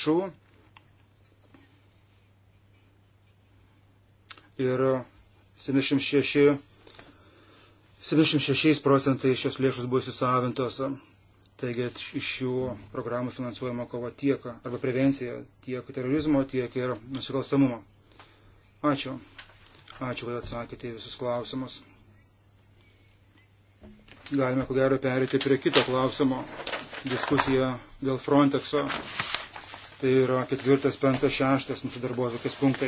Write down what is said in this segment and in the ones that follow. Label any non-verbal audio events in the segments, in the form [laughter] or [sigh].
lėšų ir 76, 76 procentai šios lėšos buvo įsisavintos. Taigi iš šių programų finansuojama kova tiek arba prevencija tiek terorizmo, tiek ir nusikalstamumo. Ačiū. Ačiū, kad atsakėte į visus klausimus. Galime, ko gero, perėti prie kito klausimo. Diskusija dėl Frontexo. Tai yra ketvirtas, penktas, šeštas mūsų darbuotojas punktai.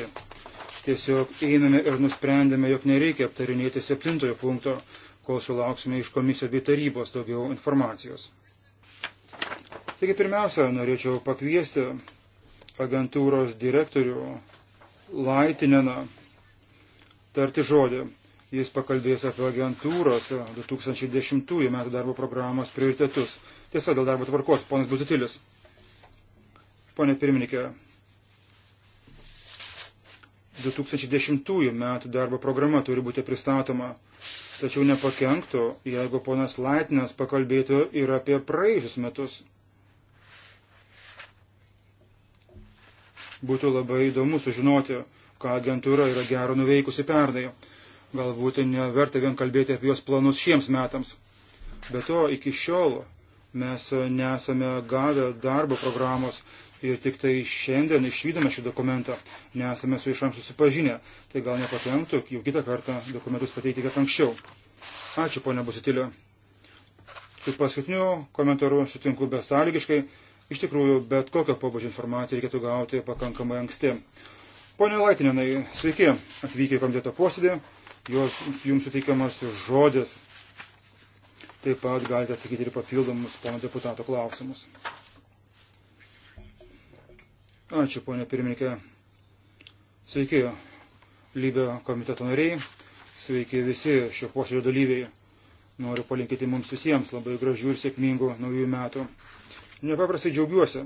Tiesiog einame ir nusprendėme, jog nereikia aptarinėti septintojo punkto, kol sulauksime iš komisijos bei tarybos daugiau informacijos. Taigi pirmiausia, norėčiau pakviesti agentūros direktorių Laitineną tarti žodį. Jis pakalbės apie agentūros 2010 metų darbo programos prioritetus. Tiesa, dėl darbo tvarkos, ponas Buzutilis. Pone pirmininkė, 2010 metų darbo programa turi būti pristatoma, tačiau nepakenktų, jeigu ponas Laitinas pakalbėtų ir apie praėjusius metus. Būtų labai įdomu sužinoti, ką agentūra yra gero nuveikusi pernai. Galbūt neverta vien kalbėti apie jos planus šiems metams. Be to, iki šiol mes nesame gavę darbo programos ir tik tai šiandien išvykdome šį dokumentą, nesame su išram susipažinę, tai gal nepakenktų jau kitą kartą dokumentus pateikti kiek anksčiau. Ačiū, ponia Busitilė. Su paskutiniu komentaru sutinku besąlygiškai. Iš tikrųjų, bet kokio pobūdžio informaciją reikėtų gauti pakankamai anksti. Pone Laitinenai, sveiki, atvykę į komiteto posėdį, jos jums suteikiamas žodis. Taip pat galite atsakyti ir papildomus pono deputato klausimus. Ačiū, ponė pirmininkė. Sveiki, lygio komiteto nariai. Sveiki visi šio posėdžio dalyviai. Noriu palinkėti mums visiems labai gražių ir sėkmingų naujų metų. Nepaprastai džiaugiuosi,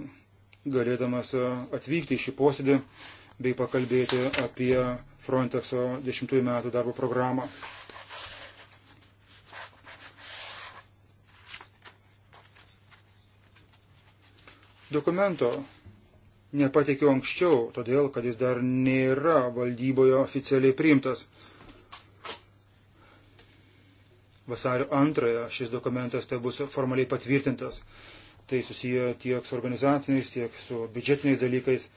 galėdamas e, atvykti į šį posėdį bei pakalbėti apie Frontexo 10 metų darbo programą. Dokumento nepateikiau anksčiau, todėl kad jis dar nėra valdyboje oficialiai priimtas. Vasario antrąją šis dokumentas tai bus formaliai patvirtintas. Tai susiję tiek su organizaciniais, tiek su biudžetiniais dalykais,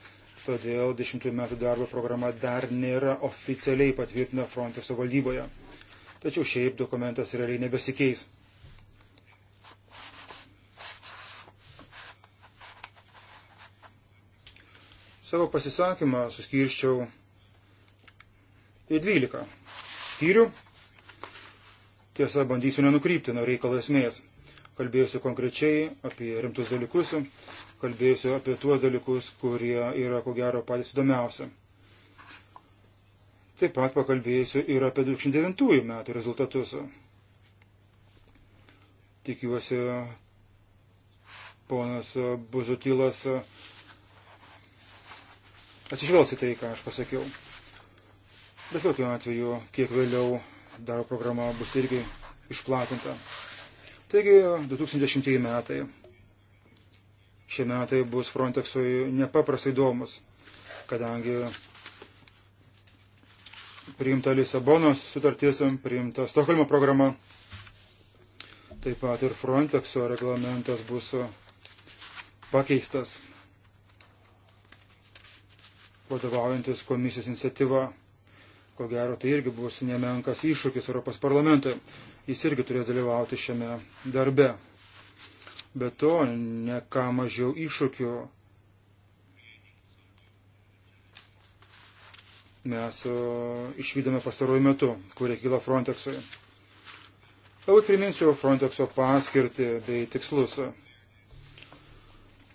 todėl 10 metų darbo programa dar nėra oficialiai patvirtina Frontexo valdyboje. Tačiau šiaip dokumentas realiai nebesikeis. Savo pasisakymą suskirščiau į 12 skyrių. Tiesa, bandysiu nenukrypti nuo reikalo esmės. Kalbėsiu konkrečiai apie rimtus dalykus, kalbėsiu apie tuos dalykus, kurie yra ko gero patys įdomiausia. Taip pat pakalbėsiu ir apie 2009 metų rezultatus. Tikiuosi, ponas Buzutilas atsižvelgs į tai, ką aš pasakiau. Bet kokiu atveju, kiek vėliau darbo programa bus irgi išplatinta. Taigi 2010 metai. Šie metai bus Frontexui nepaprastai įdomus, kadangi priimta Lisabonos sutartis, priimta Stokholmo programa. Taip pat ir Frontexo reglamentas bus pakeistas vadovaujantis komisijos iniciatyva. Ko gero, tai irgi bus nemenkas iššūkis Europos parlamentui. Jis irgi turės dalyvauti šiame darbe. Be to, ne ką mažiau iššūkių mes išvykdome pastaruoju metu, kurie kyla Frontexui. Galbūt priminsiu Frontexo paskirtį bei tikslus.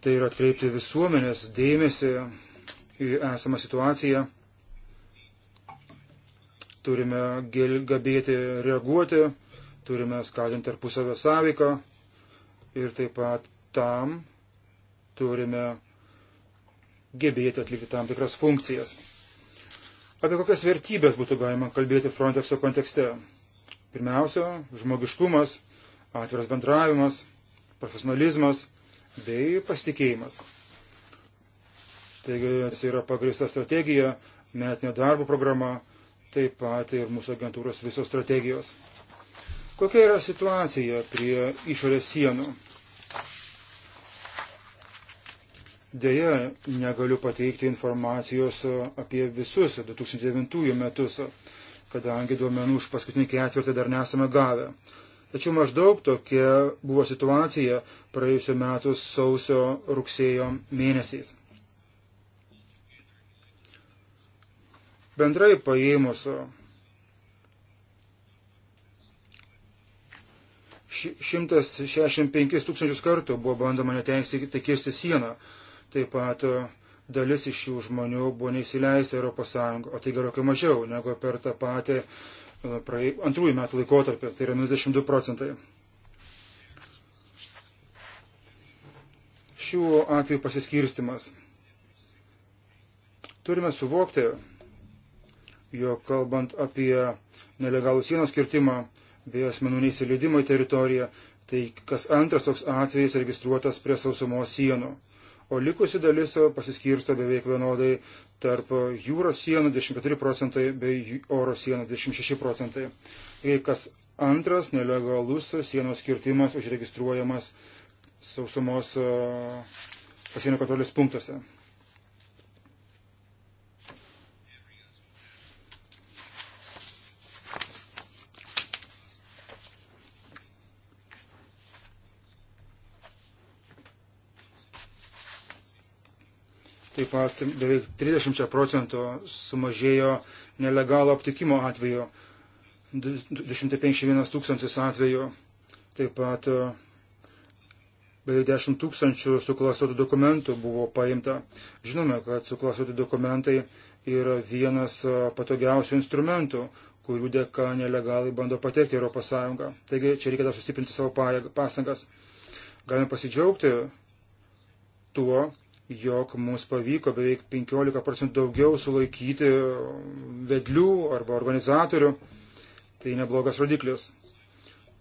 Tai yra atkreipti visuomenės dėmesį į esamą situaciją. Turime gabėti reaguoti, turime skatinti tarpusavio sąveiką ir taip pat tam turime gebėti atlikti tam tikras funkcijas. Apie kokias vertybės būtų galima kalbėti Frontexo kontekste? Pirmiausia, žmogiškumas, atviras bendravimas, profesionalizmas bei pasitikėjimas. Taigi jis yra pagrįsta strategija, metinė darbo programa, taip pat ir mūsų agentūros visos strategijos. Kokia yra situacija prie išorės sienų? Deja, negaliu pateikti informacijos apie visus 2009 metus, kadangi duomenų už paskutinį ketvirtį dar nesame gavę. Tačiau maždaug tokia buvo situacija praėjusiu metu sausio rugsėjo mėnesiais. Bendrai paėmus ši, 165 tūkstančius kartų buvo bandoma neteisėtai kirsti sieną. Taip pat dalis iš šių žmonių buvo neįsileisti Europos Sąjungą, o tai gerokai mažiau negu per tą patį prae... antrųjų metų laikotarpį, tai yra 92 procentai. Šių atvejų pasiskirstimas. Turime suvokti, jog kalbant apie nelegalų sienos kirtimą bei asmenų neįsileidimo į teritoriją, tai kas antras toks atvejis registruotas prie sausumos sienų. O likusi dalis pasiskirsto beveik vienodai tarp jūros sienų 14 procentai bei oro sienų 26 procentai. Kai kas antras nelegalus sienos kirtimas užregistruojamas sausumos e, pasienio kontrolės punktuose. Taip pat beveik 30 procentų sumažėjo nelegalo aptikimo atveju, 251 tūkstantis atveju. Taip pat e, beveik 10 tūkstančių suklastotų dokumentų buvo paimta. Žinome, kad suklastoti dokumentai yra vienas e, patogiausių instrumentų, kurių dėka nelegalai bando patekti Europos Sąjungą. Taigi čia reikia dar sustiprinti savo pasangas. Galime pasidžiaugti tuo, jog mums pavyko beveik 15 procentų daugiau sulaikyti vedlių arba organizatorių. Tai neblogas rodiklis.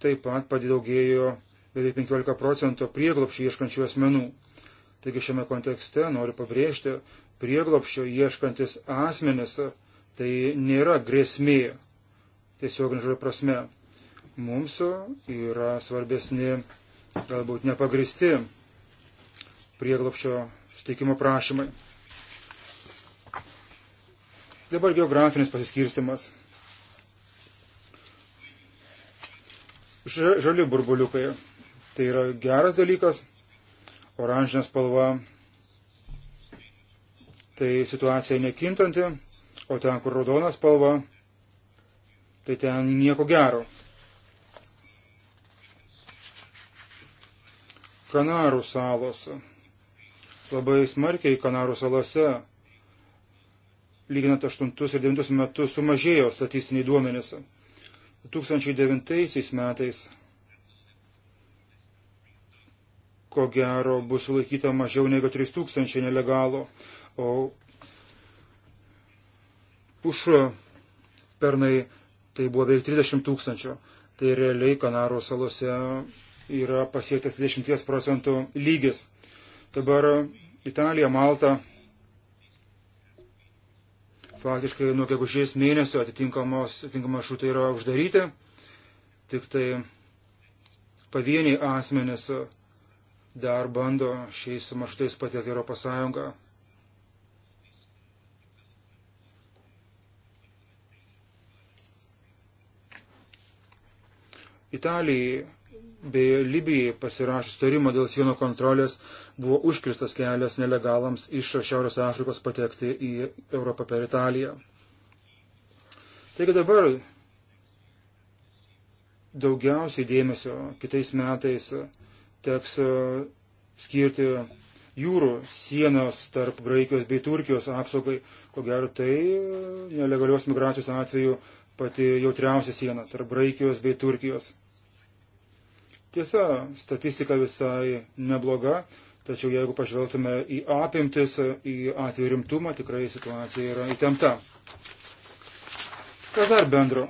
Taip pat padidaugėjo beveik 15 procentų prieglopščių ieškančių asmenų. Taigi šiame kontekste noriu pabrėžti, prieglopščio ieškantis asmenis tai nėra grėsmė, tiesiog žodžio prasme. Mums yra svarbesni, galbūt nepagristi prieglopščio suteikimo prašymai. Dabar geografinis pasiskirstimas. Žali burbuliukai. Tai yra geras dalykas. Oranžinė spalva. Tai situacija nekintanti. O ten, kur raudona spalva, tai ten nieko gero. Kanarų salose labai smarkiai Kanarų salose, lyginant 8 ir 9 metus, sumažėjo statistiniai duomenys. 2009 metais ko gero bus sulaikyta mažiau negu 3000 nelegalo, o už pernai tai buvo beveik 30 tūkstančių. Tai realiai Kanarų salose yra pasiektas 20 procentų lygis. Dabar Italija, Malta faktiškai nuo gegužės mėnesio atitinkamos, atitinkamos šutai yra uždaryti, tik tai pavieniai asmenys dar bando šiais maršrutais patekti Europos Sąjungą. Italijai bei Libijai pasirašus tarimą dėl sienų kontrolės buvo užkirstas kelias nelegalams iš Šiaurės Afrikos patekti į Europą per Italiją. Taigi dabar daugiausiai dėmesio kitais metais teks e, skirti jūrų sienos tarp Graikijos bei Turkijos apsaugai. Ko gero tai e, nelegalios migracijos atveju pati jautriausia siena tarp Graikijos bei Turkijos. Tiesa, statistika visai nebloga, Tačiau jeigu pažvelgtume į apimtis, į atvejų rimtumą, tikrai situacija yra įtempta. Kas dar bendro?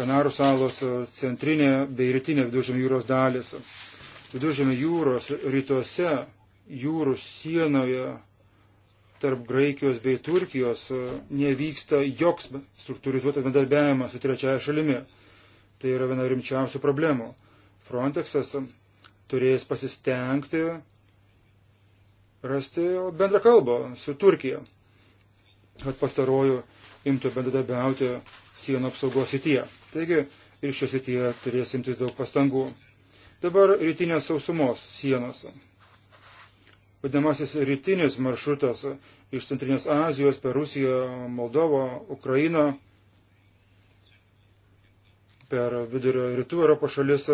Kanarų salos centrinė bei rytinė viduržėmio jūros dalis. Viduržėmio jūros rytuose jūrų sienoje tarp Graikijos bei Turkijos nevyksta joks struktūrizuotas bendarbiavimas su trečiaja šalimi. Tai yra viena rimčiausių problemų. Frontexas turės pasistengti rasti bendrą kalbą su Turkija, kad pastaruoju imtų bendradarbiauti sienų apsaugos sityje. Taigi ir šios sityje turės imtis daug pastangų. Dabar rytinės sausumos sienos. Vadinamasis rytinis maršrutas iš Centrinės Azijos per Rusiją, Moldovą, Ukrainą, per vidurio rytų Europos šalis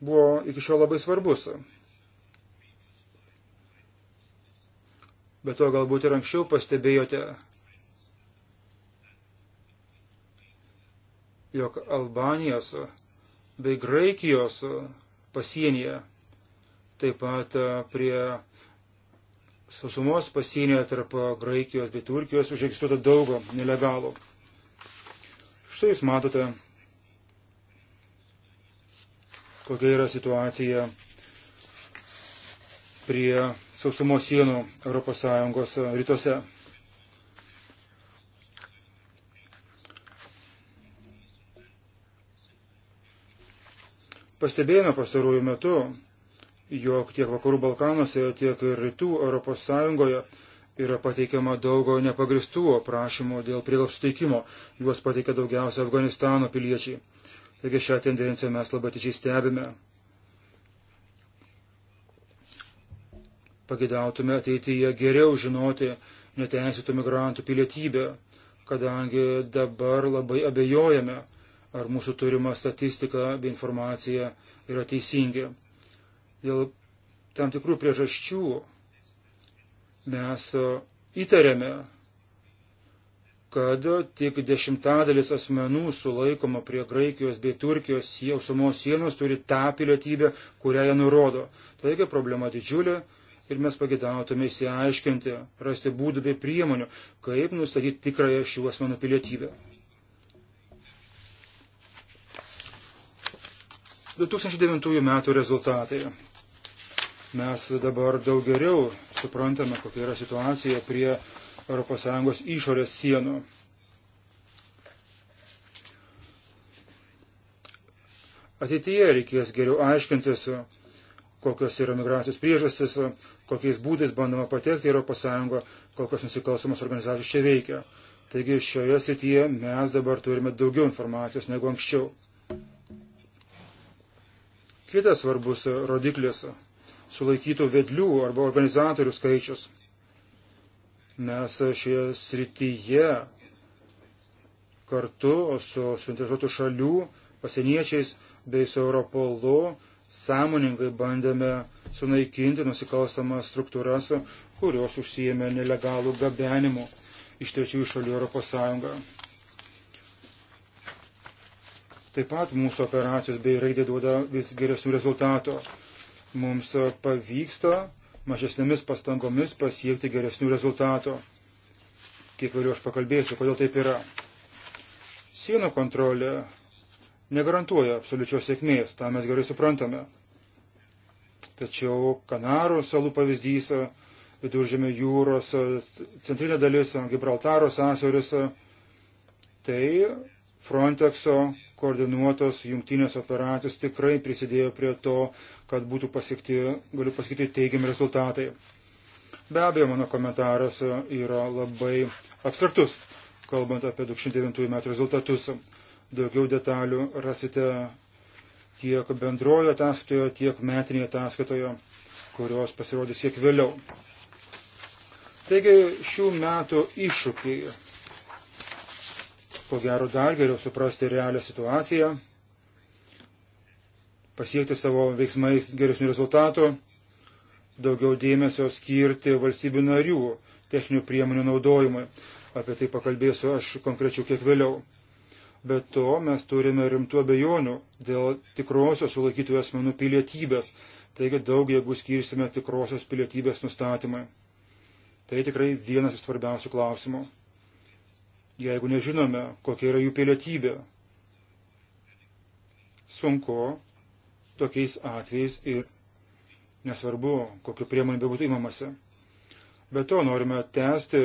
buvo iki šiol labai svarbus. Bet to galbūt ir anksčiau pastebėjote, jog Albanijos bei Graikijos pasienyje, taip pat prie sausumos pasienyje tarp Graikijos bei Turkijos užregistruota daug nelegalų. Štai jūs matote kokia yra situacija prie sausumos sienų ES e, rytuose. Pastebėjome pastarųjų metų, jog tiek Vakarų Balkanuose, tiek ir Rytų ES yra pateikiama daug nepagristų prašymų dėl prieglobstų teikimo. Juos pateikia daugiausia Afganistano piliečiai. Taigi šią tendenciją mes labai atidžiai stebime. Pagidautume ateityje geriau žinoti neteisėtų migrantų pilietybę, kadangi dabar labai abejojame, ar mūsų turima statistika bei informacija yra teisingi. Dėl tam tikrų priežasčių mes e, įtarėme, kad tik dešimtadalis asmenų sulaikoma prie Graikijos bei Turkijos jausumos sienos turi tą pilietybę, kurią jie nurodo. Taigi problema didžiulė ir mes pagėdautume įsiaiškinti, rasti būdų bei priemonių, kaip nustatyti tikrąją šių asmenų pilietybę. 2009 m. rezultatai. Mes dabar daug geriau suprantame, kokia yra situacija prie ES išorės sienų. Ateityje reikės geriau aiškintis, kokios yra migracijos priežastis, kokiais būdais bandoma patekti į ES, kokios nusikalstamos organizacijos čia veikia. Taigi šioje srityje mes dabar turime daugiau informacijos negu anksčiau. Kitas svarbus rodiklis - sulaikytų vedlių arba organizatorių skaičius. Mes šioje srityje kartu su suinteresuotų šalių, pasieniečiais bei su Europolu sąmoningai bandėme sunaikinti nusikalstamas struktūras, kurios užsijėmė nelegalų gabenimu iš trečiųjų šalių Europos Sąjungą. Taip pat mūsų operacijos bei raidė duoda vis geresnių rezultatų. Mums pavyksta mažesnėmis pastangomis pasiekti geresnių rezultatų. Kaip vėliau aš pakalbėsiu, kodėl taip yra. Sienų kontrolė negarantuoja absoliučios sėkmės, tą mes gerai suprantame. Tačiau Kanarų salų pavyzdys, viduržėmio jūros centrinė dalis, Gibraltaro sąsiauris, tai Frontexo koordinuotos jungtinės operacijos tikrai prisidėjo prie to, kad būtų pasiekti, galiu pasakyti, teigiami rezultatai. Be abejo, mano komentaras yra labai abstraktus, kalbant apie 2009 metų rezultatus. Daugiau detalių rasite tiek bendrojo ataskaitoje, tiek metinėje ataskaitoje, kurios pasirodys kiek vėliau. Taigi šių metų iššūkiai ko gero dar geriau suprasti realią situaciją, pasiekti savo veiksmais geresnių rezultatų, daugiau dėmesio skirti valstybių narių techninių priemonių naudojimui. Apie tai pakalbėsiu aš konkrečiau kiek vėliau. Be to mes turime rimtų abejonių dėl tikrosios sulaikytųjų asmenų pilietybės, taigi daug jėgų skirsime tikrosios pilietybės nustatymui. Tai tikrai vienas iš svarbiausių klausimų jeigu nežinome, kokia yra jų pilietybė. Sunku tokiais atvejais ir nesvarbu, kokiu priemonių bebūtų įmamasi. Be to norime tęsti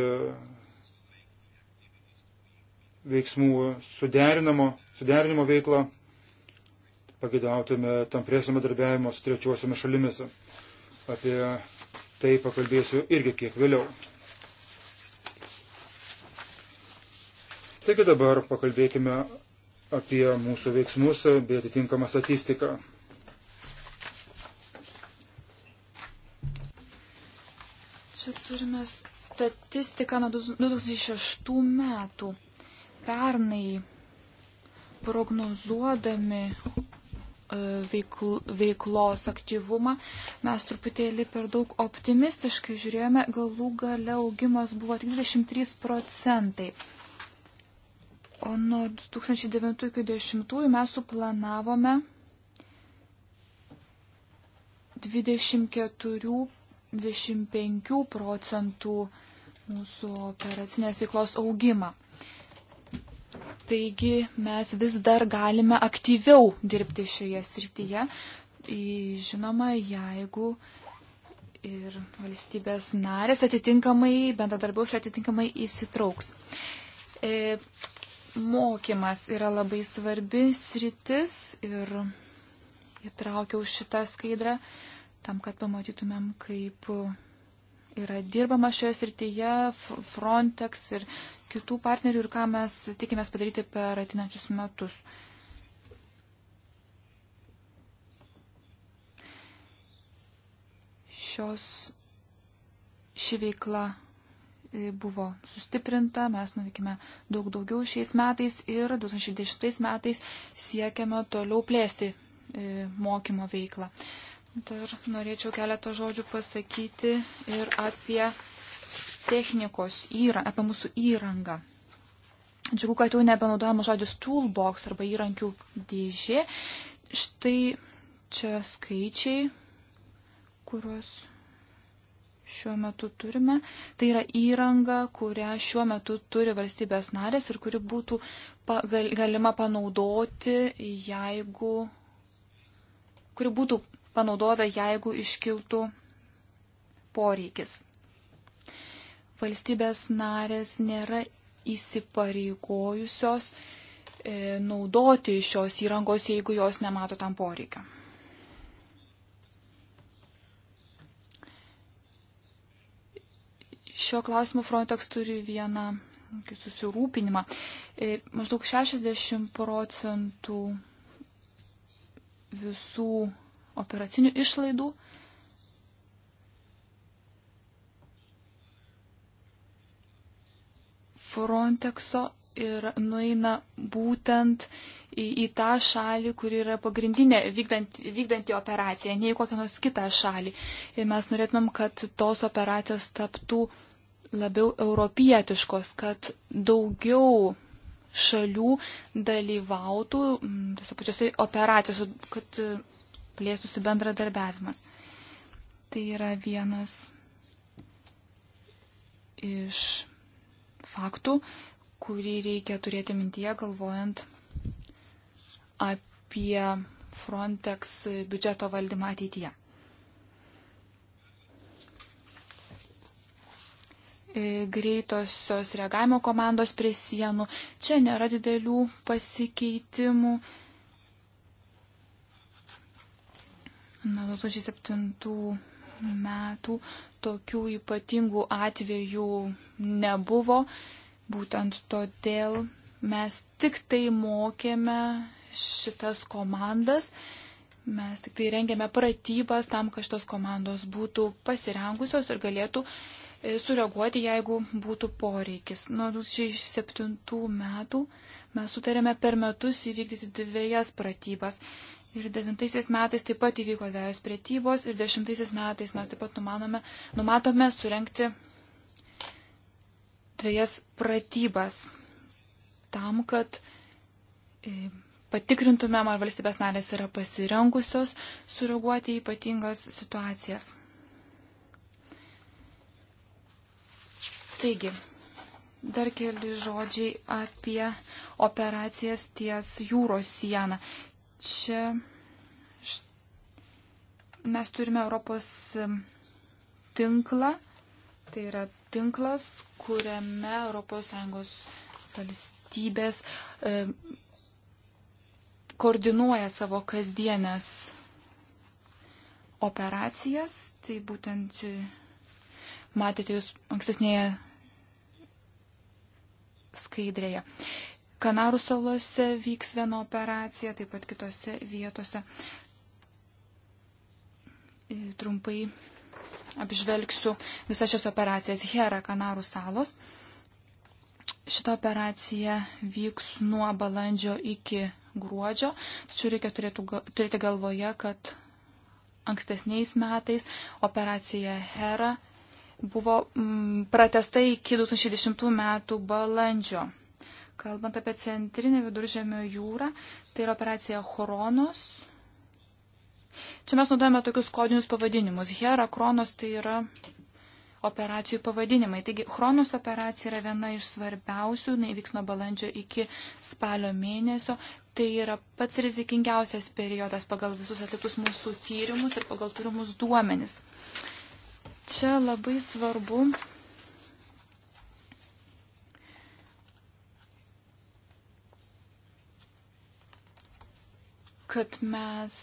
veiksmų suderinimo, suderinimo veiklą, pagidautume tampresnio darbiavimo su trečiosiomis šalimis. Apie tai pakalbėsiu irgi kiek vėliau. Taigi dabar pakalbėkime apie mūsų veiksmus bei atitinkamą statistiką. Čia turime statistiką nuo 2006 metų. Pernai prognozuodami e, veikl, veiklos aktyvumą, mes truputėlį per daug optimistiškai žiūrėjome, galų gale augimas buvo 23 procentai. O nuo 2009 iki 2010 mes suplanavome 24-25 procentų mūsų operacinės veiklos augimą. Taigi mes vis dar galime aktyviau dirbti šioje srityje, žinoma, jeigu ir valstybės narės atitinkamai, bendradarbiaus ir atitinkamai įsitrauks. E, Mokymas yra labai svarbi sritis ir įtraukiau šitą skaidrą tam, kad pamatytumėm, kaip yra dirbama šioje srityje, Frontex ir kitų partnerių ir ką mes tikimės padaryti per atinačius metus. Šios ši veikla E, buvo sustiprinta, mes nuveikime daug daugiau šiais metais ir 2010 metais siekiame toliau plėsti e, mokymo veiklą. Dar norėčiau keletą žodžių pasakyti ir apie technikos įrangą, apie mūsų įrangą. Džiugu, kad jau nebenaudojama žodis toolbox arba įrankių dėžė. Štai čia skaičiai, kuriuos šiuo metu turime. Tai yra įranga, kurią šiuo metu turi valstybės narės ir kuri būtų galima panaudoti, jeigu, kuri būtų panaudota, jeigu iškiltų poreikis. Valstybės narės nėra įsipareigojusios e, naudoti šios įrangos, jeigu jos nemato tam poreikio. Šiuo klausimu Frontex turi vieną susirūpinimą. E, maždaug 60 procentų visų operacinių išlaidų Frontexo ir nueina būtent į, į tą šalį, kur yra pagrindinė vykdant, vykdanti operacija, ne į kokią nors kitą šalį. Ir mes norėtumėm, kad tos operacijos taptų labiau europietiškos, kad daugiau šalių dalyvautų tose pačiose operacijose, kad plėstųsi bendradarbiavimas. Tai yra vienas iš faktų, kurį reikia turėti mintyje, galvojant apie Frontex biudžeto valdymą ateityje. E, greitosios reagavimo komandos prie sienų. Čia nėra didelių pasikeitimų. Nuo 2007 metų tokių ypatingų atvejų nebuvo. Būtent todėl mes tik tai mokėme šitas komandas, mes tik tai rengėme pratybas tam, kad šitos komandos būtų pasirengusios ir galėtų e, sureaguoti, jeigu būtų poreikis. Nuo 2007 metų mes sutarėme per metus įvykdyti dviejas pratybas. Ir devintaisiais metais taip pat įvyko dviejos pratybos ir dešimtaisiais metais mes taip pat numanome, numatome surenkti dvejas pratybas tam, kad e, patikrintumėm, ar valstybės narės yra pasirengusios sureaguoti į ypatingas situacijas. Taigi, dar keli žodžiai apie operacijas ties jūros sieną. Čia mes turime Europos tinklą, tai yra tinklas, kuriame ES valstybės e, koordinuoja savo kasdienės operacijas. Tai būtent e, matėte jūs ankstesnėje skaidrėje. Kanarų salose vyks viena operacija, taip pat kitose vietose. E, trumpai apžvelgsiu visas šias operacijas. Hera Kanarų salos. Šita operacija vyks nuo balandžio iki gruodžio, tačiau reikia turėtų, turėti galvoje, kad ankstesniais metais operacija Hera buvo mm, pratesta iki 2010 metų balandžio. Kalbant apie centrinę viduržėmio jūrą, tai yra operacija Horonos, Čia mes naudojame tokius kodinius pavadinimus. Hera, Kronos tai yra operacijų pavadinimai. Taigi, Kronos operacija yra viena iš svarbiausių, jinai vyks nuo balandžio iki spalio mėnesio. Tai yra pats rizikingiausias periodas pagal visus atliktus mūsų tyrimus ir pagal turimus duomenis. Čia labai svarbu. kad mes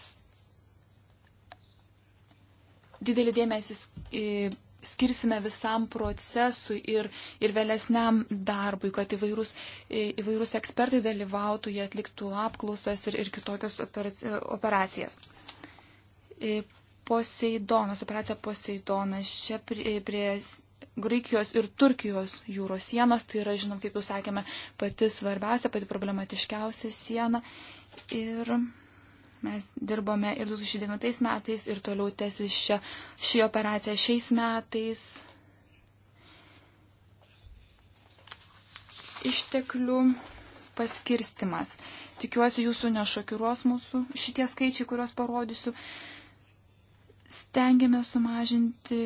didelį dėmesį skirsime visam procesui ir, ir vėlesniam darbui, kad įvairūs, įvairūs ekspertai dalyvautų, jie atliktų apklausas ir, ir kitokias operacijas. Poseidonas, operacija Poseidonas čia prie, prie Graikijos ir Turkijos jūros sienos, tai yra, žinom, kaip jau sakėme, pati svarbiausia, pati problematiškiausia siena. Ir Mes dirbome ir 2009 metais ir toliau tęsis šią, šį operaciją šiais metais. Išteklių paskirstimas. Tikiuosi, jūsų nešokiruos mūsų šitie skaičiai, kuriuos parodysiu. Stengiame sumažinti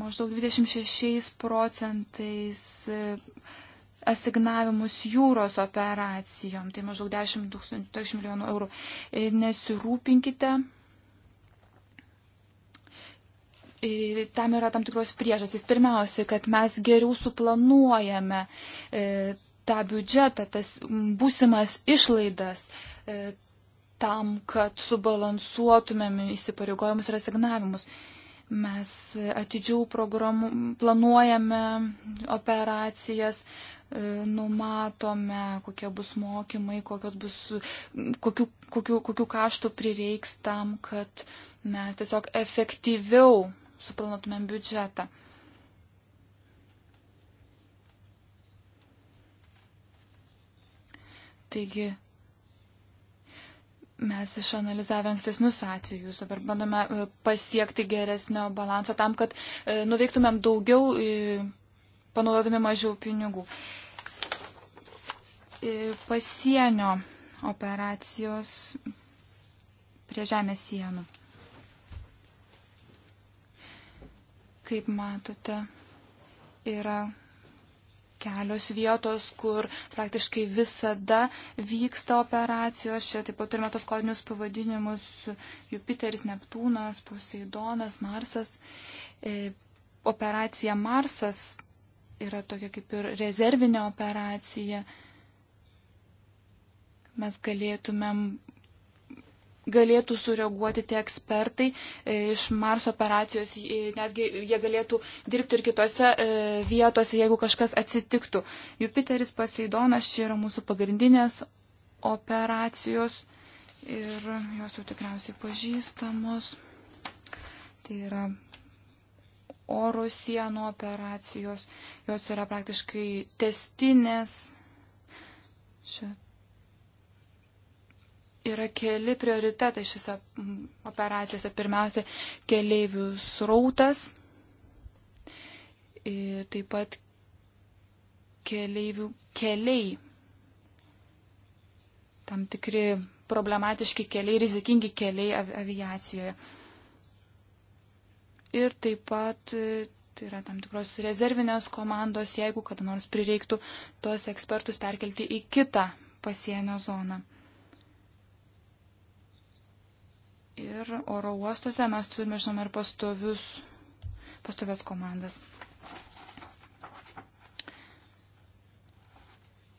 maždaug 26 procentais asignavimus jūros operacijom, tai maždaug 10 tūkstančių milijonų eurų. Nesirūpinkite. Tam yra tam tikros priežastys. Pirmiausia, kad mes geriau suplanuojame e, tą biudžetą, tas būsimas išlaidas e, tam, kad subalansuotumėm įsipareigojimus ir asignavimus. Mes atidžiau planuojame operacijas, E, numatome, kokie bus mokymai, bus, kokių, kokių, kokių kaštų prireiks tam, kad mes tiesiog efektyviau suplanuotumėm biudžetą. Taigi mes išanalizavę ankstesnius atvejus, dabar bandome e, pasiekti geresnio balanso tam, kad e, nuveiktumėm daugiau, panaudotumėm mažiau pinigų pasienio operacijos prie žemės sienų. Kaip matote, yra kelios vietos, kur praktiškai visada vyksta operacijos. Čia taip pat turime tos kodinius pavadinimus Jupiteris, Neptūnas, Poseidonas, Marsas. E, operacija Marsas yra tokia kaip ir rezervinė operacija. E, mes galėtumėm, galėtų sureaguoti tie ekspertai e, iš Marso operacijos, e, netgi jie galėtų dirbti ir kitose e, vietose, jeigu kažkas atsitiktų. Jupiteris Poseidonas, čia yra mūsų pagrindinės operacijos ir jos jau tikriausiai pažįstamos. Tai yra oro sienų operacijos, jos yra praktiškai testinės. Šit yra keli prioritetai šiose operacijose. Pirmiausia, keleivių srautas ir taip pat keleivių keliai. Tam tikri problematiški keliai, rizikingi keliai aviacijoje. Ir taip pat e, tai yra tam tikros rezervinės komandos, jeigu kada nors prireiktų tuos ekspertus perkelti į kitą pasienio zoną. Ir oro uostuose mes turime, žinoma, ir pastovius, pastovias komandas.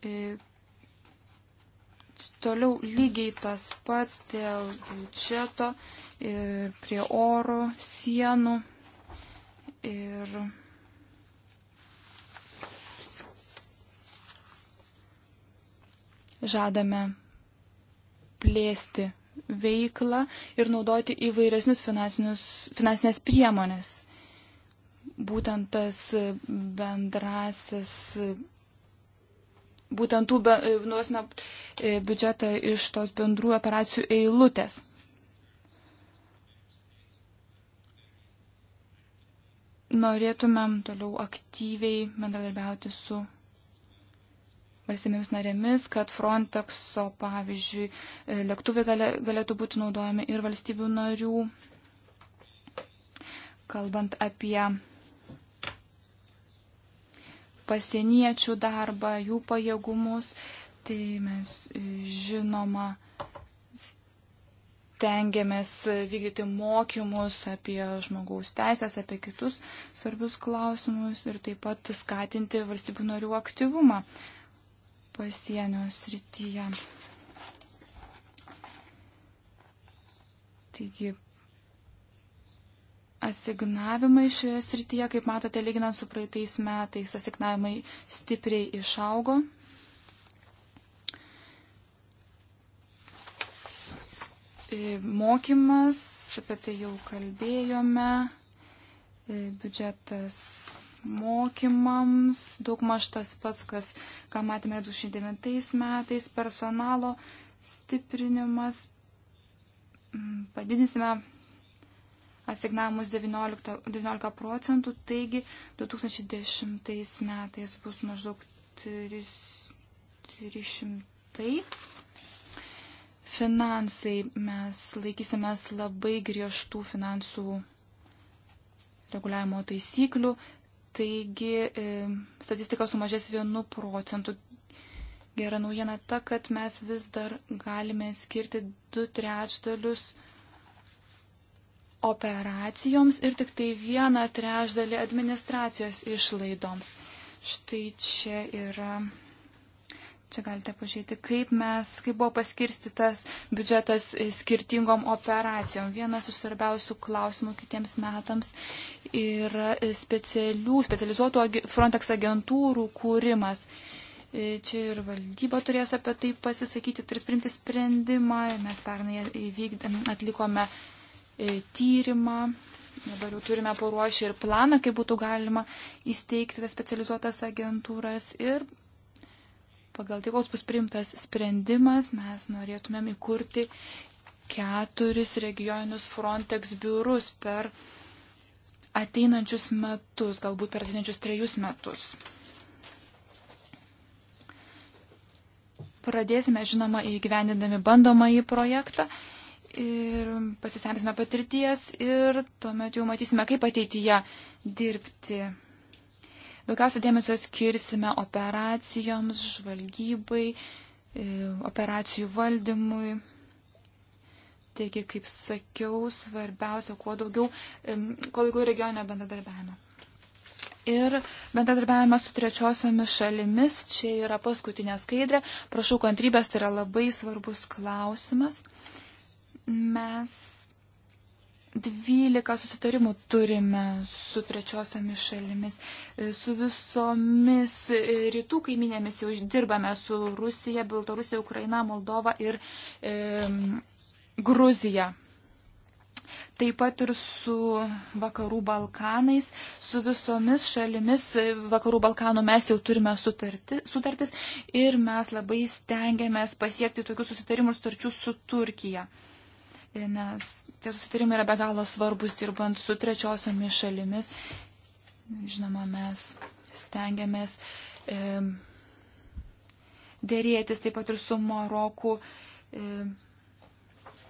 Ir e, toliau lygiai tas pats dėl biudžeto ir e, prie oro sienų ir žadame plėsti veiklą ir naudoti įvairesnius finansinės priemonės. Būtent tas bendrasis, būtent tų, nuosime, e, biudžetą iš tos bendrų operacijų eilutės. Norėtumėm toliau aktyviai bendradarbiauti su valstybėmis narėmis, kad Frontexo, pavyzdžiui, lėktuvai galėtų būti naudojami ir valstybių narių, kalbant apie pasieniečių darbą, jų pajėgumus, tai mes žinoma tengiamės vykdyti mokymus apie žmogaus teisės, apie kitus svarbius klausimus ir taip pat skatinti valstybių narių aktyvumą pasienio srityje. Taigi, asignavimai šioje srityje, kaip matote, lyginant su praeitais metais, asignavimai stipriai išaugo. E, mokymas, apie tai jau kalbėjome, e, biudžetas mokymams, daug maž tas pats, kas, ką matėme 2009 metais, personalo stiprinimas, mm, padidinsime asignavimus 19, 19 procentų, taigi 2010 metais bus maždaug 3, 300. Finansai mes laikysimės labai griežtų finansų reguliavimo taisyklių, Taigi e, statistika sumažės 1 procentu. Gera naujiena ta, kad mes vis dar galime skirti 2 trečdalius operacijoms ir tik tai vieną trečdalį administracijos išlaidoms. Štai čia yra Čia galite pažiūrėti, kaip mes, kaip buvo paskirstytas biudžetas skirtingom operacijom. Vienas iš svarbiausių klausimų kitiems metams yra specialių, specializuotų Frontex agentūrų kūrimas e, čia ir valdyba turės apie tai pasisakyti, turės priimti sprendimą. Mes pernai įvykdėm, atlikome e, tyrimą, dabar jau turime paruošę ir planą, kaip būtų galima įsteigti tas specializuotas agentūras ir pagal tai, koks bus priimtas sprendimas, mes norėtumėm įkurti keturis regioninius Frontex biurus per ateinančius metus, galbūt per ateinančius trejus metus. Pradėsime, žinoma, įgyvendindami bandomąjį projektą ir pasisemsime patirties ir tuomet jau matysime, kaip ateityje dirbti Daugiausia dėmesio skirsime operacijoms, žvalgybai, e, operacijų valdymui. Taigi, kaip sakiau, svarbiausia, kuo daugiau, e, kuo daugiau regioninio bendradarbiavimo. Ir bendradarbiavimas su trečiosiomis šalimis, čia yra paskutinė skaidrė. Prašau kantrybės, tai yra labai svarbus klausimas. Mes 12 susitarimų turime su trečiosiomis šalimis, e, su visomis e, rytų kaiminėmis jau dirbame su Rusija, Baltarusija, Ukraina, Moldova ir e, Gruzija. Taip pat ir su Vakarų Balkanais, su visomis šalimis e, Vakarų Balkanų mes jau turime sutarti, sutartis ir mes labai stengiamės pasiekti tokių susitarimų ir sutarčių su Turkija. Nes tie susitarimai yra be galo svarbus dirbant su trečiosiomis šalimis. Žinoma, mes stengiamės e, dėrėtis taip pat ir su Maroku, e,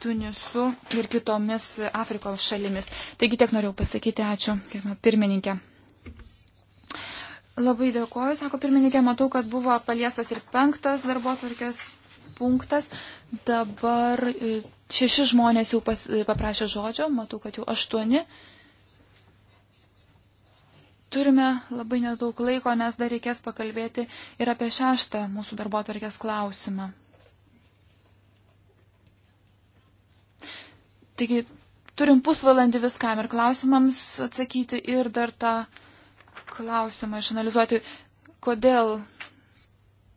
Tunisu ir kitomis Afrikos šalimis. Taigi tiek norėjau pasakyti, ačiū, pirmininkė. Labai dėkoju, sako pirmininkė, matau, kad buvo paliestas ir penktas darbo tvarkės punktas. Dabar e, Šeši žmonės jau pas, paprašė žodžio, matau, kad jau aštuoni. Turime labai nedaug laiko, nes dar reikės pakalbėti ir apie šeštą mūsų darbo atvarkės klausimą. Taigi, turim pusvalandį viskam ir klausimams atsakyti ir dar tą klausimą išanalizuoti, kodėl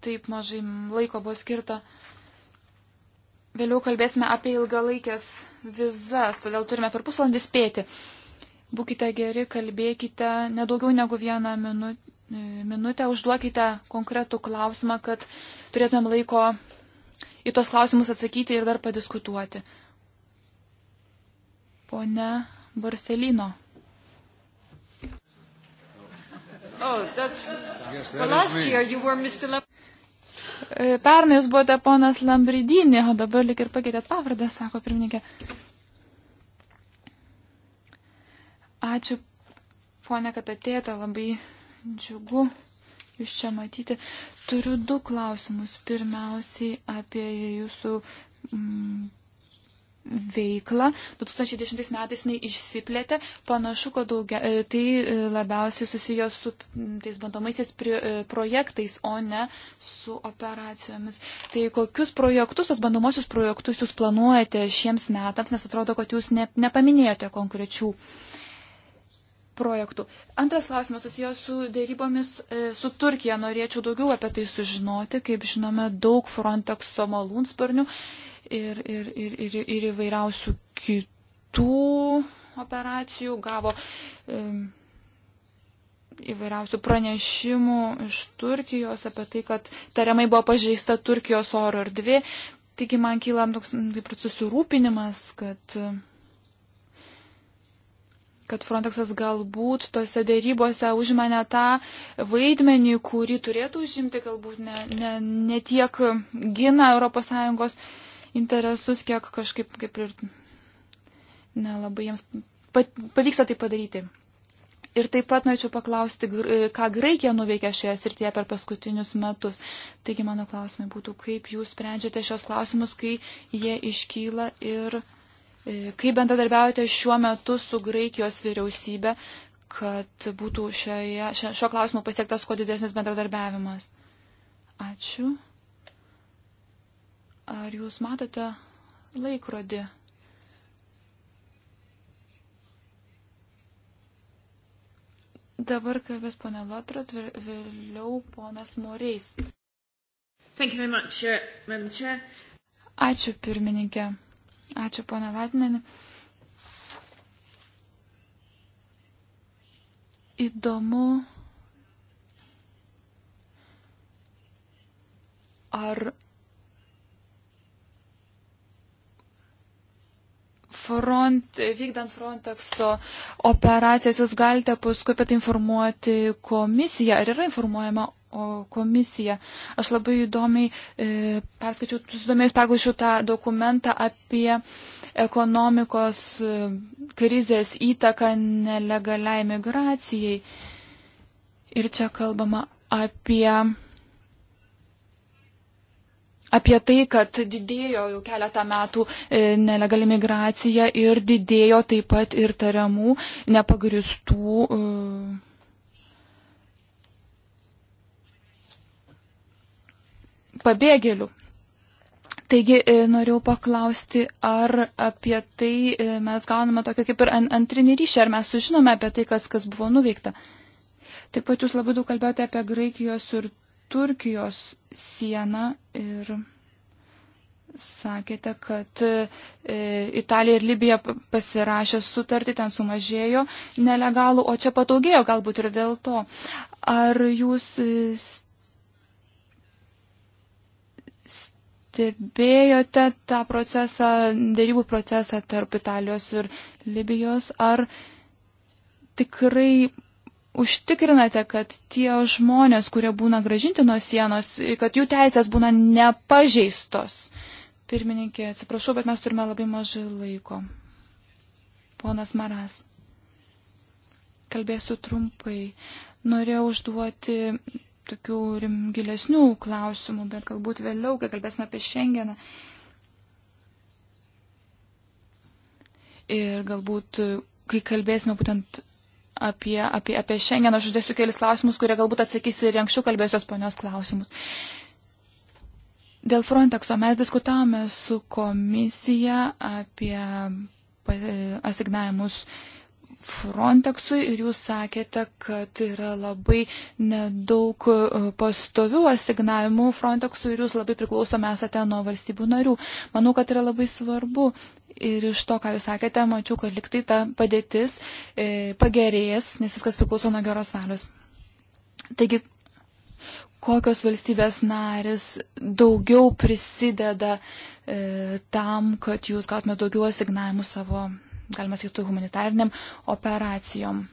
taip mažai laiko buvo skirta uh, Vėliau kalbėsime apie ilgalaikės vizas, todėl turime per pusvalandį spėti. Būkite geri, kalbėkite nedaugiau negu vieną minutę, minutę, užduokite konkretų klausimą, kad turėtumėm laiko į tos klausimus atsakyti ir dar padiskutuoti. Pone Barcelino. Oh, that's... yes, well, last year you were Mr. Lam E, pernai jūs buvote ponas Lambridinė, o dabar lik ir pakeitėt pavardę, sako pirmininkė. Ačiū, ponė, kad atėjote, labai džiugu jūs čia matyti. Turiu du klausimus. Pirmiausiai apie jūsų mm, veiklą. 2010 metais jinai išsiplėtė. Panašu, kad daugia, e, tai e, labiausiai susijęs su tais bandomaisiais pri, e, projektais, o ne su operacijomis. Tai kokius projektus, tos bandomosius projektus jūs planuojate šiems metams, nes atrodo, kad jūs ne, nepaminėjote konkrečių projektų. Antras klausimas susijęs su dėrybomis su Turkija. Norėčiau daugiau apie tai sužinoti. Kaip žinome, daug Frontexo malūnsparnių ir, ir, ir, ir, ir įvairiausių kitų operacijų, gavo įvairiausių pranešimų iš Turkijos apie tai, kad tariamai buvo pažeista Turkijos oro erdvė. Taigi man kyla toks kaip ir susirūpinimas, kad kad Frontexas galbūt tose dėrybose užima ne tą vaidmenį, kurį turėtų užimti, galbūt ne, ne, ne tiek gina ES interesus, kiek kažkaip kaip ir nelabai jiems pavyksta tai padaryti. Ir taip pat norėčiau paklausti, ką Graikija nuveikė šioje srityje per paskutinius metus. Taigi mano klausimai būtų, kaip jūs sprendžiate šios klausimus, kai jie iškyla ir e, kaip bendradarbiaujate šiuo metu su Graikijos vyriausybė, kad būtų šioje, šio klausimo pasiektas kuo didesnis bendradarbiavimas. Ačiū. Ar jūs matote laikrodį? Dabar kalbės ponė Lotrot, vėliau ponas Moreis. Much, uh, Ačiū pirmininkė. Ačiū ponė Latinenė. Įdomu, ar front, vykdant Frontexo operacijas, jūs galite paskui pat informuoti komisiją. Ar yra informuojama komisija? Aš labai įdomiai e, perskaičiau, susidomėjus perglaušiau tą dokumentą apie ekonomikos e, krizės įtaką nelegaliai migracijai. Ir čia kalbama apie apie tai, kad didėjo jau keletą metų e, nelegali migracija ir didėjo taip pat ir tariamų nepagristų. E, pabėgėlių. Taigi e, norėjau paklausti, ar apie tai mes gauname tokį kaip ir antrinį ryšį, ar mes sužinome apie tai, kas, kas buvo nuveikta. Taip pat jūs labai daug kalbėjote apie Graikijos ir Turkijos sieną ir sakėte, kad e, Italija ir Libija pasirašė sutartį, ten sumažėjo nelegalų, o čia pataugėjo galbūt ir dėl to. Ar jūs e, stebėjote tą procesą, dėrybų procesą tarp Italijos ir Libijos, ar tikrai užtikrinate, kad tie žmonės, kurie būna gražinti nuo sienos, kad jų teisės būna nepažeistos? Pirmininkė, atsiprašau, bet mes turime labai mažai laiko. Ponas Maras. Kalbėsiu trumpai. Norėjau užduoti tokių gilesnių klausimų, bet galbūt vėliau, kai kalbėsime apie šiandieną. Ir galbūt, kai kalbėsime būtent apie, apie, apie šiandien. Aš uždėsiu kelis klausimus, kurie galbūt atsakys ir anksčiau kalbėsios ponios klausimus. Dėl Frontexo mes diskutavome su komisija apie asignavimus Frontexui ir jūs sakėte, kad yra labai nedaug e, pastovių asignavimų Frontexui ir jūs labai priklausomi esate nuo valstybių narių. Manau, kad yra labai svarbu ir iš to, ką jūs sakėte, mačiau, kad liktai ta padėtis e, pagerės, nes viskas priklauso nuo geros valios. Taigi, kokios valstybės narės daugiau prisideda e, tam, kad jūs gautumėte daugiau asignavimų savo, galima sakyti, humanitariniam operacijom.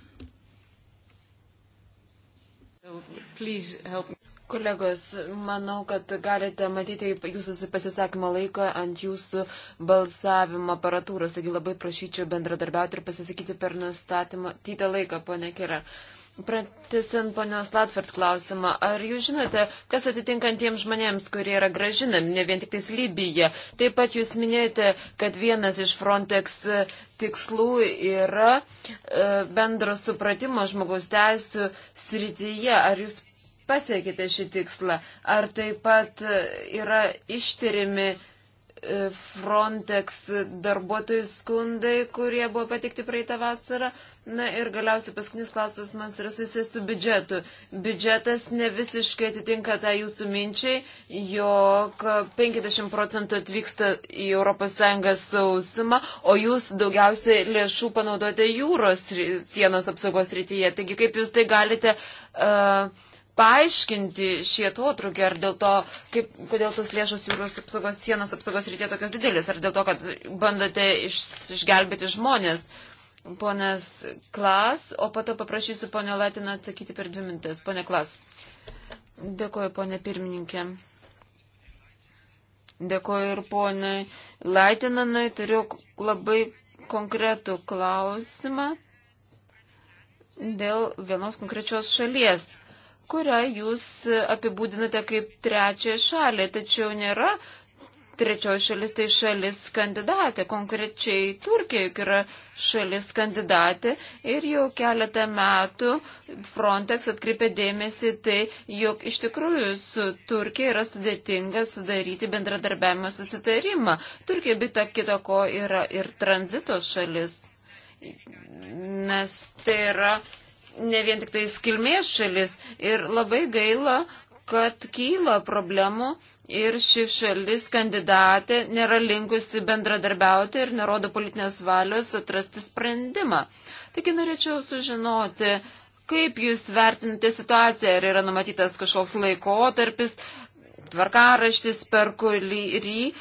So, Kolegos, manau, kad galite matyti jūsų pasisakymo laiką ant jūsų balsavimo aparatūros, taigi labai prašyčiau bendradarbiauti ir pasisakyti per nustatymą tytą laiką, ponė Kira. Pratesint ponios Latvert klausimą, ar jūs žinote, kas atitinkantiems žmonėms, kurie yra gražinami, ne vien tik tais Libija? Taip pat jūs minėjote, kad vienas iš Frontex e, tikslų yra e, bendro supratimo žmogaus teisų srityje. Ar jūs pasiekite šį tikslą? Ar taip pat e, yra ištyrimi e, Frontex darbuotojų skundai, kurie buvo patikti praeitą vasarą? Na ir galiausiai paskutinis klausimas yra susijęs su biudžetu. Biudžetas ne visiškai atitinka tą jūsų minčiai, jog 50 procentų atvyksta į ES sausumą, o jūs daugiausiai lėšų panaudojate jūros sienos apsaugos rytyje. Taigi kaip jūs tai galite. Uh, paaiškinti šį atotrukį, ar dėl to, kaip, kodėl tos lėšos jūros apsaugos sienos apsaugos rytė tokios didelis, ar dėl to, kad bandote iš, išgelbėti žmonės. Ponas Klas, o po to paprašysiu ponio Latiną atsakyti per dvi minutės. Pone Klas. Dėkuoju, ponė pirmininkė. Dėkuoju ir ponui Laitinanui. Turiu labai konkretų klausimą dėl vienos konkrečios šalies kurią jūs apibūdinate kaip trečiąją šalį, tačiau nėra trečioji šalis, tai šalis kandidatė, konkrečiai Turkija juk yra šalis kandidatė ir jau keletą metų Frontex atkreipė dėmesį tai, jog iš tikrųjų su Turkija yra sudėtinga sudaryti bendradarbiavimo susitarimą. Turkija bita kita ko yra ir tranzito šalis, nes tai yra ne vien tik tai kilmės šalis ir labai gaila, kad kyla problemų ir ši šalis kandidatė nėra linkusi bendradarbiauti ir nerodo politinės valios atrasti sprendimą. Taigi norėčiau sužinoti, kaip jūs vertinate situaciją, ar yra numatytas kažkoks laikotarpis, tvarkaraštis, per kurį e,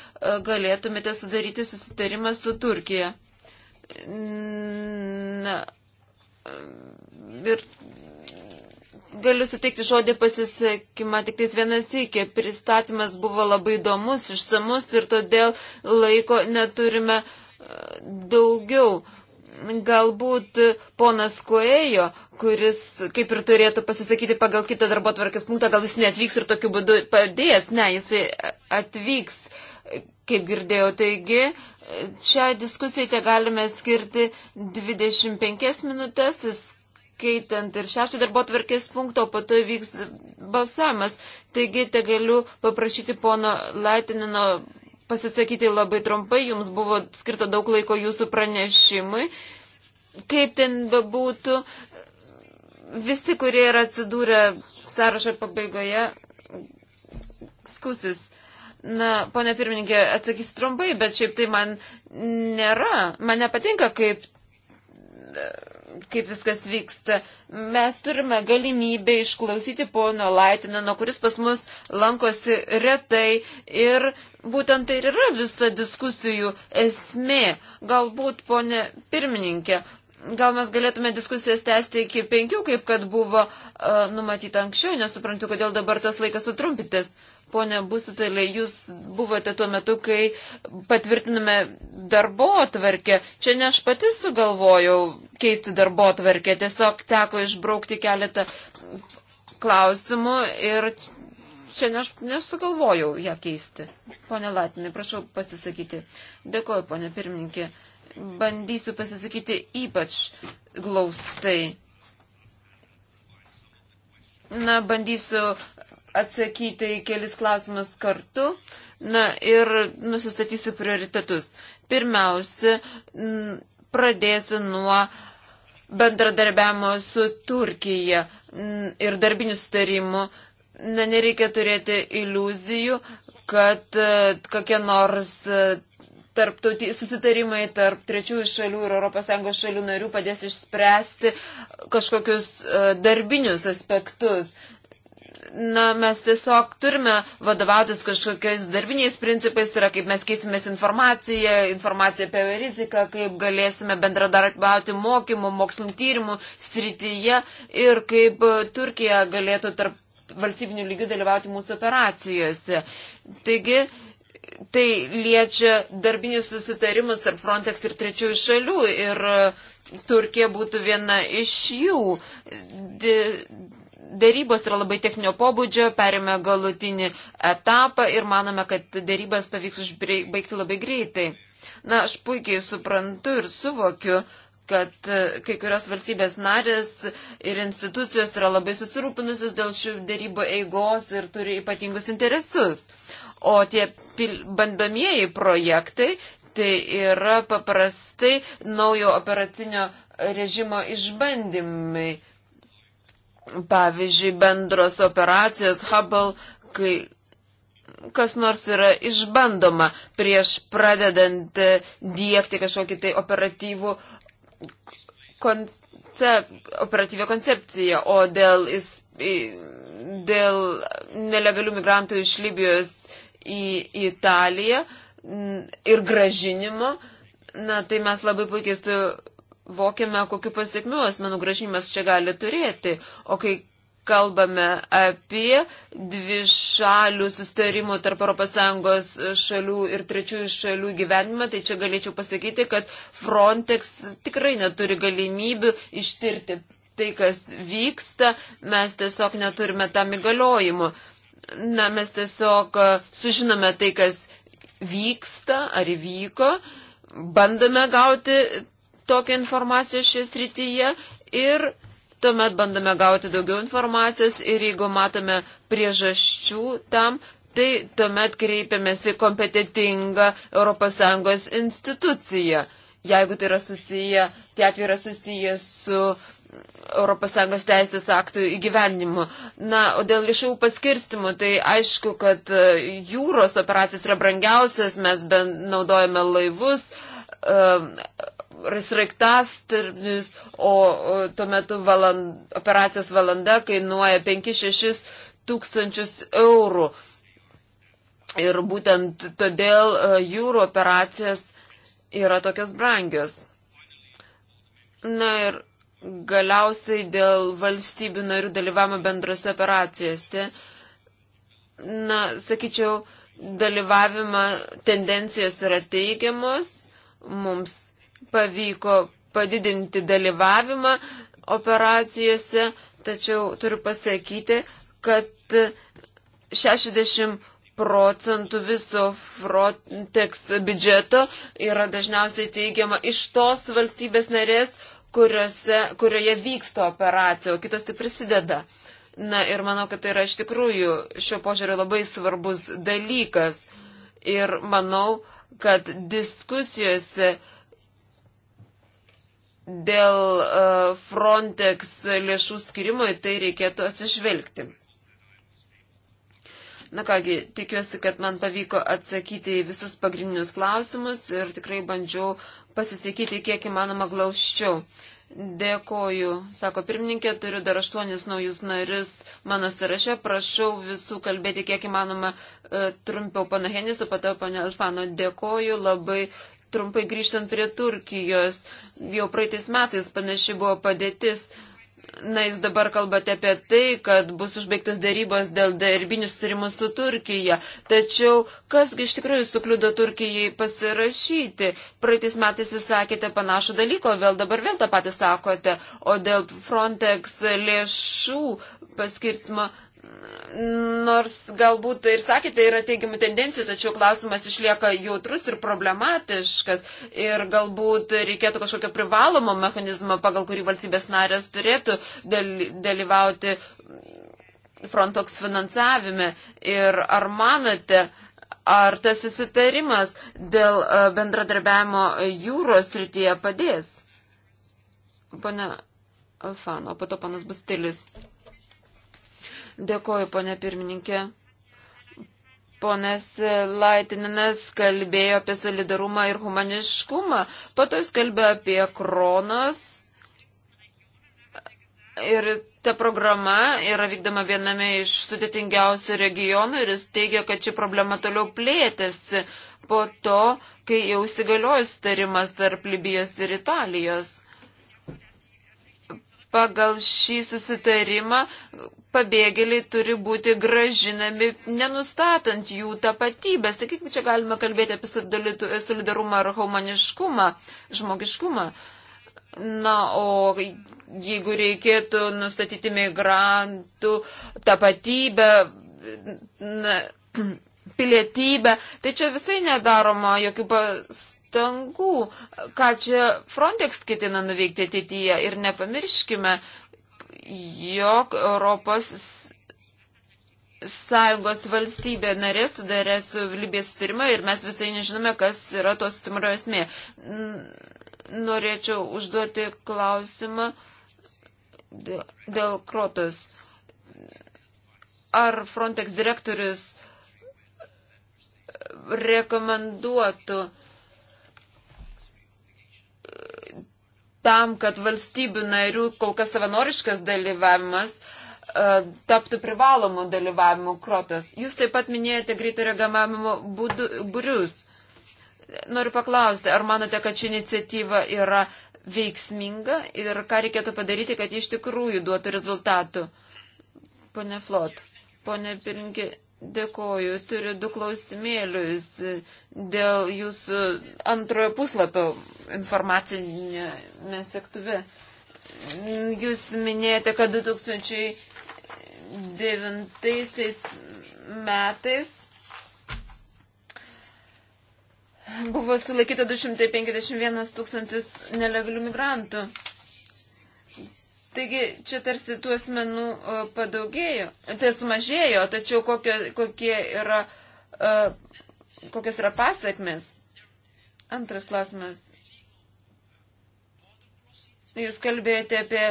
galėtumėte sudaryti susitarimą su Turkija. Na, ir galiu suteikti žodį pasisakymą, tik tais vienas iki. Pristatymas buvo labai įdomus, išsamus ir todėl laiko neturime e, daugiau. Galbūt ponas Koejo, kuris kaip ir turėtų pasisakyti pagal kitą darbo tvarkės punktą, gal jis neatvyks ir tokiu būdu padės. Ne, jisai atvyks, kaip girdėjau. Taigi, čia diskusijai te galime skirti 25 minutės, jis skaitant ir šešto darbo tvarkės punkto, po to vyks balsavimas. Taigi, te galiu paprašyti pono Laitinino pasisakyti labai trumpai, jums buvo skirta daug laiko jūsų pranešimui. Kaip ten bebūtų, visi, kurie yra atsidūrę sąrašo pabaigoje, skusis. Na, ponia pirmininkė, atsakysiu trumpai, bet šiaip tai man nėra, man nepatinka, kaip kaip viskas vyksta. Mes turime galimybę išklausyti pono Laitinino, kuris pas mus lankosi retai ir būtent tai ir yra visa diskusijų esmė. Galbūt, ponė pirmininkė, gal mes galėtume diskusijas tęsti iki penkių, kaip kad buvo uh, numatyta anksčiau, nesuprantu, kodėl dabar tas laikas sutrumpytis. Uh, Pone Busutelė, jūs buvote tuo metu, kai patvirtiname darbo atvarkę. Čia ne aš pati sugalvojau keisti darbo atvarkę, tiesiog teko išbraukti keletą klausimų ir čia ne aš nesugalvojau ją keisti. Pone Latinė, prašau pasisakyti. Dėkuoju, pone pirmininkė. Bandysiu pasisakyti ypač glaustai. Na, bandysiu atsakyti į kelis klausimus kartu. Na ir nusistatysiu prioritetus. Pirmiausia, pradėsiu nuo bendradarbiavimo su Turkija ir darbinių sutarimų. Na, nereikia turėti iliuzijų, kad e, kokie nors e, tarptauti, susitarimai tarp trečiųjų šalių ir ES šalių narių padės išspręsti kažkokius e, darbinius aspektus na, mes tiesiog turime vadovautis kažkokiais darbiniais principais, tai yra kaip mes keisimės informaciją, informaciją apie riziką, kaip galėsime bendradarbiauti mokymų, mokslinų tyrimų srityje ir kaip Turkija galėtų tarp valstybinių lygių dalyvauti mūsų operacijose. Taigi, tai liečia darbinius susitarimus tarp Frontex ir trečiųjų šalių ir Turkija būtų viena iš jų. De, Dėrybos yra labai techninio pobūdžio, perėmė galutinį etapą ir manome, kad dėrybas pavyks užbaigti labai greitai. Na, aš puikiai suprantu ir suvokiu, kad e, kai kurios valstybės narės ir institucijos yra labai susirūpinusios dėl šių dėrybų eigos ir turi ypatingus interesus. O tie pil... bandomieji projektai tai yra paprastai naujo operacinio režimo išbandymai. Pavyzdžiui, bendros operacijos Hubble, kai kas nors yra išbandoma prieš pradedant e, dėkti kažkokį tai operatyvų koncep, operatyvę koncepciją, o dėl, dėl nelegalių migrantų iš Libijos į Italiją ir gražinimo, na tai mes labai puikiai su suvokime, kokiu pasiekmiu asmenų gražinimas čia gali turėti. O kai kalbame apie dvi šalių sustarimų tarp ES šalių ir trečiųjų šalių gyvenimą, tai čia galėčiau pasakyti, kad Frontex tikrai neturi galimybių ištirti tai, kas vyksta, mes tiesiog neturime tam įgaliojimu. Na, mes tiesiog e, sužinome tai, kas vyksta ar įvyko, bandome gauti tokią informaciją šioje srityje ir tuomet bandome gauti daugiau informacijos ir jeigu matome priežasčių tam, tai tuomet kreipiamės į kompetitingą ES instituciją. Jeigu tai yra susiję, tie atvejai yra susiję su ES teisės aktų įgyvenimu. Na, o dėl lėšų paskirstimų, tai aišku, kad e, jūros operacijos yra brangiausias, mes naudojame laivus, e, sraigtastarnius, o, o tuo metu valand, operacijos valanda kainuoja 5-6 tūkstančius eurų. Ir būtent todėl e, jūrų operacijos yra tokios brangios. Na ir galiausiai dėl valstybių narių dalyvavimo bendrose operacijose. Na, sakyčiau, dalyvavimo tendencijos yra teigiamos, mums pavyko padidinti dalyvavimą operacijose, tačiau turiu pasakyti, kad 60 procentų viso Frontex biudžeto yra dažniausiai teigiama iš tos valstybės narės, kuriuose, kurioje vyksta operacija, o kitos tai prisideda. Na ir manau, kad tai yra iš tikrųjų šio požiūrio labai svarbus dalykas. Ir manau, kad diskusijose uh, dėl e, Frontex lėšų skirimo į tai reikėtų atsižvelgti. Na kągi, tikiuosi, kad man pavyko atsakyti į visus pagrindinius klausimus ir tikrai bandžiau pasisakyti kiek įmanoma glaučiau. Dėkoju, sako pirmininkė, turiu dar aštuonis naujus narius mano sąraše, prašau visų kalbėti kiek įmanoma e, trumpiau pana Henisų, pato pana Alfano. Dėkoju, labai Trumpai grįžtant prie Turkijos, jau praeitais metais panaši buvo padėtis. Na, jūs dabar kalbate apie tai, kad bus užbaigtas darybos dėl darbinių sutarimų su Turkija. Tačiau kasgi iš tikrųjų sukliudo Turkijai pasirašyti? Praeitais metais jūs sakėte panašų dalyką, vėl dabar vėl tą patį sakote. O dėl Frontex lėšų paskirstimo nors galbūt ir sakėte, yra teigiamų tendencijų, tačiau klausimas išlieka jautrus ir problematiškas ir galbūt reikėtų kažkokio privalomo mechanizmo, pagal kurį valstybės narės turėtų dalyvauti Frontox finansavime. Ir ar manote, ar tas susitarimas dėl e, bendradarbiavimo jūros rytyje padės? Pane Alfano, po to panas bus stilis. Dėkoju, ponė pirmininkė. Ponas Laitininas kalbėjo apie solidarumą ir humaniškumą, po to jis kalbėjo apie kronos ir ta programa yra vykdoma viename iš sudėtingiausių regionų ir jis teigia, kad ši problema toliau plėtėsi po to, kai jau įsigaliojus tarimas tarp Libijos ir Italijos pagal šį susitarimą pabėgėliai turi būti gražinami, nenustatant jų tapatybės. Tai kaip čia galima kalbėti apie solidarumą ar humaniškumą, žmogiškumą? Na, o jeigu reikėtų nustatyti migrantų tapatybę, na, [clears throat] pilietybę, tai čia visai nedaroma jokių pas pastangų, ką čia Frontex ketina nuveikti ateityje ir nepamirškime, jog Europos sąjungos valstybė narė sudarė su Libijos sutarimą ir mes visai nežinome, kas yra to sutarimo esmė. Norėčiau užduoti klausimą dėl krotos. Ar Frontex direktorius rekomenduotų uh, tam, kad valstybių narių kol kas savanoriškas dalyvavimas e, taptų privalomų dalyvavimų krotas. Jūs taip pat minėjote greito reagavimo būrius. Noriu paklausti, ar manote, kad ši iniciatyva yra veiksminga ir ką reikėtų padaryti, kad iš tikrųjų duotų rezultatų? Pone Flot, pone Pirinkė, Dėkoju, turiu du klausimėlius dėl jūsų antrojo puslapio informacinėme sektuve. Jūs minėjote, kad 2009 metais buvo sulaikyta 251 tūkstantis nelegalių migrantų. Taigi čia tarsi tų asmenų e, padaugėjo, tai sumažėjo, tačiau kokio, kokie yra, e, kokios yra pasiekmes. Antras klausimas. Jūs kalbėjote apie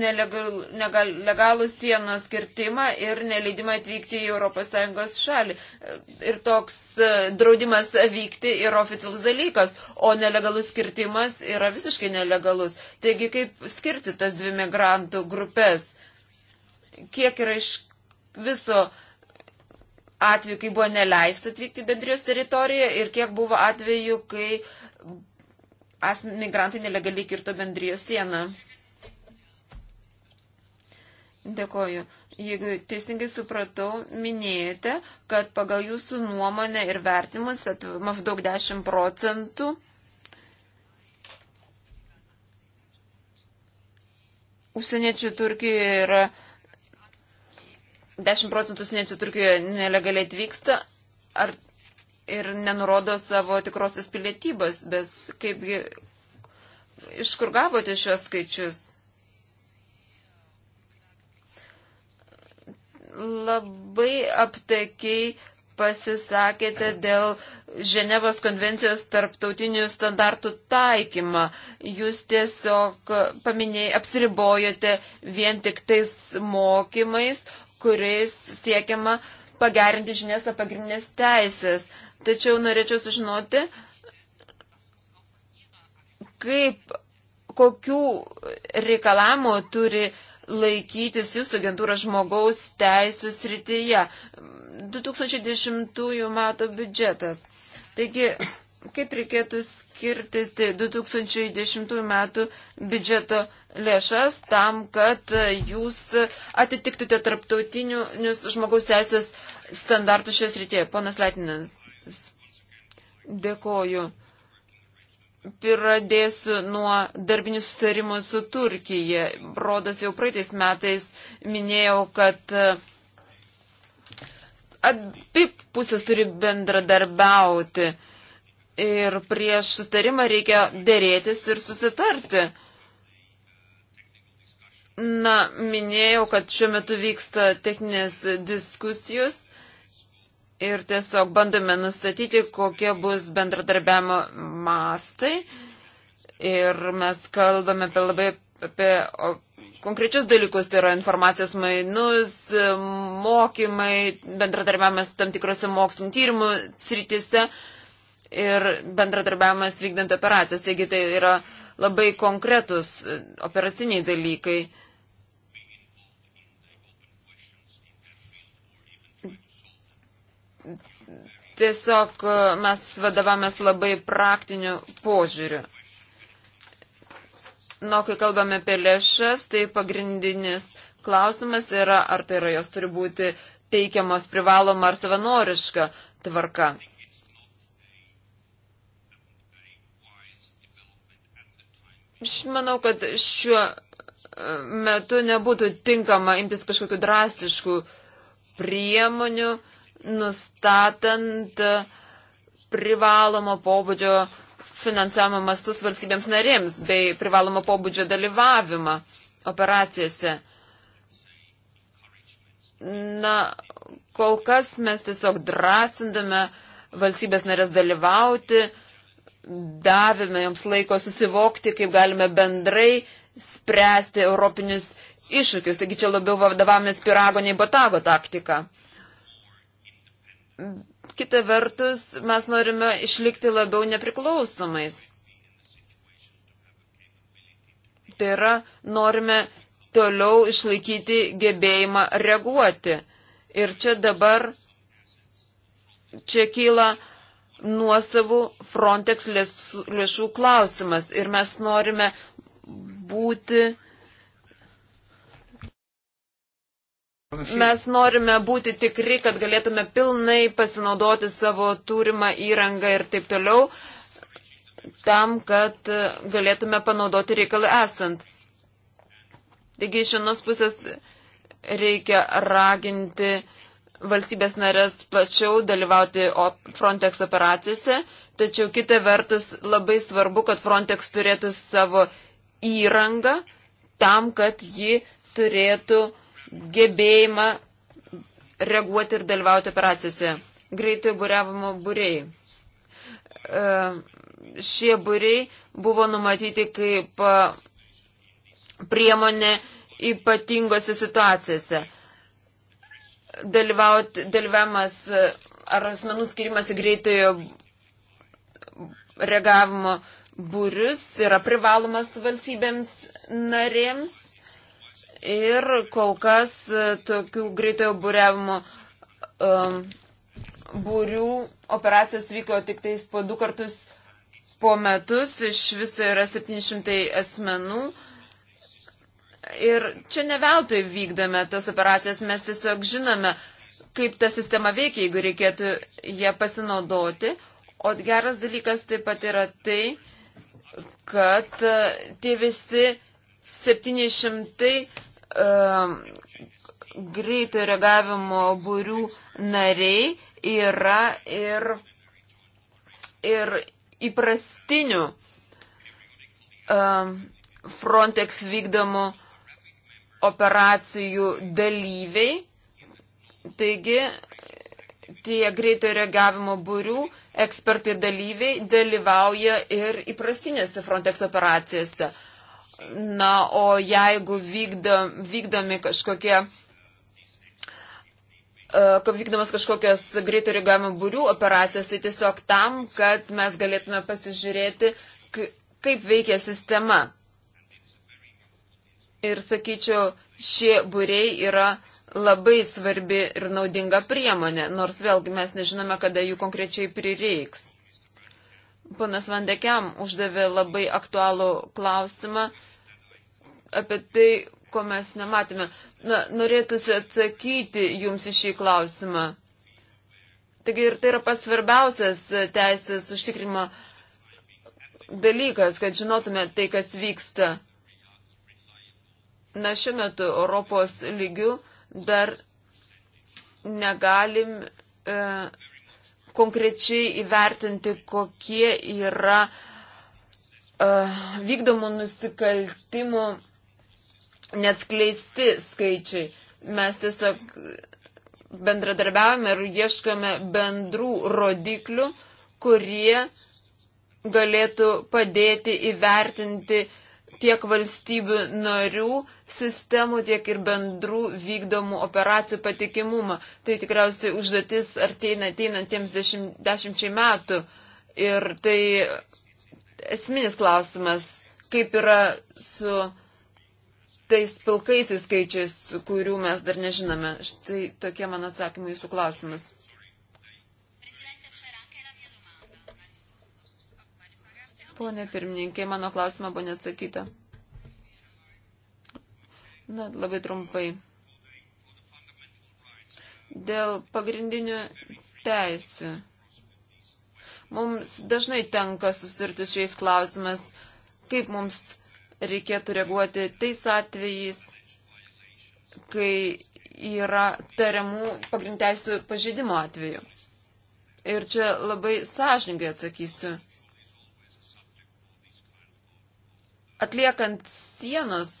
nelegal, negal, legalų sienos kirtimą ir neleidimą atvykti į ES šalį. Ir toks e, draudimas vykti yra oficialus dalykas, o nelegalus kirtimas yra visiškai nelegalus. Taigi kaip skirti tas dvi migrantų grupės? Kiek yra iš viso atveju, kai buvo neleista atvykti bendrijos teritoriją ir kiek buvo atveju, kai uh, as, migrantai nelegaliai kirto bendrijos sieną. Dėkoju. Jeigu teisingai supratau, minėjote, kad pagal jūsų nuomonę ir vertimus maždaug 10 procentų užsieniečių Turkijoje yra 10 procentų užsieniečių Turkijoje nelegaliai atvyksta. Ar ir nenurodo savo tikrosios pilietybės, bet kaipgi, iš kur gavote šios skaičius? Labai aptakiai pasisakėte dėl Ženevos konvencijos tarptautinių standartų taikymą. Jūs tiesiog paminėjai, apsiribojote vien tik tais mokymais, kuriais siekiama pagerinti žinias apie pagrindinės teisės. Tačiau norėčiau sužinoti, kaip, kokių reikalavimų turi laikytis jūsų agentūros žmogaus teisų srityje. 2010 m. biudžetas. Taigi, kaip reikėtų skirti 2010 m. biudžeto lėšas tam, kad jūs atitiktute tarptautinius žmogaus teisės standartus šios rytėje. Ponas Letinas. Dėkoju. Pradėsiu nuo darbinių sustarimų su Turkija. Brodas jau praeitais metais minėjau, kad e, abi pusės turi bendradarbiauti ir prieš sustarimą reikia dėrėtis ir susitarti. Na, minėjau, kad šiuo metu vyksta techninės diskusijos ir tiesiog bandome nustatyti, kokie bus bendradarbiavimo mastai. Ir mes kalbame apie labai apie konkrečius dalykus, tai yra informacijos mainus, mokymai, bendradarbiavimas tam tikrose mokslinio tyrimų srityse ir bendradarbiavimas vykdant operacijas. Taigi tai yra labai konkretus operaciniai dalykai. Tiesiog e, mes vadovavomės labai praktiniu požiūriu. Nu, kai kalbame apie lėšas, tai pagrindinis klausimas yra, ar tai yra jos turi būti teikiamos privaloma ar savanoriška tvarka. Aš manau, kad šiuo e, metu nebūtų tinkama imtis kažkokių drastiškų priemonių, nustatant privalomo pobūdžio finansavimo mastus valstybėms narėms bei privalomo pobūdžio dalyvavimą operacijose. Na, kol kas mes tiesiog drąsindame valstybės narės dalyvauti, davėme joms laiko susivokti, kaip galime bendrai spręsti europinius iššūkius. Taigi čia labiau vadovavomės pirago nei botago taktiką kita vertus, mes norime išlikti labiau nepriklausomais. Tai yra, norime toliau išlaikyti gebėjimą reaguoti. Ir čia dabar čia kyla nuosavų Frontex lėšų klausimas. Ir mes norime būti Mes norime būti tikri, kad galėtume pilnai pasinaudoti savo turimą įrangą ir taip toliau, tam, kad galėtume panaudoti reikalą esant. Taigi iš vienos pusės reikia raginti valstybės narės plačiau dalyvauti Frontex operacijose, tačiau kita vertus labai svarbu, kad Frontex turėtų savo įrangą tam, kad ji turėtų uh, gebėjimą reaguoti ir dalyvauti operacijose. Greitojo būrevimo būrėjai. E, šie būrėjai buvo numatyti kaip e, priemonė ypatingose situacijose. Dalyvauti, dalyvavimas e, ar asmenų skirimas į greitojo reagavimo būrius yra privalomas valstybėms narėms ir kol kas e, tokių greitojo būrevimo um, būrių operacijos vyko tik tais po du kartus po metus, iš viso yra 700 asmenų. Ir čia ne veltui vykdome tas operacijas, mes tiesiog žinome, kaip ta sistema veikia, jeigu reikėtų ją pasinaudoti. O geras dalykas taip pat yra tai, kad e, tie visi 700 greito reagavimo būrių nariai yra ir, ir įprastinių um, Frontex vykdomų operacijų dalyviai. Taigi tie greito reagavimo būrių ekspertai dalyviai dalyvauja ir įprastinėse Frontex operacijose. Na, o jeigu vykdo, vykdomi kažkokie e, kaip vykdomas kažkokios greito reagavimo būrių operacijos, tai tiesiog tam, kad mes galėtume pasižiūrėti, kaip veikia sistema. Ir sakyčiau, šie būriai yra labai svarbi ir naudinga priemonė, nors vėlgi mes nežinome, kada jų konkrečiai prireiks. Ponas Vandekiam uždavė labai aktualų klausimą apie tai, ko mes nematėme. Na, norėtųsi atsakyti jums į šį klausimą. Taigi ir tai yra pats svarbiausias teisės užtikrimo dalykas, kad žinotume tai, kas vyksta. Na, šiuo metu Europos lygių dar negalim. E, konkrečiai įvertinti, kokie yra uh, vykdomų nusikaltimų neatskleisti skaičiai. Mes tiesiog bendradarbiavame ir ieškame bendrų rodiklių, kurie galėtų padėti įvertinti tiek valstybių narių sistemų, tiek ir bendrų vykdomų operacijų patikimumą. Tai tikriausiai užduotis arteina ateinantiems dešimt, dešimčiai metų. Ir tai esminis klausimas, kaip yra su tais pilkais skaičiais, kurių mes dar nežinome. Štai tokie mano atsakymai jūsų klausimus. Pone pirmininkė, mano klausimą buvo neatsakyta. Na, labai trumpai. Dėl pagrindinių teisių. Mums dažnai tenka susidurti šiais klausimas, kaip mums reikėtų reaguoti tais atvejais, kai yra tariamų pagrindinių teisių pažeidimo atveju. Ir čia labai sąžininkai atsakysiu. Atliekant sienos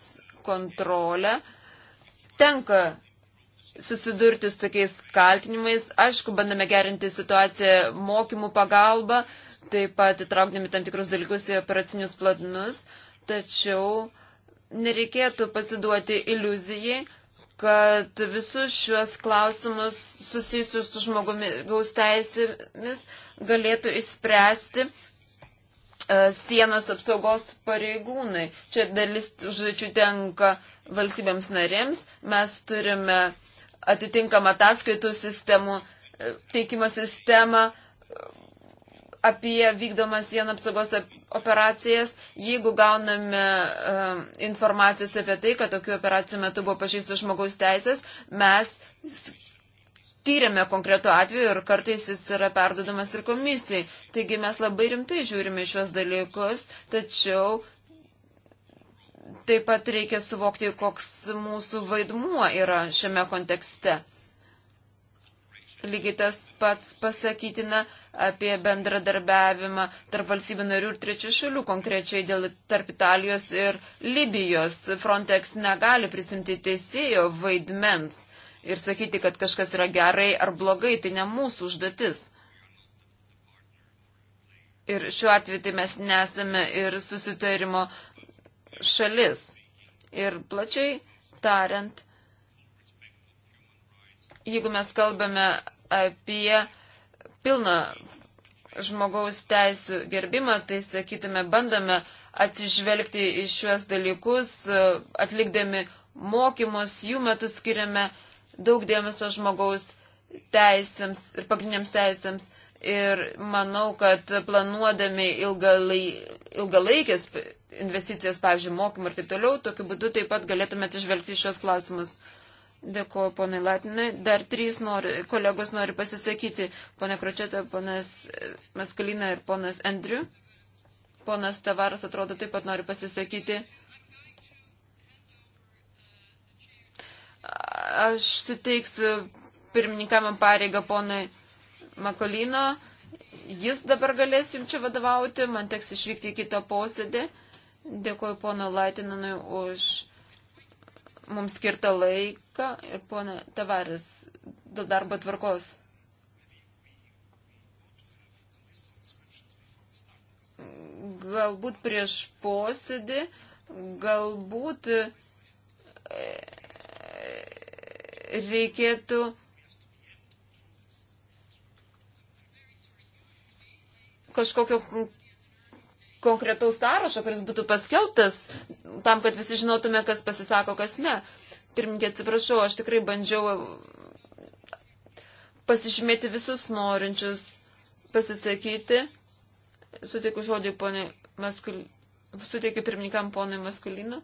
kontrolę, tenka susidurti su tokiais kaltinimais. Aišku, bandome gerinti situaciją mokymų pagalba, taip pat įtraukdami tam tikrus dalykus į operacinius planus, tačiau nereikėtų pasiduoti iliuzijai, kad visus šiuos klausimus susijusius su žmogaus teisėmis galėtų išspręsti E, sienos apsaugos pareigūnai. Čia dalis užduočių tenka valstybėms narėms. Mes turime atitinkamą ataskaitų sistemų, e, teikimo sistemą e, apie vykdomas sienų apsaugos operacijas. Jeigu gauname um, informacijos apie tai, kad tokių operacijų metu buvo pažįstų žmogaus teisės, mes tyrėme konkretų atveju ir kartais jis yra perdodamas ir komisijai. Taigi mes labai rimtai žiūrime šios dalykus, tačiau taip pat reikia suvokti, koks mūsų vaidmuo yra šiame kontekste. Lygiai tas pats pasakytina apie bendradarbiavimą tarp valstybių narių ir trečių šalių, konkrečiai dėl tarp Italijos ir Libijos. Frontex negali prisimti teisėjo vaidmens ir sakyti, kad kažkas yra gerai ar blogai, tai ne mūsų užduotis. Ir šiuo atveju tai mes nesame ir susitarimo šalis. Ir plačiai tariant, jeigu mes kalbame apie pilną žmogaus teisų gerbimą, tai sakytume, bandome atsižvelgti į šiuos dalykus, atlikdami mokymus, jų metu skiriame daug dėmesio žmogaus teisėms ir pagrindiniams teisėms. Ir manau, kad planuodami ilgalai, ilgalaikės investicijas, pavyzdžiui, mokymą ir taip toliau, tokiu būdu taip pat galėtume atsižvelgti šios klausimus. Dėkuoju, ponai Latinai. Dar trys nori, kolegos nori pasisakyti. Pone Kročetė, ponas Maskalina ir ponas Andriu. Ponas Tavaras atrodo taip pat nori pasisakyti. Aš suteiksiu pirmininkamą pareigą ponui Makolino. Jis dabar galės jums čia vadovauti, man teks išvykti į kitą posėdį. Dėkuoju pono Laitinanui už mums skirtą laiką ir pono Tavaris dėl darbo tvarkos. Galbūt prieš posėdį, galbūt reikėtų kažkokio konkretaus sąrašo, kuris būtų paskelbtas, tam, kad visi žinotume, kas pasisako, kas ne. Pirminkė, atsiprašau, aš tikrai bandžiau pasižymėti visus norinčius pasisakyti. Suteikiu žodį ponui Maskul... Suteikiu pirmininkam ponui Maskulinu.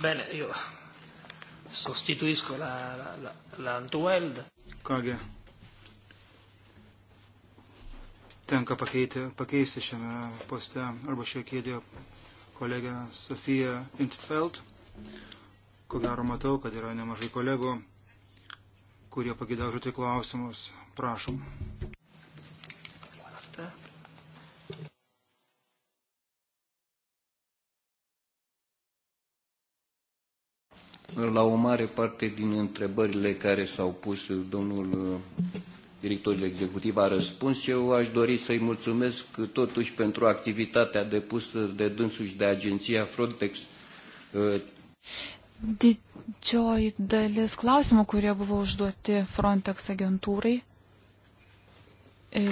Bene, io sostituisco la, la, la, la Antweld. Kągi, tenka pakeiti, pakeisti šiame poste arba šioje kėdėje kolegę Sofiją Intfeld. Ko gero matau, kad yra nemažai kolegų, kurie pagidaužyti klausimus. Prašom. la o mare parte din întrebările care s-au pus domnul uh, directorul executiv a răspuns. Eu aș dori să-i mulțumesc totuși pentru activitatea depusă de dânsuși de agenția Frontex. Uh, Didžioji dalis klausimų, kurie buvo užduoti Frontex agentūrai, e,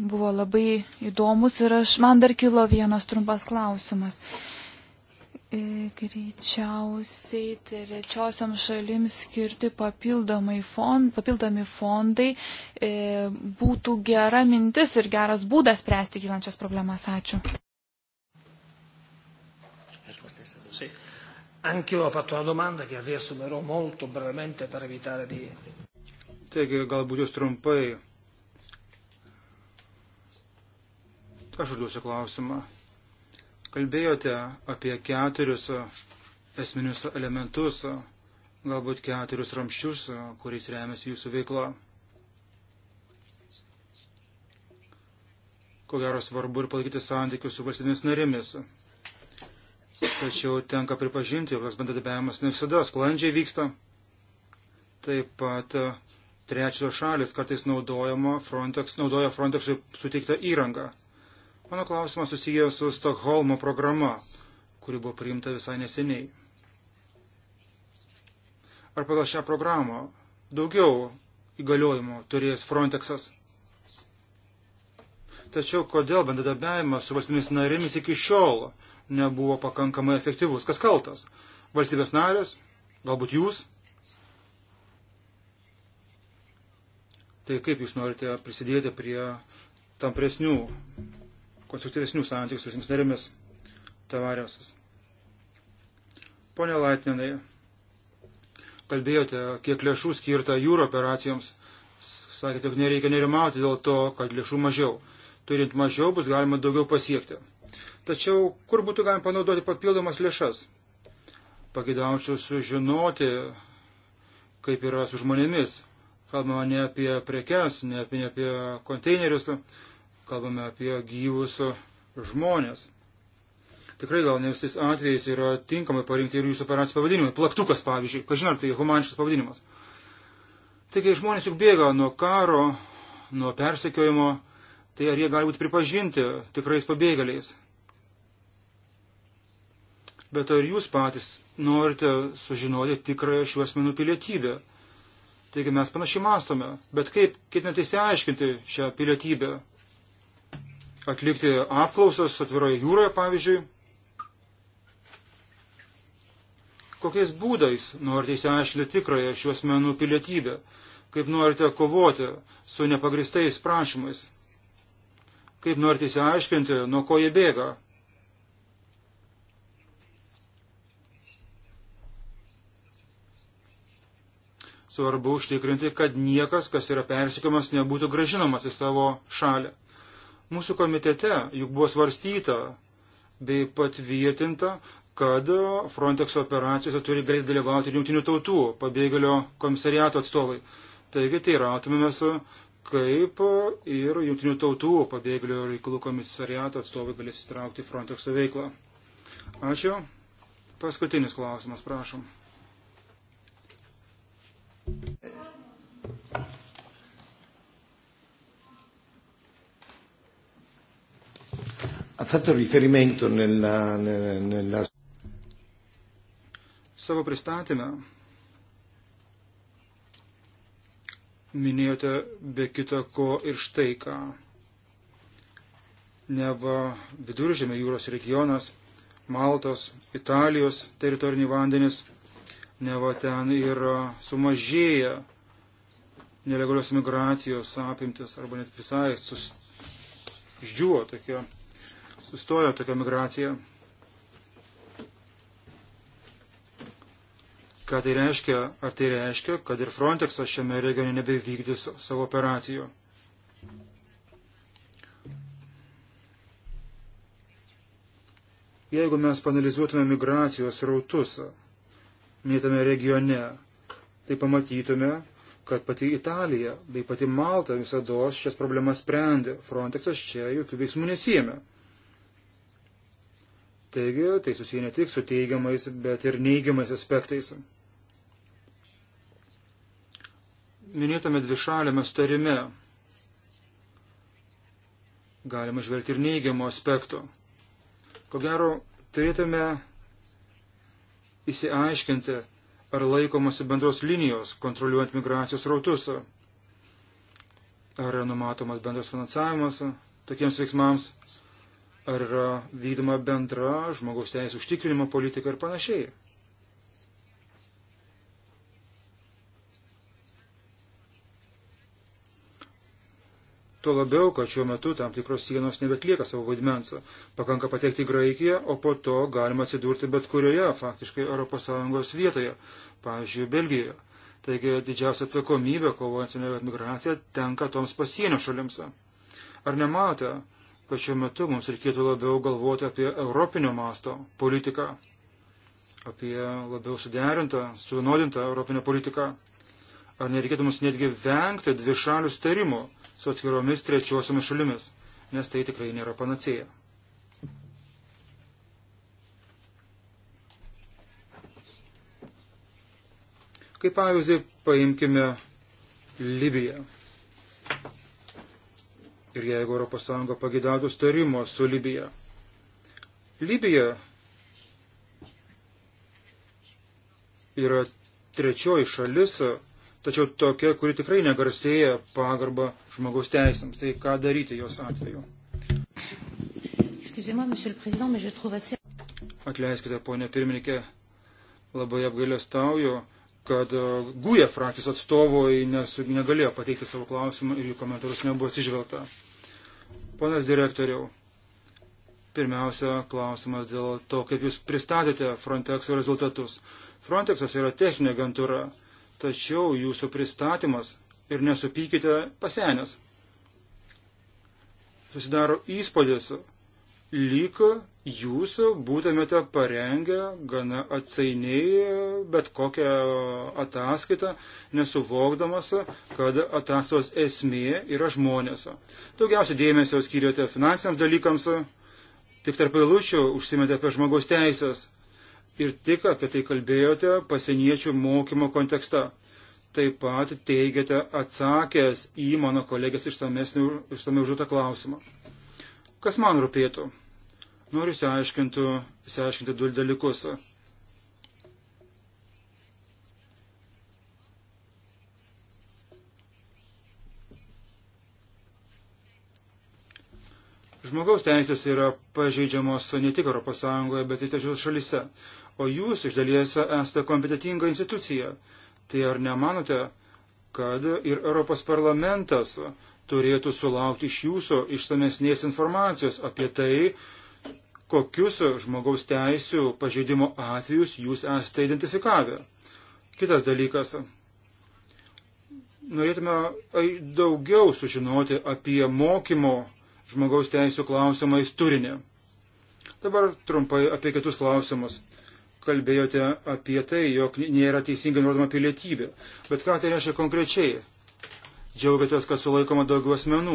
buvo labai įdomus ir aš, man dar kilo vienas trumpas klausimas. E, E, greičiausiai trečiosiam šalims skirti papildomai fond, papildomi fondai e, būtų gera mintis ir geras būdas spręsti kylančias problemas. Ačiū. Taigi, galbūt jūs trumpai. Aš užduosiu klausimą. Kalbėjote apie keturius esminius elementus, galbūt keturius ramščius, kuriais remiasi jūsų veikla. Ko gero svarbu ir palaikyti santykius su valstybėmis narėmis. Tačiau tenka pripažinti, jog toks bendradarbiavimas ne visada sklandžiai vyksta. Taip pat trečios šalis kartais naudojama Frontex, naudoja Frontexui suteiktą įrangą. Mano klausimas susijęs su Stokholmo programa, kuri buvo priimta visai neseniai. Ar pagal šią programą daugiau įgaliojimų turės Frontexas? Tačiau kodėl bendradarbiavimas su valstybėmis narėmis iki šiol nebuvo pakankamai efektyvus? Kas kaltas? Valstybės narės? Galbūt jūs? Tai kaip jūs norite prisidėti prie tampresnių konstruktyvesnių santykių su visiems narėmis Tavariasas. Pone Laitinai, kalbėjote, kiek lėšų skirta jūro operacijoms. Sakėte, kad nereikia nerimauti dėl to, kad lėšų mažiau. Turint mažiau bus galima daugiau pasiekti. Tačiau kur būtų galima panaudoti papildomas lėšas? Pagidaučiau sužinoti, kaip yra su žmonėmis. Kalbama ne apie prekes, ne apie, ne apie konteinerius, kalbame apie gyvus žmonės. Tikrai gal ne visais atvejais yra tinkamai parinkti ir jūsų operacijų pavadinimai. Plaktukas, pavyzdžiui, kažin ar tai humaniškas pavadinimas. Taigi žmonės juk bėga nuo karo, nuo persekiojimo, tai ar jie gali būti pripažinti tikrais pabėgėliais? Bet ar jūs patys norite sužinoti tikrąją šių asmenų pilietybę? Taigi mes panašiai mastome, bet kaip ketinate įsiaiškinti šią pilietybę? atlikti apklausas atviroje jūroje, pavyzdžiui. Kokiais būdais norite įsiaiškinti tikrąją šių asmenų pilietybę? Kaip norite kovoti su nepagristais prašymais? Kaip norite įsiaiškinti, nuo ko jie bėga? Svarbu užtikrinti, kad niekas, kas yra persikiamas, nebūtų gražinamas į savo šalį. Mūsų komitete juk buvo svarstyta bei patvirtinta, kad Frontex operacijose turi greit dalyvauti jungtinių tautų pabėgėlio komisariato atstovai. Taigi teirautumėmės, kaip ir jungtinių tautų pabėgėlio reikalų komisariato atstovai galės įtraukti Frontexo veiklą. Ačiū. Paskutinis klausimas, prašom. ha fatto riferimento nella, nella... Savo pristatymę minėjote be kita ko ir štai ką. Neva viduržėmė jūros regionas, Maltos, Italijos teritoriniai vandenis, neva ten yra sumažėję nelegalios migracijos apimtis arba net visai susždžiuvo tokia sustojo tokia migracija. Ką tai reiškia? Ar tai reiškia, kad ir Frontexas šiame regione nebevykdys savo operacijų? Jeigu mes panalizuotume migracijos rautus minėtame regione, tai pamatytume, kad pati Italija bei pati Malta visada šias problemas sprendė. Frontexas čia jokių veiksmų nesijėmė. Taigi, tai susiję ne tik su teigiamais, bet ir neigiamais aspektais. Minėtame dvišalėme starime galima žvelgti ir neigiamų aspektų. Ko gero, turėtume įsiaiškinti, ar laikomasi bendros linijos kontroliuojant migracijos rautus, ar numatomas bendras finansavimas tokiems veiksmams, ar yra vykdoma bendra žmogaus teisų užtikrinimo politika ir panašiai. Tuo labiau, kad šiuo metu tam tikros sienos nebetlieka savo vaidmens. Pakanka patekti į Graikiją, o po to galima atsidurti bet kurioje faktiškai ES vietoje, pavyzdžiui, Belgijoje. Taigi didžiausia atsakomybė kovojant su migracija tenka toms pasienio šalims. Ar nematote, kad šiuo metu mums reikėtų labiau galvoti apie europinio masto politiką, apie labiau suderintą, suvienodintą europinę politiką. Ar nereikėtų mums netgi vengti dvišalių starimų su atskiromis trečiosiomis šalimis, nes tai tikrai nėra panacėja. Kaip pavyzdį paimkime Libiją ir jeigu ES pagidautų starimo su Libija. Libija yra trečioji šalis, tačiau tokia, kuri tikrai negarsėja pagarbą žmogaus teisėms. Tai ką daryti jos atveju? Atleiskite, ponė pirmininkė, labai apgailestauju, kad e, guja frakcijos atstovai nesu, negalėjo pateikti savo klausimų ir jų komentarus nebuvo atsižvelgta. Ponas direktoriau, pirmiausia klausimas dėl to, kaip jūs pristatėte Frontexo rezultatus. Frontexas yra techninė agentūra, tačiau jūsų pristatymas ir nesupykite pasenęs. Susidaro įspūdis, lyg jūs būtumėte parengę gana atsainiai bet kokią ataskaitą, nesuvokdamas, kad ataskaitos esmė yra žmonės. Daugiausiai dėmesio skiriate finansiniams dalykams, tik tarp eilučių užsimėte apie žmogaus teisės ir tik apie tai kalbėjote pasieniečių mokymo kontekste. Taip pat teigiate atsakęs į mano kolegės išsamesnį užduotą klausimą. Kas man rūpėtų? Noriu įsiaiškinti du dalykus. Žmogaus teisės yra pažeidžiamos ne tik ES, bet ir trečios šalise. O jūs iš dalies esate kompetitinga institucija. Tai ar nemanote, kad ir Europos parlamentas turėtų sulaukti iš jūsų išsamesnės informacijos apie tai, kokius žmogaus teisų pažeidimo atvejus jūs esate identifikavę. Kitas dalykas. Norėtume daugiau sužinoti apie mokymo žmogaus teisų klausimais turinį. Dabar trumpai apie kitus klausimus. Kalbėjote apie tai, jog nėra teisingai nurodoma pilietybė. Bet ką tai reiškia konkrečiai? džiaugiatės, kad sulaikoma daugiau asmenų.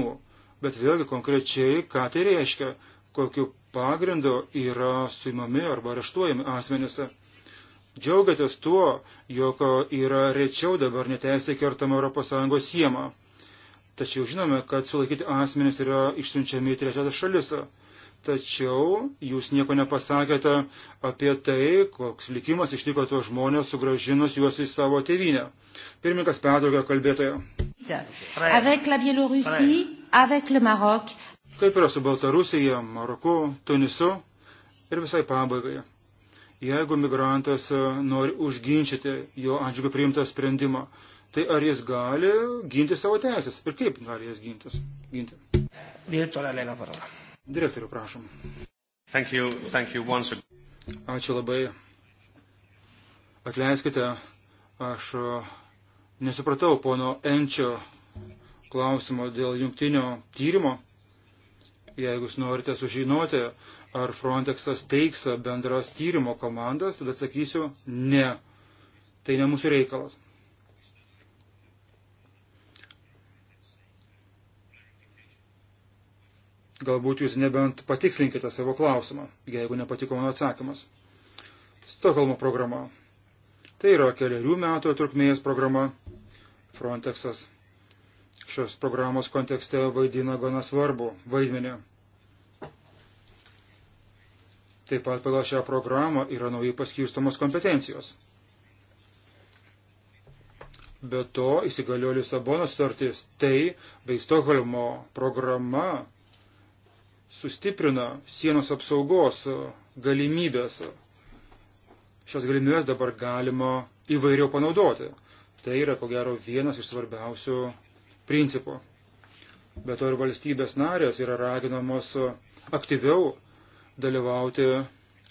Bet vėlgi konkrečiai, ką tai reiškia, kokiu pagrindu yra suimami arba areštuojami asmenys. Džiaugiatės tuo, jog yra rečiau dabar neteisė kertama ES siena. Tačiau žinome, kad sulaikyti asmenys yra išsiunčiami į trečias šalis tačiau jūs nieko nepasakėte apie tai, koks likimas ištiko tuos žmonės, sugražinus juos į savo tėvynę. Pirmininkas pertraukė kalbėtoją. Kaip yra su Baltarusija, Maroku, Tunisu ir visai pabaigai. Jeigu migrantas e, nori užginčyti jo atžvilgiu priimtą sprendimą, tai ar jis gali ginti savo teisės ir kaip gali jas gintis? ginti? Direktorė Lena Parola. Direktorių, prašom. Thank you, thank you once... Ačiū labai. Atleiskite, aš e, nesupratau pono Enčio klausimo dėl jungtinio tyrimo. Jeigu jūs norite sužinoti, ar Frontexas teiks bendras tyrimo komandas, tada atsakysiu ne. Tai ne mūsų reikalas. Galbūt jūs nebent patikslinkite savo klausimą, jeigu nepatiko mano atsakymas. Stokholmo programa. Tai yra keliarių metų trukmės programa Frontexas. Šios programos kontekste vaidina gana svarbu vaidmenį. Taip pat pagal šią programą yra naujai paskirstamos kompetencijos. Be to įsigaliojo Lisabono sutartis, tai bei Stokholmo programa sustiprina sienos apsaugos galimybės. Šias galimybės dabar galima įvairiau panaudoti. Tai yra, ko gero, vienas iš svarbiausių principų. Bet to ir valstybės narės yra raginamos aktyviau dalyvauti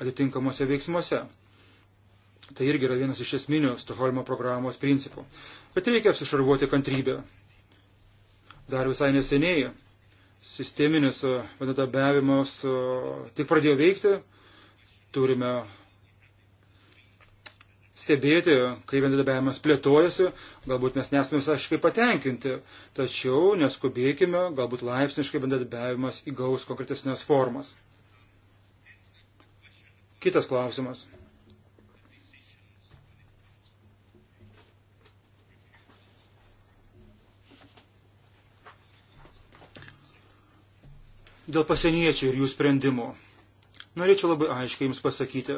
atitinkamuose veiksmuose. Tai irgi yra vienas iš esminių Stokholmo programos principų. Bet reikia apsišarvuoti kantrybę. Dar visai neseniai sisteminis bendradarbiavimas tik pradėjo veikti. Turime stebėti, kaip bendradarbiavimas plėtojasi, galbūt mes nesame visiškai patenkinti, tačiau neskubėkime, galbūt laipsniškai bendradarbiavimas įgaus konkretesnės formas. Kitas klausimas. Dėl pasieniečių ir jų sprendimų. Norėčiau labai aiškiai Jums pasakyti.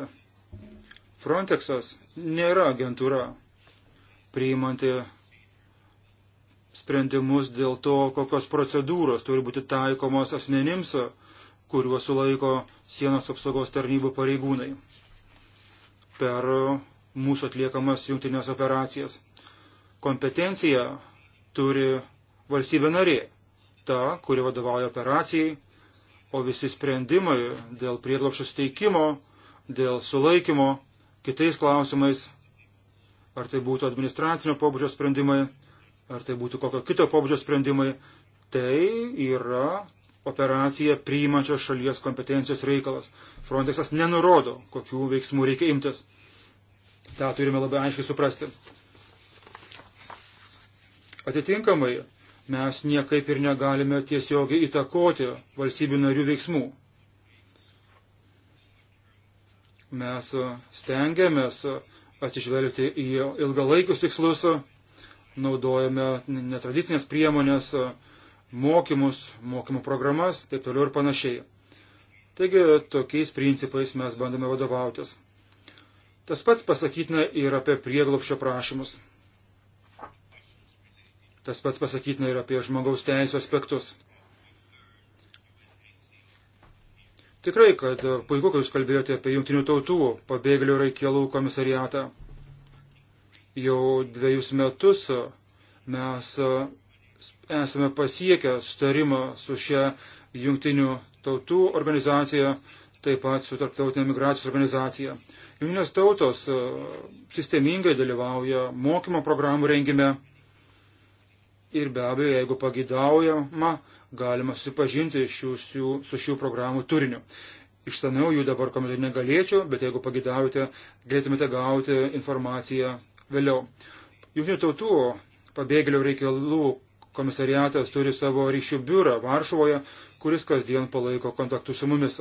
Frontexas nėra agentūra priimanti sprendimus dėl to, kokios procedūros turi būti taikomos asmenims, kuriuos sulaiko sienos apsaugos tarnybų pareigūnai per mūsų atliekamas jungtinės operacijas. Kompetencija turi valstybė narė, ta, kuri vadovauja operacijai, o visi sprendimai dėl prieglopšio steikimo, dėl sulaikymo, kitais klausimais, ar tai būtų administracinio pobūdžio sprendimai, ar tai būtų kokio kito pobūdžio sprendimai, tai yra operacija priimančios šalies kompetencijos reikalas. Frontexas nenurodo, kokių veiksmų reikia imtis. Ta turime labai aiškiai suprasti. Atitinkamai mes niekaip ir negalime tiesiogiai įtakoti valstybių narių veiksmų. Mes e, stengiamės e, atsižvelgti į ilgalaikius tikslus, e, naudojame netradicinės priemonės, mokymus, mokymų programas, taip toliau ir panašiai. Taigi tokiais principais mes bandome vadovautis. Tas pats pasakytina ir apie prieglopšio prašymus. Tas pats pasakytina ir apie žmogaus teisų aspektus. Tikrai, kad puiku, kai jūs kalbėjote apie jungtinių tautų pabėgėlių reikalų komisariatą. Jau dviejus metus mes esame pasiekę sutarimą su šia jungtinių tautų organizacija, taip pat su tarptautinė migracijos organizacija. Jungtinės tautos sistemingai dalyvauja mokymo programų rengime ir be abejo, jeigu pagidaujama, galima susipažinti šių, šių, su šių programų turiniu. Išsameu jų dabar komentuoti negalėčiau, bet jeigu pagidaujate, galėtumėte gauti informaciją vėliau. Junktinių tautų pabėgėlių reikalų komisariatas turi savo ryšių biurą Varšuvoje, kuris kasdien palaiko kontaktus su mumis.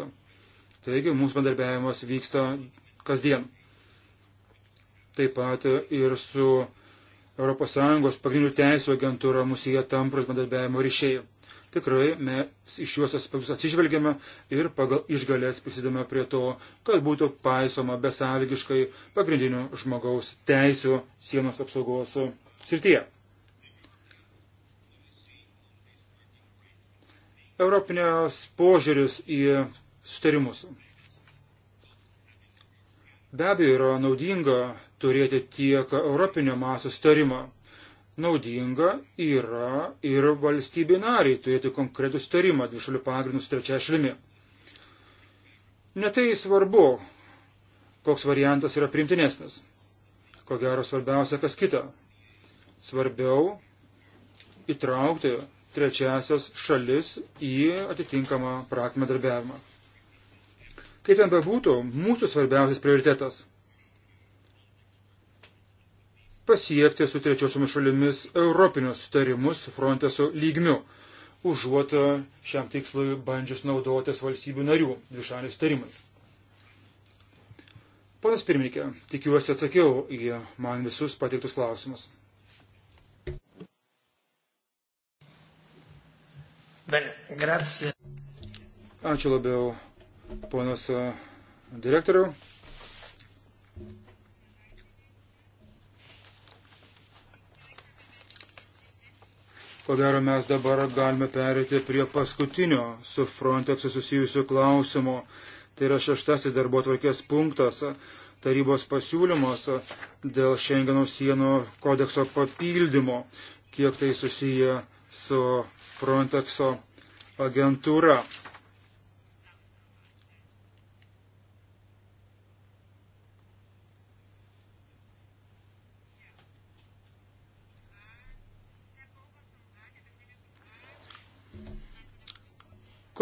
Taigi mūsų bendarbiavimas vyksta kasdien. Taip pat ir su ES pagrindinių teisų agentūra mūsų jie tamprus bendradarbiavimo ryšiai. Tikrai mes iš juos aspektus atsižvelgiame ir pagal išgalės prisidame prie to, kad būtų paisoma besąlygiškai pagrindinių žmogaus teisų sienos apsaugos srityje. Europinės požiūris į sustarimus. Be abejo, yra naudinga turėti tiek europinio maso starimą. Naudinga yra ir valstybė nariai turėti konkretų starimą dvišalių pagrindų su trečia šalimi. Netai svarbu, koks variantas yra primtinesnis. Ko gero svarbiausia, kas kita. Svarbiau įtraukti trečiasias šalis į atitinkamą praktinę darbiavimą. Kaip ten bebūtų, mūsų svarbiausias prioritetas pasiekti su trečiosiomis šalimis europinius sutarimus Frontexo lygmiu, užuot e, šiam tikslui bandžius naudotis valstybių narių dvišaliais sutarimais. Panas pirmininkė, tikiuosi atsakiau į man visus pateiktus klausimus. Ačiū labiau, ponas e, direktoriau. Ko gero mes dabar galime perėti prie paskutinio su Frontexu susijusiu klausimo. Tai yra šeštasis darbo tvarkės punktas tarybos pasiūlymas dėl Šengeno sienų kodekso papildymo, kiek tai susiję su Frontexo agentūra.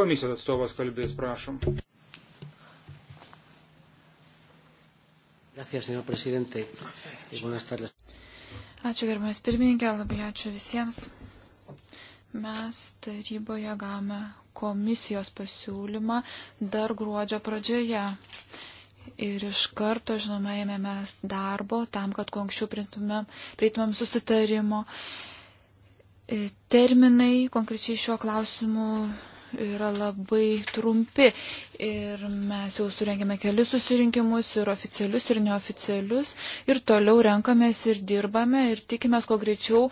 Komisijos atstovas kalbės, prašom. Ačiū gerbiamas pirmininkė, labai ačiū visiems. Mes taryboje gavome komisijos pasiūlymą dar gruodžio pradžioje. Ir iš karto, žinoma, ėmėmės darbo tam, kad kuo anksčiau prieitumėm susitarimo. E, terminai konkrečiai šiuo klausimu yra labai trumpi. Ir mes jau surengėme kelis susirinkimus, ir oficialius, ir neoficialius. Ir toliau renkamės ir dirbame ir tikimės kuo greičiau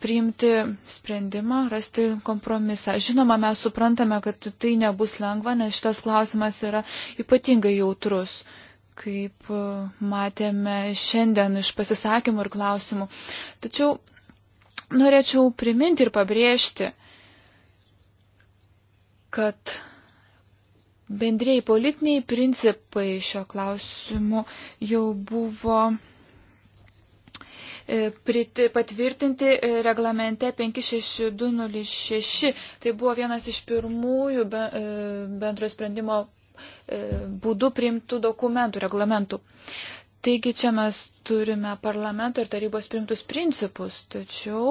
priimti sprendimą, rasti kompromisą. Žinoma, mes suprantame, kad tai nebus lengva, nes šitas klausimas yra ypatingai jautrus kaip e, matėme šiandien iš pasisakymų ir klausimų. Tačiau norėčiau priminti ir pabrėžti, kad bendrėjai politiniai principai šio klausimu jau buvo e, patvirtinti e, reglamente 56206. Tai buvo vienas iš pirmųjų e, bendro sprendimo būdų priimtų dokumentų, reglamentų. Taigi čia mes turime parlamento ir tarybos priimtus principus, tačiau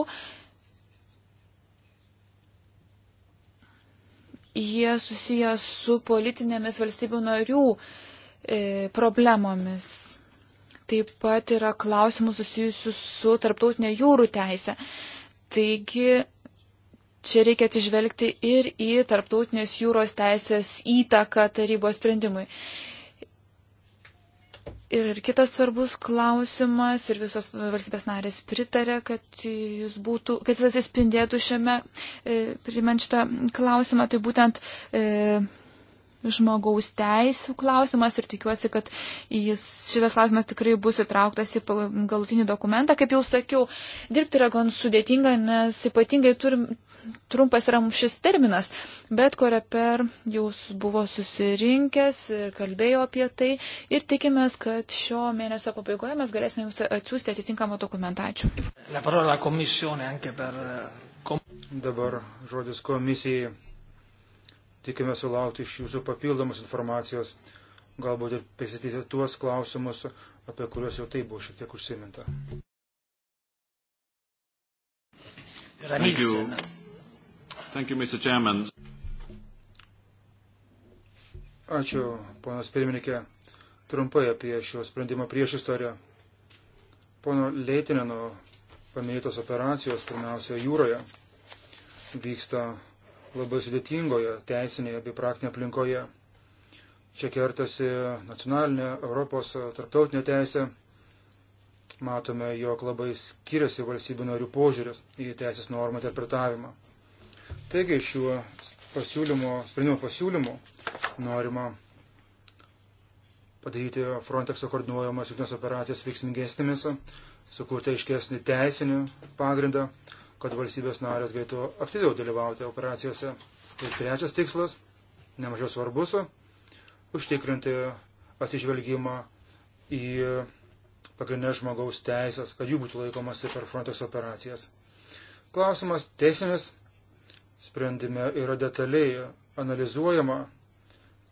jie susiję su politinėmis valstybių narių e, problemomis. Taip pat yra klausimų susijusių su tarptautinė jūrų teisė. Taigi čia reikia atsižvelgti ir į tarptautinės jūros teisės įtaką tarybos sprendimui. Ir, ir kitas svarbus klausimas, ir visos valstybės narės pritarė, kad jis, būtų, kad jis atsispindėtų šiame, e, primant šitą klausimą, tai būtent e, žmogaus teisų klausimas ir tikiuosi, kad jis, šitas klausimas tikrai bus įtrauktas į galutinį dokumentą. Kaip jau sakiau, dirbti yra gan sudėtinga, nes ypatingai turim, trumpas yra šis terminas, bet Koreper jau buvo susirinkęs ir kalbėjo apie tai ir tikimės, kad šio mėnesio pabaigoje mes galėsime jums atsiųsti atitinkamą dokumentą. Ačiū. Eh, Dabar žodis komisijai. Tikime sulaukti iš jūsų papildomos informacijos, galbūt ir pristatyti tuos klausimus, apie kuriuos jau taip buvo šiek tiek užsiminta. Thank you. Thank you, Mr. Chairman. Ačiū, ponas pirmininkė. Trumpai apie šio sprendimo prieš istoriją. Pono Leitinino paminėtos operacijos, pirmiausia, jūroje vyksta labai sudėtingoje teisinėje bei praktinėje aplinkoje. Čia kertasi nacionalinė, Europos, tarptautinė teisė. Matome, jog labai skiriasi valstybių narių požiūris į teisės normų interpretavimą. Taigi šiuo pasiūlymo, sprendimo pasiūlymu norima padaryti Frontexo koordinuojamas jungtinės operacijas veiksmingesnėmis, sukurti aiškesnį teisinį pagrindą, kad valstybės narės galėtų aktyviau dalyvauti operacijose. Ir trečias tikslas, nemažiau svarbus, užtikrinti atsižvelgimą į pagrindinės žmogaus teisės, kad jų būtų laikomasi per frontos operacijas. Klausimas techninis, sprendime yra detaliai analizuojama,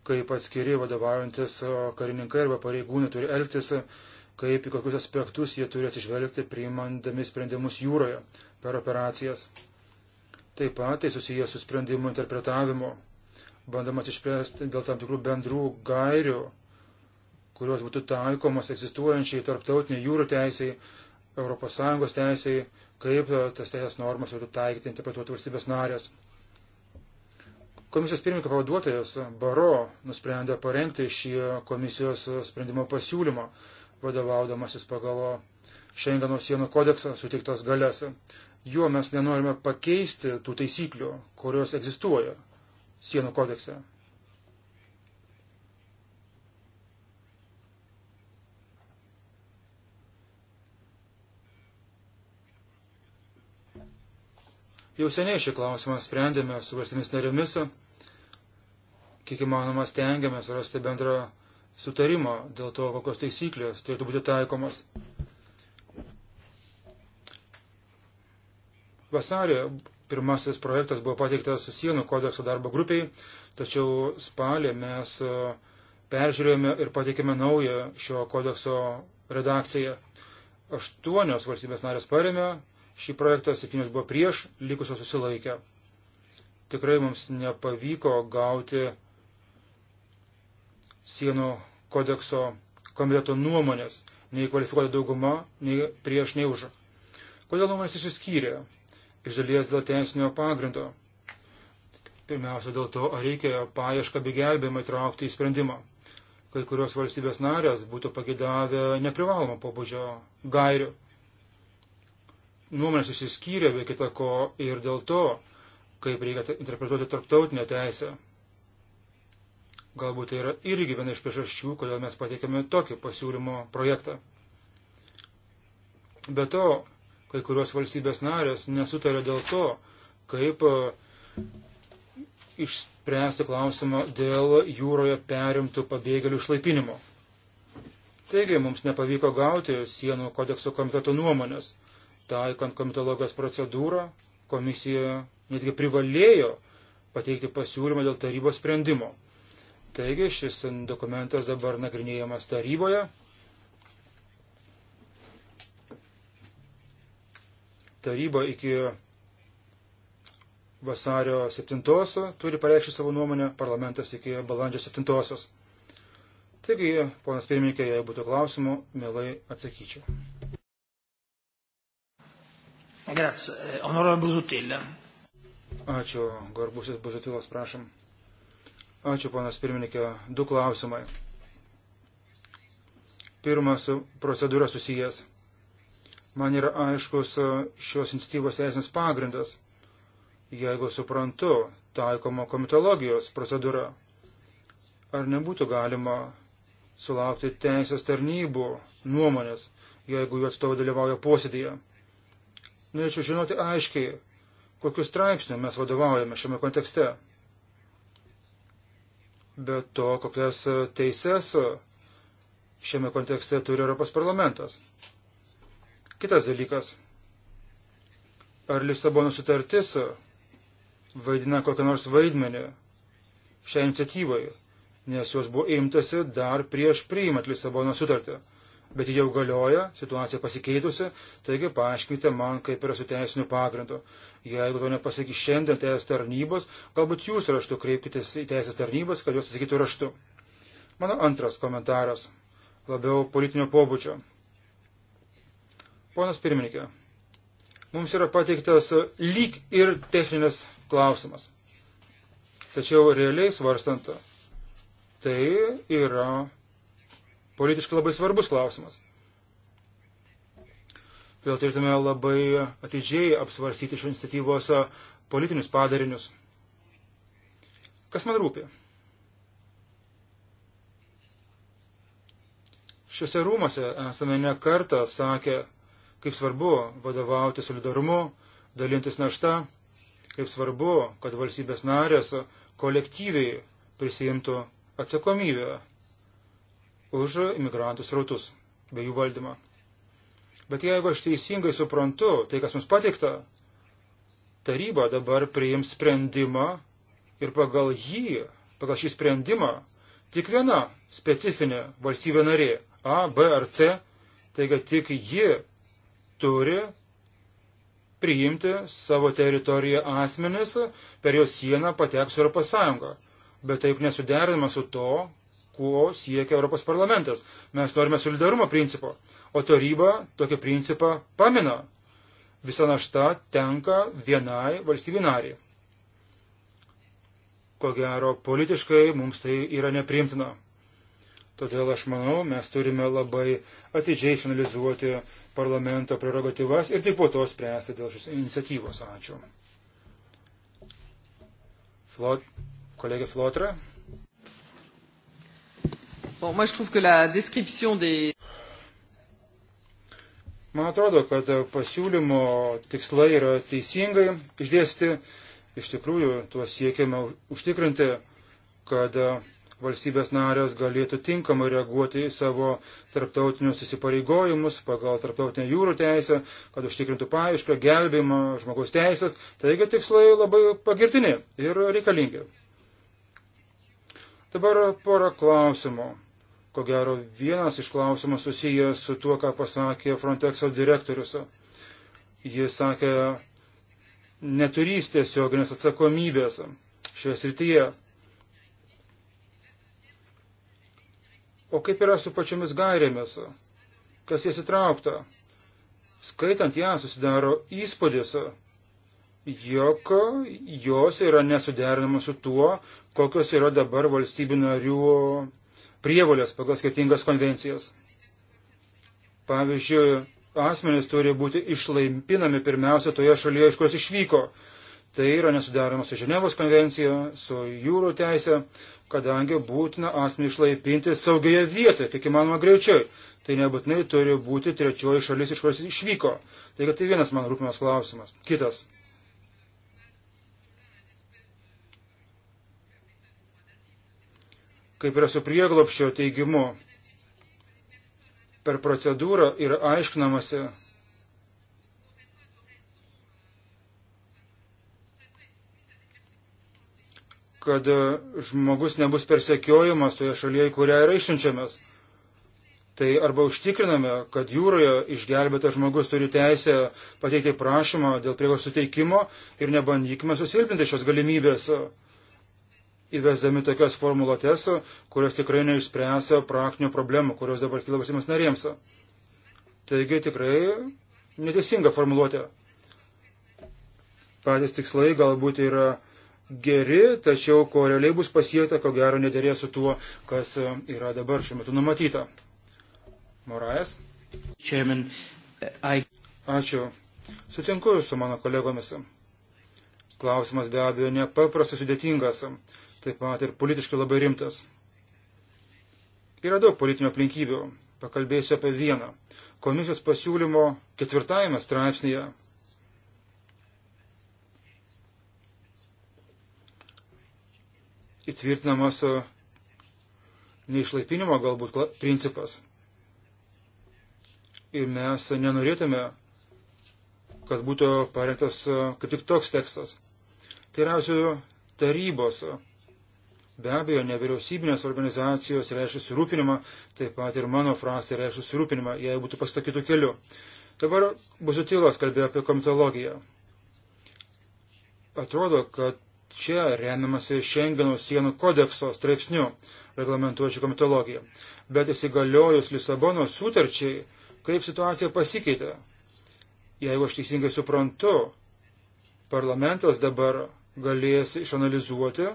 kaip atskiri vadovaujantis karininkai arba pareigūnai turi elgtis, kaip į kokius aspektus jie turi atsižvelgti priimandami sprendimus jūroje per operacijas. Taip pat tai susijęs su sprendimu interpretavimu, bandomas išspręsti dėl tam tikrų bendrų gairių, kurios būtų taikomos egzistuojančiai tarptautiniai jūrų teisiai, ES teisiai, kaip tas teisės normas būtų taikyti interpretuoti valstybės narės. Komisijos pirmininko pavaduotojas Baro nusprendė parengti šį komisijos sprendimo pasiūlymą, vadovaudamasis pagal Šengeno sienų kodeksą suteiktas galės juo mes nenorime pakeisti tų taisyklių, kurios egzistuoja sienų kodekse. Jau seniai šį klausimą sprendėme su valstybės narėmis, kiek įmanoma stengiamės rasti bendrą sutarimą dėl to, kokios taisyklės turėtų būti taikomas. Vasarį pirmasis projektas buvo pateiktas sienų kodekso darbo grupiai, tačiau spalį mes e, peržiūrėjome ir pateikėme naują šio kodekso redakciją. Aštuonios valstybės narės paremė šį projektą, septynios buvo prieš, likusios susilaikė. Tikrai mums nepavyko gauti sienų kodekso komiteto nuomonės, nei kvalifikuota dauguma, nei prieš, nei už. Kodėl nuomonės išsiskyrė? iš dalies dėl teisinio pagrindo. Pirmiausia, dėl to, ar reikia paiešką bei gelbėjimą įtraukti į sprendimą. Kai kurios valstybės narės būtų pagėdavę neprivalomo pobūdžio gairių. Nuomonės išsiskyrė be kita ko ir dėl to, kaip reikia interpretuoti tarptautinę teisę. Galbūt tai yra irgi viena iš priežasčių, kodėl mes pateikėme tokį pasiūlymo projektą. Be to, kai kurios valstybės narės nesutarė dėl to, kaip e, išspręsti klausimą dėl jūroje perimtų pabėgėlių išlaipinimo. Taigi mums nepavyko gauti sienų kodekso komiteto nuomonės. Taikant komitologijos procedūrą, komisija netgi privalėjo pateikti pasiūlymą dėl tarybos sprendimo. Taigi šis dokumentas dabar nagrinėjamas taryboje taryba iki vasario 7 turi pareikšti savo nuomonę, parlamentas iki balandžio 7. -osios. Taigi, ponas pirmininkė, jei būtų klausimų, mielai atsakyčiau. Grazie. Honorable Buzutil. Ačiū, garbusis Buzutilas, prašom. Ačiū, ponas pirmininkė. Du klausimai. Pirmas su procedūra susijęs man yra aiškus e, šios iniciatyvos teisinis pagrindas, jeigu suprantu taikoma komitologijos procedūra. Ar nebūtų galima sulaukti teisės tarnybų nuomonės, jeigu jų atstovai dalyvauja posėdėje? Norėčiau žinoti aiškiai, kokius straipsnių mes vadovaujame šiame kontekste. Be to, kokias teises šiame kontekste turi Europos parlamentas. Kitas dalykas. Ar Lisabono sutartis vaidina kokią nors vaidmenį šią iniciatyvai, nes jos buvo imtasi dar prieš priimant Lisabono sutartį. Bet jau galioja, situacija pasikeitusi, taigi paaiškinkite man, kaip yra su teisiniu pagrindu. Jeigu to nepasakys šiandien teisės tarnybos, galbūt jūs raštu kreipkitės į teisės tarnybas, kad jos atsakytų raštu. Mano antras komentaras, labiau politinio pobūdžio. Ponas pirmininkė, mums yra pateiktas lyg ir techninis klausimas. Tačiau realiai svarstant, tai yra politiškai labai svarbus klausimas. Todėl turėtume labai atidžiai apsvarstyti šios iniciatyvos politinius padarinius. Kas man rūpi? Šiuose rūmose esame ne kartą sakę, kaip svarbu vadovauti solidarumu, dalintis naštą, kaip svarbu, kad valstybės narės kolektyviai prisijimtų atsakomybę už imigrantų srautus bei jų valdymą. Bet jeigu aš teisingai suprantu tai, kas mums patikta, taryba dabar priims sprendimą ir pagal jį, pagal šį sprendimą, tik viena specifinė valstybė narė A, B ar C, taigi tik ji turi priimti savo teritoriją asmenis, per jo sieną pateks Europos Sąjunga. Bet taip nesuderinama su to, kuo siekia Europos parlamentas. Mes norime solidarumo principo, o taryba tokį principą pamina. Visa našta tenka vienai valstybei nariai. Ko gero, politiškai mums tai yra nepriimtina. Todėl aš manau, mes turime labai atidžiai išanalizuoti parlamento prerogatyvas ir tik po to spręsti dėl šios iniciatyvos. Ačiū. Flot, kolegė Flotra. Bon, moi, je trouve que la description des... Man atrodo, kad pasiūlymo tikslai yra teisingai išdėsti. Iš tikrųjų, tuo siekiama užtikrinti, kad valstybės narės galėtų tinkamai reaguoti į savo tarptautinius įsipareigojimus pagal tarptautinę jūrų teisę, kad užtikrintų paaišką, gelbimą, žmogaus teisės. Taigi tikslai labai pagirtini ir reikalingi. Dabar pora klausimų. Ko gero, vienas iš klausimų susijęs su tuo, ką pasakė Frontexo direktorius. Jis sakė, neturys tiesioginės atsakomybės šioje srityje. O kaip yra su pačiomis gairėmis? Kas jas įtraukta? Skaitant ją susidaro įspūdis, jog jos yra nesuderinamos su tuo, kokios yra dabar valstybių narių prievolės pagal skirtingas konvencijas. Pavyzdžiui, asmenys turi būti išlaipinami pirmiausia toje šalyje, iš kurios išvyko. Tai yra nesuderinama su Ženevos konvencija, su jūrų teisė, kadangi būtina asmenį išlaipinti saugioje vietoje, kiek įmanoma greičiau. Tai nebūtinai turi būti trečioji šalis, iš kurios išvyko. Taigi tai vienas man rūpimas klausimas. Kitas. Kaip yra su prieglopščio teigimu, per procedūrą yra aiškinamasi, kad e, žmogus nebus persekiojamas toje šalyje, į kurią yra išsiunčiamas. Tai arba užtikriname, kad jūroje išgelbėtas žmogus turi teisę pateikti prašymą dėl priegos suteikimo ir nebandykime susilpinti šios galimybės, e, įvesdami tokias formuluotės, e, kurios tikrai neišspręsia praktinių problemų, kurios dabar kyla visiems narėms. Taigi tikrai neteisinga formuluotė. Patys tikslai galbūt yra geri, tačiau ko realiai bus pasiekta, ko gero nedėrė su tuo, kas e, yra dabar šiuo metu numatyta. Morajas. Chairman, I... Ačiū. Sutinku su mano kolegomis. Klausimas be abejo nepaprastai sudėtingas, taip pat ir politiškai labai rimtas. Yra daug politinių aplinkybių. Pakalbėsiu apie vieną. Komisijos pasiūlymo ketvirtajame straipsnėje įtvirtinamas neišlaipinimo galbūt principas. Ir mes nenorėtume, kad būtų parengtas kaip tik toks tekstas. Tai yra tarybos Be abejo, nevyriausybinės organizacijos reiškia surūpinimą, taip pat ir mano frakcija reiškia surūpinimą, jei būtų pasta kitų kelių. Dabar Buzutilas kalbėjo apie komitologiją. Atrodo, kad čia remiamasi Šengeno sienų kodekso straipsniu reglamentuojančiu komitologiją. Bet įsigaliojus Lisabono sutarčiai, kaip situacija pasikeitė. Jeigu aš teisingai suprantu, parlamentas dabar galės išanalizuoti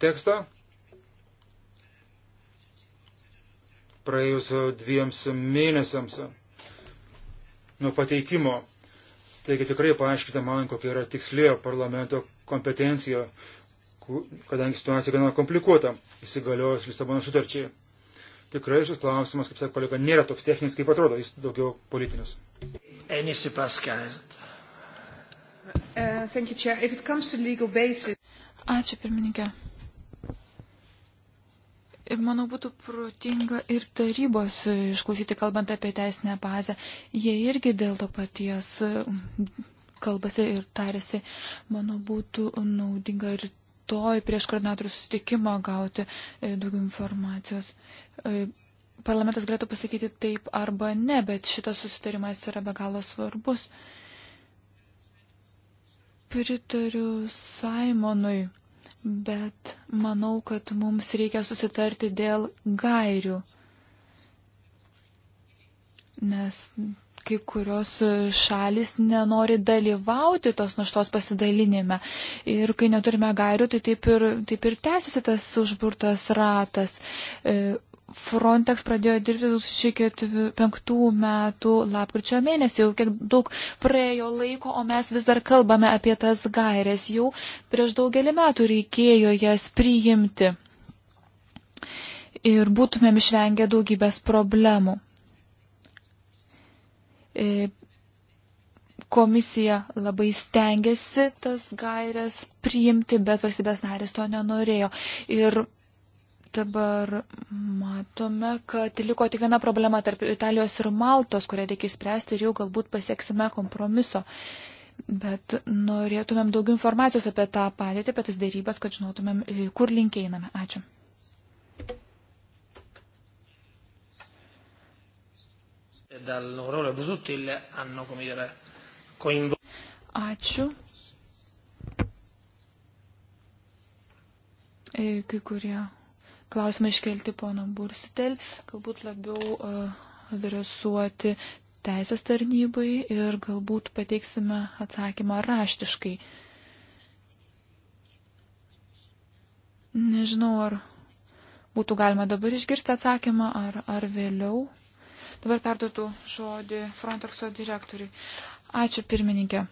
tekstą praėjus dviems mėnesiams nuo pateikimo Taigi tikrai paaiškite man, kokia yra tikslėjo parlamento kompetencija, kadangi situacija gana komplikuota įsigaliojus Lisabono sutarčiai. Tikrai šis klausimas, kaip sakė kolega, nėra toks techninis, kaip atrodo, jis daugiau politinis. Enisi paskart. Uh, you, basis... Ačiū pirmininkė. Manau, būtų protinga ir tarybos išklausyti, kalbant apie teisinę bazę. Jie irgi dėl to paties kalbasi ir tarėsi. Manau, būtų naudinga ir rytoj prieš koordinatorių susitikimą gauti e, daugiau informacijos. E, parlamentas galėtų pasakyti taip arba ne, bet šitas susitarimas yra be galo svarbus. Pritariu Simonui bet manau, kad mums reikia susitarti dėl gairių, nes kai kurios šalis nenori dalyvauti tos naštos pasidalinime. Ir kai neturime gairių, tai taip ir, taip ir tęsiasi tas užburtas ratas. E, Frontex pradėjo dirbti 2005 metų lapkričio mėnesį, jau kiek daug praėjo laiko, o mes vis dar kalbame apie tas gairės. Jau prieš daugelį metų reikėjo jas priimti ir būtumėm išvengę daugybės problemų. E, komisija labai stengiasi tas gairias priimti, bet valstybės narės to nenorėjo. Ir Dabar matome, kad liko tik viena problema tarp Italijos ir Maltos, kurią reikia spręsti ir jau galbūt pasieksime kompromiso. Bet norėtumėm daugiau informacijos apie tą padėtį, apie tas dėrybas, kad žinotumėm, e, kur link einame. Ačiū. Ačiū. E, kai kurie klausimą iškelti pono Bursitel, galbūt labiau e, adresuoti teisės tarnybai ir galbūt pateiksime atsakymą raštiškai. Nežinau, ar būtų galima dabar išgirsti atsakymą, ar, ar vėliau. Dabar perduotų žodį Frontexo direktoriui. Ačiū pirmininkė.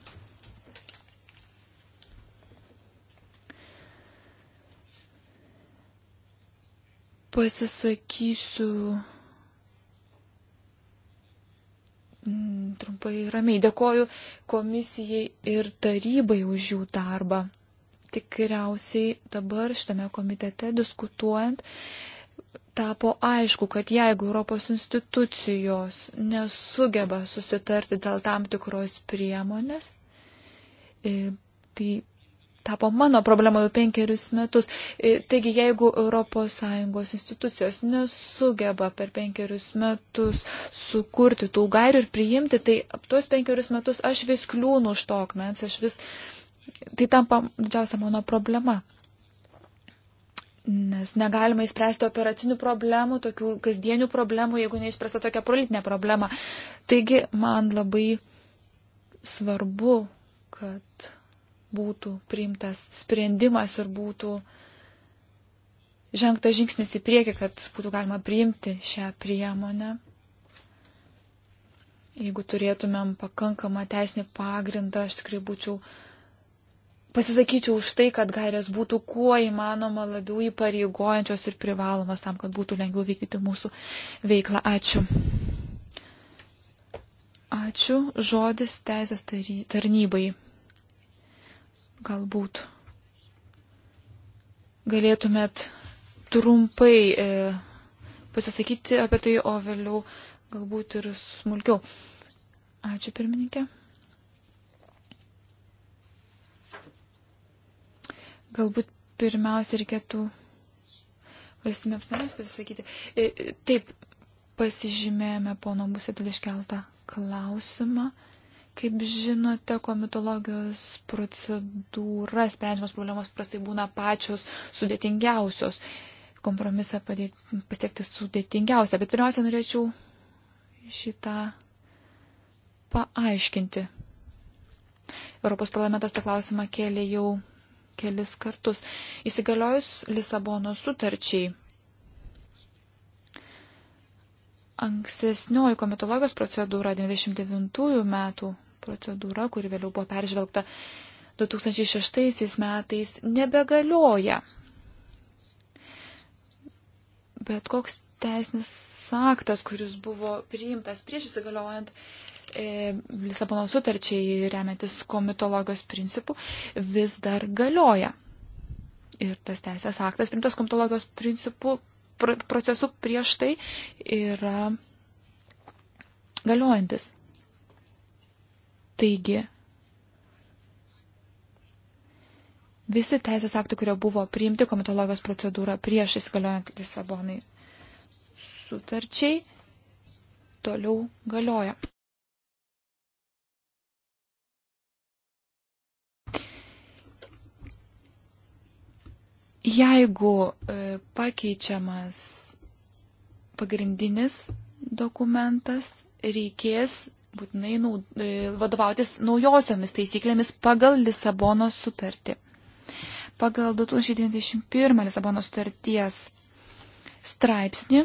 Pasisakysiu mm, trumpai ramiai. Dėkoju komisijai ir tarybai už jų darbą. Tikriausiai dabar šitame komitete diskutuojant tapo aišku, kad jeigu Europos institucijos nesugeba susitarti dėl tam tikros priemonės, e, tai tapo mano problema jau penkerius metus. E, taigi, jeigu ES institucijos nesugeba per penkerius metus sukurti tų gairių ir priimti, tai tuos penkerius metus aš vis kliūnu už to akmens, aš vis. Tai tampa didžiausia mano problema nes negalima įspręsti operacinių problemų, tokių kasdienių problemų, jeigu neišspręsta tokia politinė problema. Taigi man labai svarbu, kad būtų priimtas sprendimas ir būtų žengtas žingsnis į priekį, kad būtų galima priimti šią priemonę. Jeigu turėtumėm pakankamą teisinį pagrindą, aš tikrai būčiau, pasisakyčiau už tai, kad gairės būtų kuo įmanoma labiau įpareigojančios ir privalomas tam, kad būtų lengviau vykdyti mūsų veiklą. Ačiū. Ačiū. Žodis teisės tarnybai. Galbūt galėtumėt trumpai e, pasisakyti apie tai, o vėliau galbūt ir smulkiau. Ačiū pirmininkė. Galbūt pirmiausia reikėtų valstybėms narėms pasisakyti. E, e taip, pasižymėjome pono Busėtelį iškeltą klausimą. E, Kaip žinote, komitologijos procedūra sprendžiamos problemos prastai būna pačios sudėtingiausios. Kompromisą padėt, pasiekti sudėtingiausia. Bet pirmiausia, norėčiau šitą paaiškinti. Europos parlamentas tą klausimą kėlė jau kelis kartus. Įsigaliojus Lisabono sutarčiai, ankstesnioji komitologijos procedūra 99 metų procedūra, kuri vėliau buvo peržvelgta 2006 metais, nebegalioja. Bet koks teisinis aktas, kuris buvo priimtas prieš įsigaliojant e, Lisabono sutarčiai remiantis komitologijos principų, vis dar galioja. Ir tas teisės aktas priimtas komitologijos principų pr procesų prieš tai yra galiojantis. Taigi, visi teisės aktai, kurie buvo priimti komitologijos procedūrą prieš įsigaliojant Lisabonai sutarčiai, toliau galioja. Jeigu e, pakeičiamas pagrindinis dokumentas, reikės būtinai naud, e, vadovautis naujosiomis taisyklėmis pagal Lisabono sutartį. Pagal 2021 Lisabono sutarties straipsnį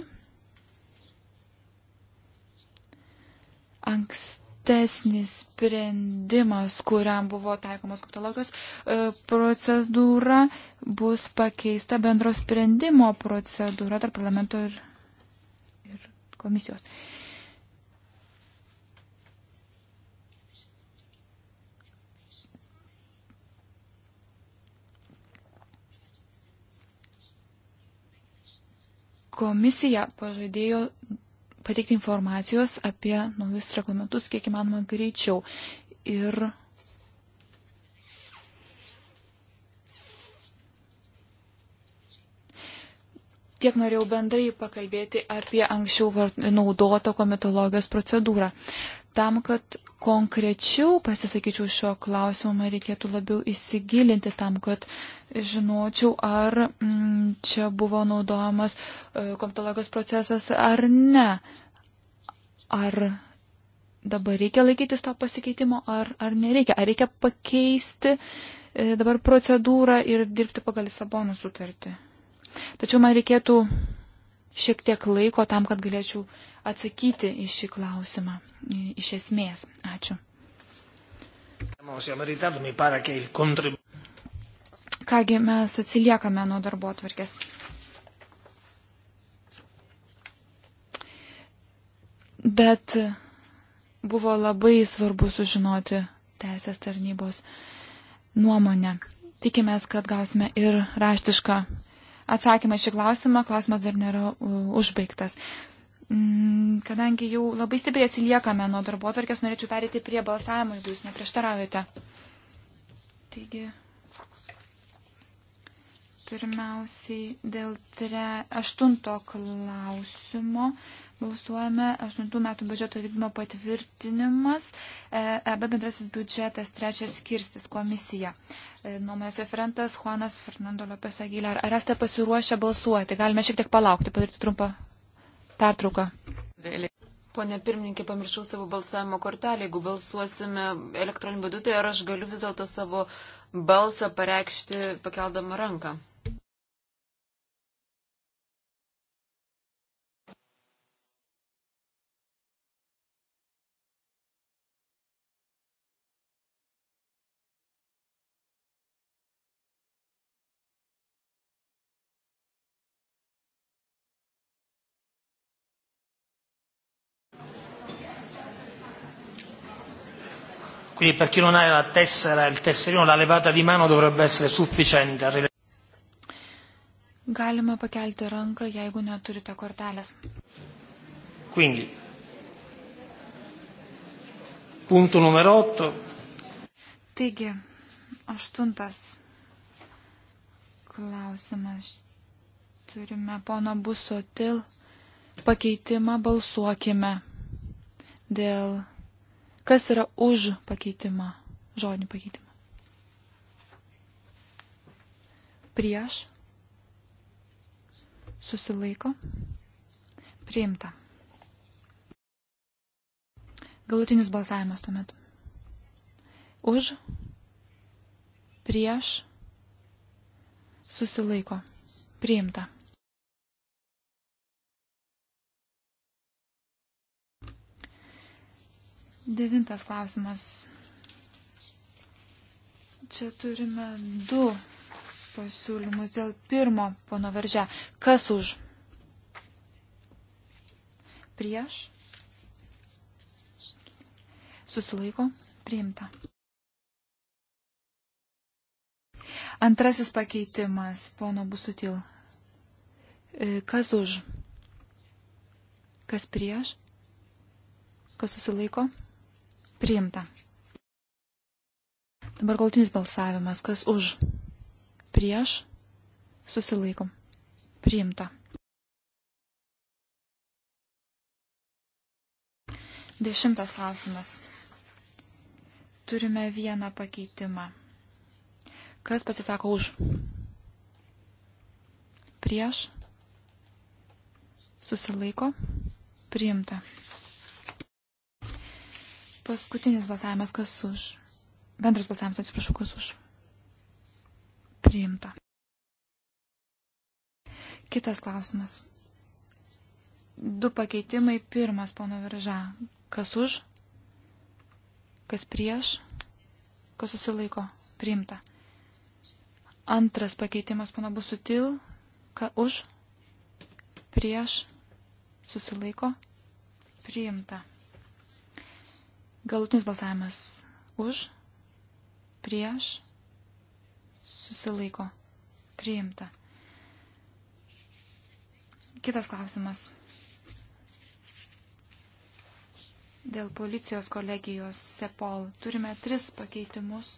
ankstesnis sprendimas, kuriam buvo taikomos koptologijos e, procedūra, bus pakeista bendro sprendimo procedūra tarp parlamento ir, ir komisijos. Uh, Komisija pažadėjo pateikti informacijos apie naujus reglamentus kiek įmanoma greičiau. Ir Tiek norėjau bendrai pakalbėti apie anksčiau naudotą komitologijos procedūrą. Tam, kad konkrečiau pasisakyčiau šio klausimo, man reikėtų labiau įsigilinti tam, kad žinočiau, ar m, mm, čia buvo naudojamas e, komitologijos procesas ar ne. Ar dabar reikia laikytis to pasikeitimo, ar, ar nereikia. Ar reikia pakeisti e, dabar procedūrą ir dirbti pagal Lisabono sutartį. Tačiau man reikėtų šiek tiek laiko tam, kad galėčiau atsakyti į šį klausimą iš esmės. Ačiū. Kągi mes atsiliekame nuo darbo atvarkės. Bet buvo labai svarbu sužinoti teisės tarnybos nuomonę. Tikimės, kad gausime ir raštišką atsakymą šį klausimą, klausimas dar nėra užbaigtas. Mm, kadangi jau labai stipriai atsiliekame nuo darbo atvarkės, norėčiau perėti prie balsavimo, jeigu jūs neprieštaraujate. Taigi, pirmiausiai dėl tre, aštunto klausimo balsuojame 8 metų biudžeto vykdymo patvirtinimas, EB e bendrasis biudžetas, trečias skirstis, komisija. E, nuomonės referentas Juanas Fernando Lopes Aguilar. Ar esate pasiruošę balsuoti? Galime šiek tiek palaukti, padaryti trumpą pertrauką. Pone pirmininkė, pamiršau savo balsavimo kortelę. Jeigu balsuosime elektroniniu būdu, tai ar aš galiu vis dėlto savo balsą pareikšti pakeldama ranką? Quindi per chi non ha la tessera, il tesserino, la levata di mano dovrebbe essere sufficiente a rilevare. Galima pakelti ranką, jeigu neturite kortelės. Quindi, punto numero 8. Taigi, aštuntas klausimas. Turime pono Busotil pakeitimą, balsuokime dėl Kas yra už pakeitimą, žodinį pakeitimą? Prieš. Susilaiko. Priimta. Galutinis balsavimas tuomet. Už. Prieš. Susilaiko. Priimta. Devintas klausimas. Čia turime du pasiūlymus dėl pirmo pono veržę. Kas už? Prieš? Susilaiko? Priimta. Antrasis pakeitimas, pono Busutil. E, kas už? Kas prieš? Kas susilaiko? Priimta. Dabar galtinis balsavimas. Kas už? Prieš? Susilaikom. Priimta. Dešimtas klausimas. Turime vieną pakeitimą. Kas pasisako už? Prieš? Susilaiko? Priimta. Paskutinis balsavimas, kas už. Bendras balsavimas, atsiprašau, kas už. Priimta. Kitas klausimas. Du pakeitimai. Pirmas, pono Virža. Kas už? Kas prieš? Kas susilaiko? Priimta. Antras pakeitimas, pono Busutil. Ka už? Prieš? Susilaiko? Priimta. Galutinis balsavimas už, prieš, susilaiko, priimta. Kitas klausimas. Dėl policijos kolegijos SEPOL turime tris pakeitimus.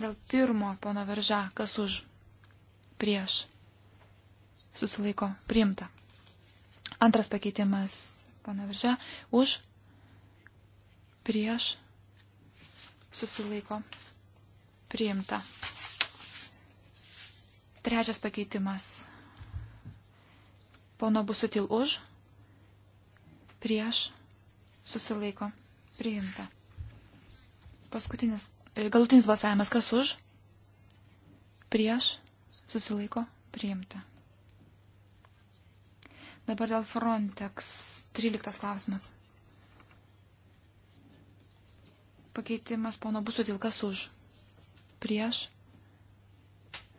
Dėl pirmo pono Verža, kas už, prieš, susilaiko, priimta. Antras pakeitimas, pono Verža, už, prieš, susilaiko, priimta. Trečias pakeitimas. Pono busutil už, prieš, susilaiko, priimta. Paskutinis, e, galutinis balsavimas, kas už, prieš, susilaiko, priimta. Dabar dėl Frontex. 13 klausimas. Pakeitimas pono Busutilkas už. Prieš.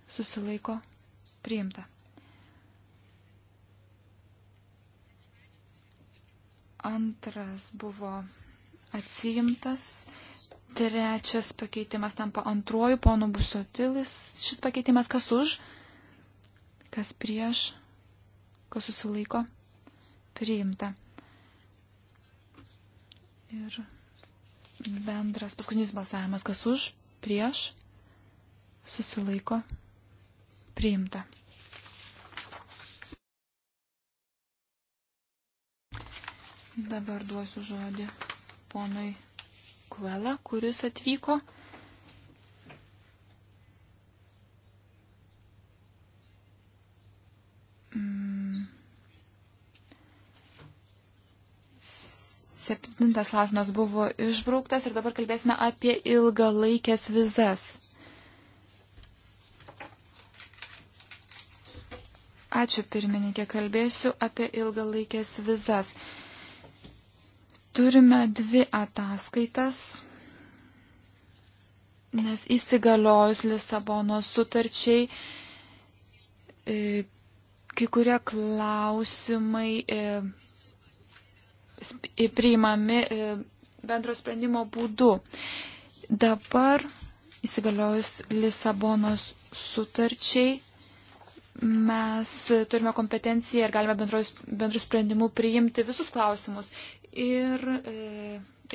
Susilaiko. Priimta. Antras buvo atsijimtas. Trečias pakeitimas tampa antruoju, pono Busotilis. Šis pakeitimas kas už, kas prieš, kas susilaiko, priimta. Ir Bendras paskutinis balsavimas, kas už, prieš, susilaiko, priimta. Dabar duosiu žodį ponui Kuela, kuris atvyko. Septintas klausimas buvo išbrauktas ir dabar kalbėsime apie ilgalaikės vizas. Ačiū pirmininkė, kalbėsiu apie ilgalaikės vizas. Turime dvi ataskaitas, nes įsigaliojus Lisabonos sutarčiai e, kai kurie klausimai e, priimami e, bendro sprendimo būdu. Dabar įsigaliojus Lisabonos sutarčiai mes turime kompetenciją ir galime bendrus sprendimu priimti visus klausimus. Ir e,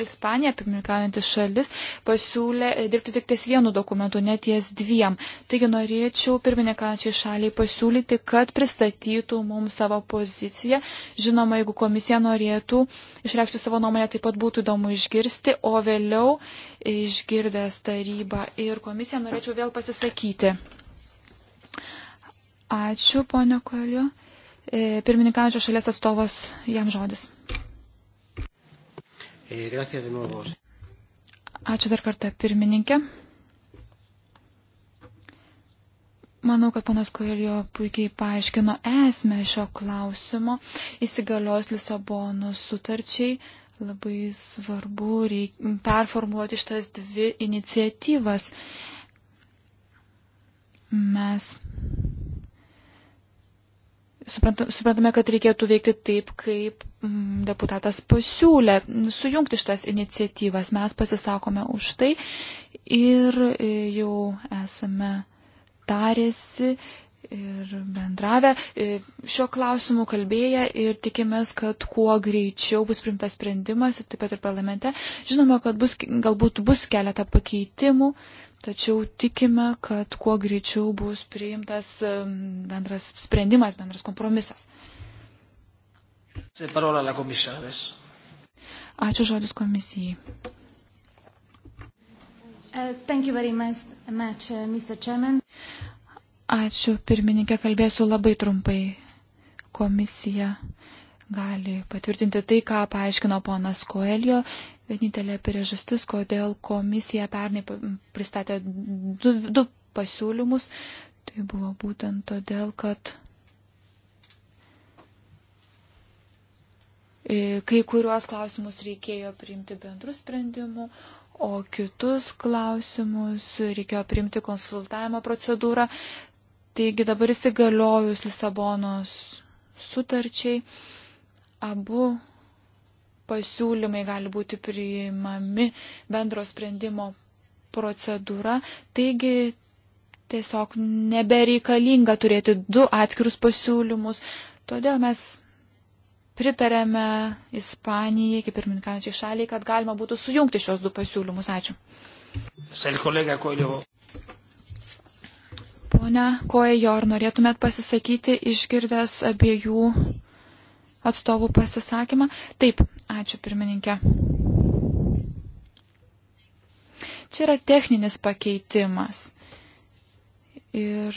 Ispanija, pirmininkaujantis šalis, pasiūlė e, dirbti tik ties vienu dokumentu, ne ties dviem. Taigi norėčiau pirmininkaujančiai šaliai pasiūlyti, kad pristatytų mums savo poziciją. Žinoma, jeigu komisija norėtų išreikšti savo nuomonę, taip pat būtų įdomu išgirsti, o vėliau išgirdęs tarybą ir komisiją norėčiau vėl pasisakyti. Ačiū, ponio Koliu. E, pirmininkaujančio šalies atstovas jam žodis. Eh, Ačiū dar kartą pirmininkė. Manau, kad panas Koelio puikiai paaiškino esmę šio klausimo. Įsigalios Lisabonos sutarčiai labai svarbu reik, performuoti šitas dvi iniciatyvas. Mes Suprantame, kad reikėtų veikti taip, kaip mm, deputatas pasiūlė, sujungti šitas iniciatyvas. Mes pasisakome už tai ir e, jau esame tarėsi ir bendravę e, šio klausimu kalbėję ir tikimės, kad kuo greičiau bus primtas sprendimas ir taip pat ir parlamente. Žinoma, kad bus, galbūt bus keletą pakeitimų, Tačiau tikime, kad kuo greičiau bus priimtas bendras sprendimas, bendras kompromisas. Ačiū žodis komisijai. Uh, uh, Ačiū pirmininkė, kalbėsiu labai trumpai. Komisija gali patvirtinti tai, ką paaiškino ponas Koelio. Vienintelė priežastis, kodėl komisija pernai pristatė du, du pasiūlymus, tai buvo būtent todėl, kad e, kai kuriuos klausimus reikėjo priimti bendrų sprendimų, o kitus klausimus reikėjo priimti konsultavimo procedūrą. Taigi dabar įsigaliojus Lisabonos sutarčiai abu pasiūlymai gali būti priimami bendro sprendimo procedūra. Taigi tiesiog nebereikalinga turėti du atskirus pasiūlymus. Todėl mes pritarėme Ispanijai, kaip ir minkančiai šaliai, kad galima būtų sujungti šios du pasiūlymus. Ačiū. Pone Koje, ar norėtumėt pasisakyti išgirdęs abiejų atstovų pasisakymą. Taip, ačiū pirmininkė. Čia yra techninis pakeitimas. Ir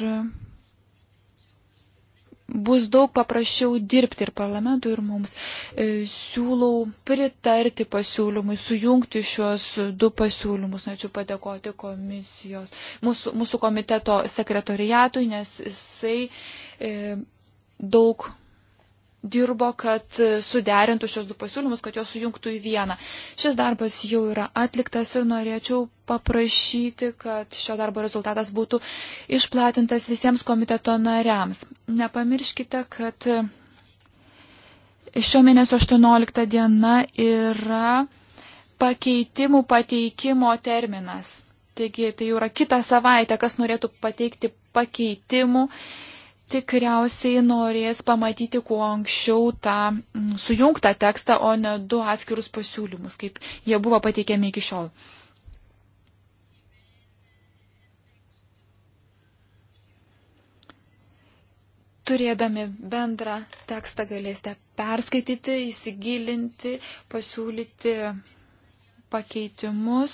bus daug paprasčiau dirbti ir parlamentui, ir mums. E, siūlau pritarti pasiūlymui, sujungti šios du pasiūlymus. Norėčiau padėkoti komisijos, mūsų, mūsų komiteto sekretoriatui, nes jisai e, daug dirbo, kad suderintų šios du pasiūlymus, kad juos sujungtų į vieną. Šis darbas jau yra atliktas ir norėčiau paprašyti, kad šio darbo rezultatas būtų išplatintas visiems komiteto nariams. Nepamirškite, kad šio mėnesio 18 diena yra pakeitimų pateikimo terminas. Taigi tai jau yra kitą savaitę, kas norėtų pateikti pakeitimų. Uh, tikriausiai norės pamatyti kuo anksčiau tą mm, sujungtą tekstą, o ne du atskirus pasiūlymus, kaip jie buvo pateikiami iki šiol. Turėdami bendrą tekstą galėsite perskaityti, įsigilinti, pasiūlyti pakeitimus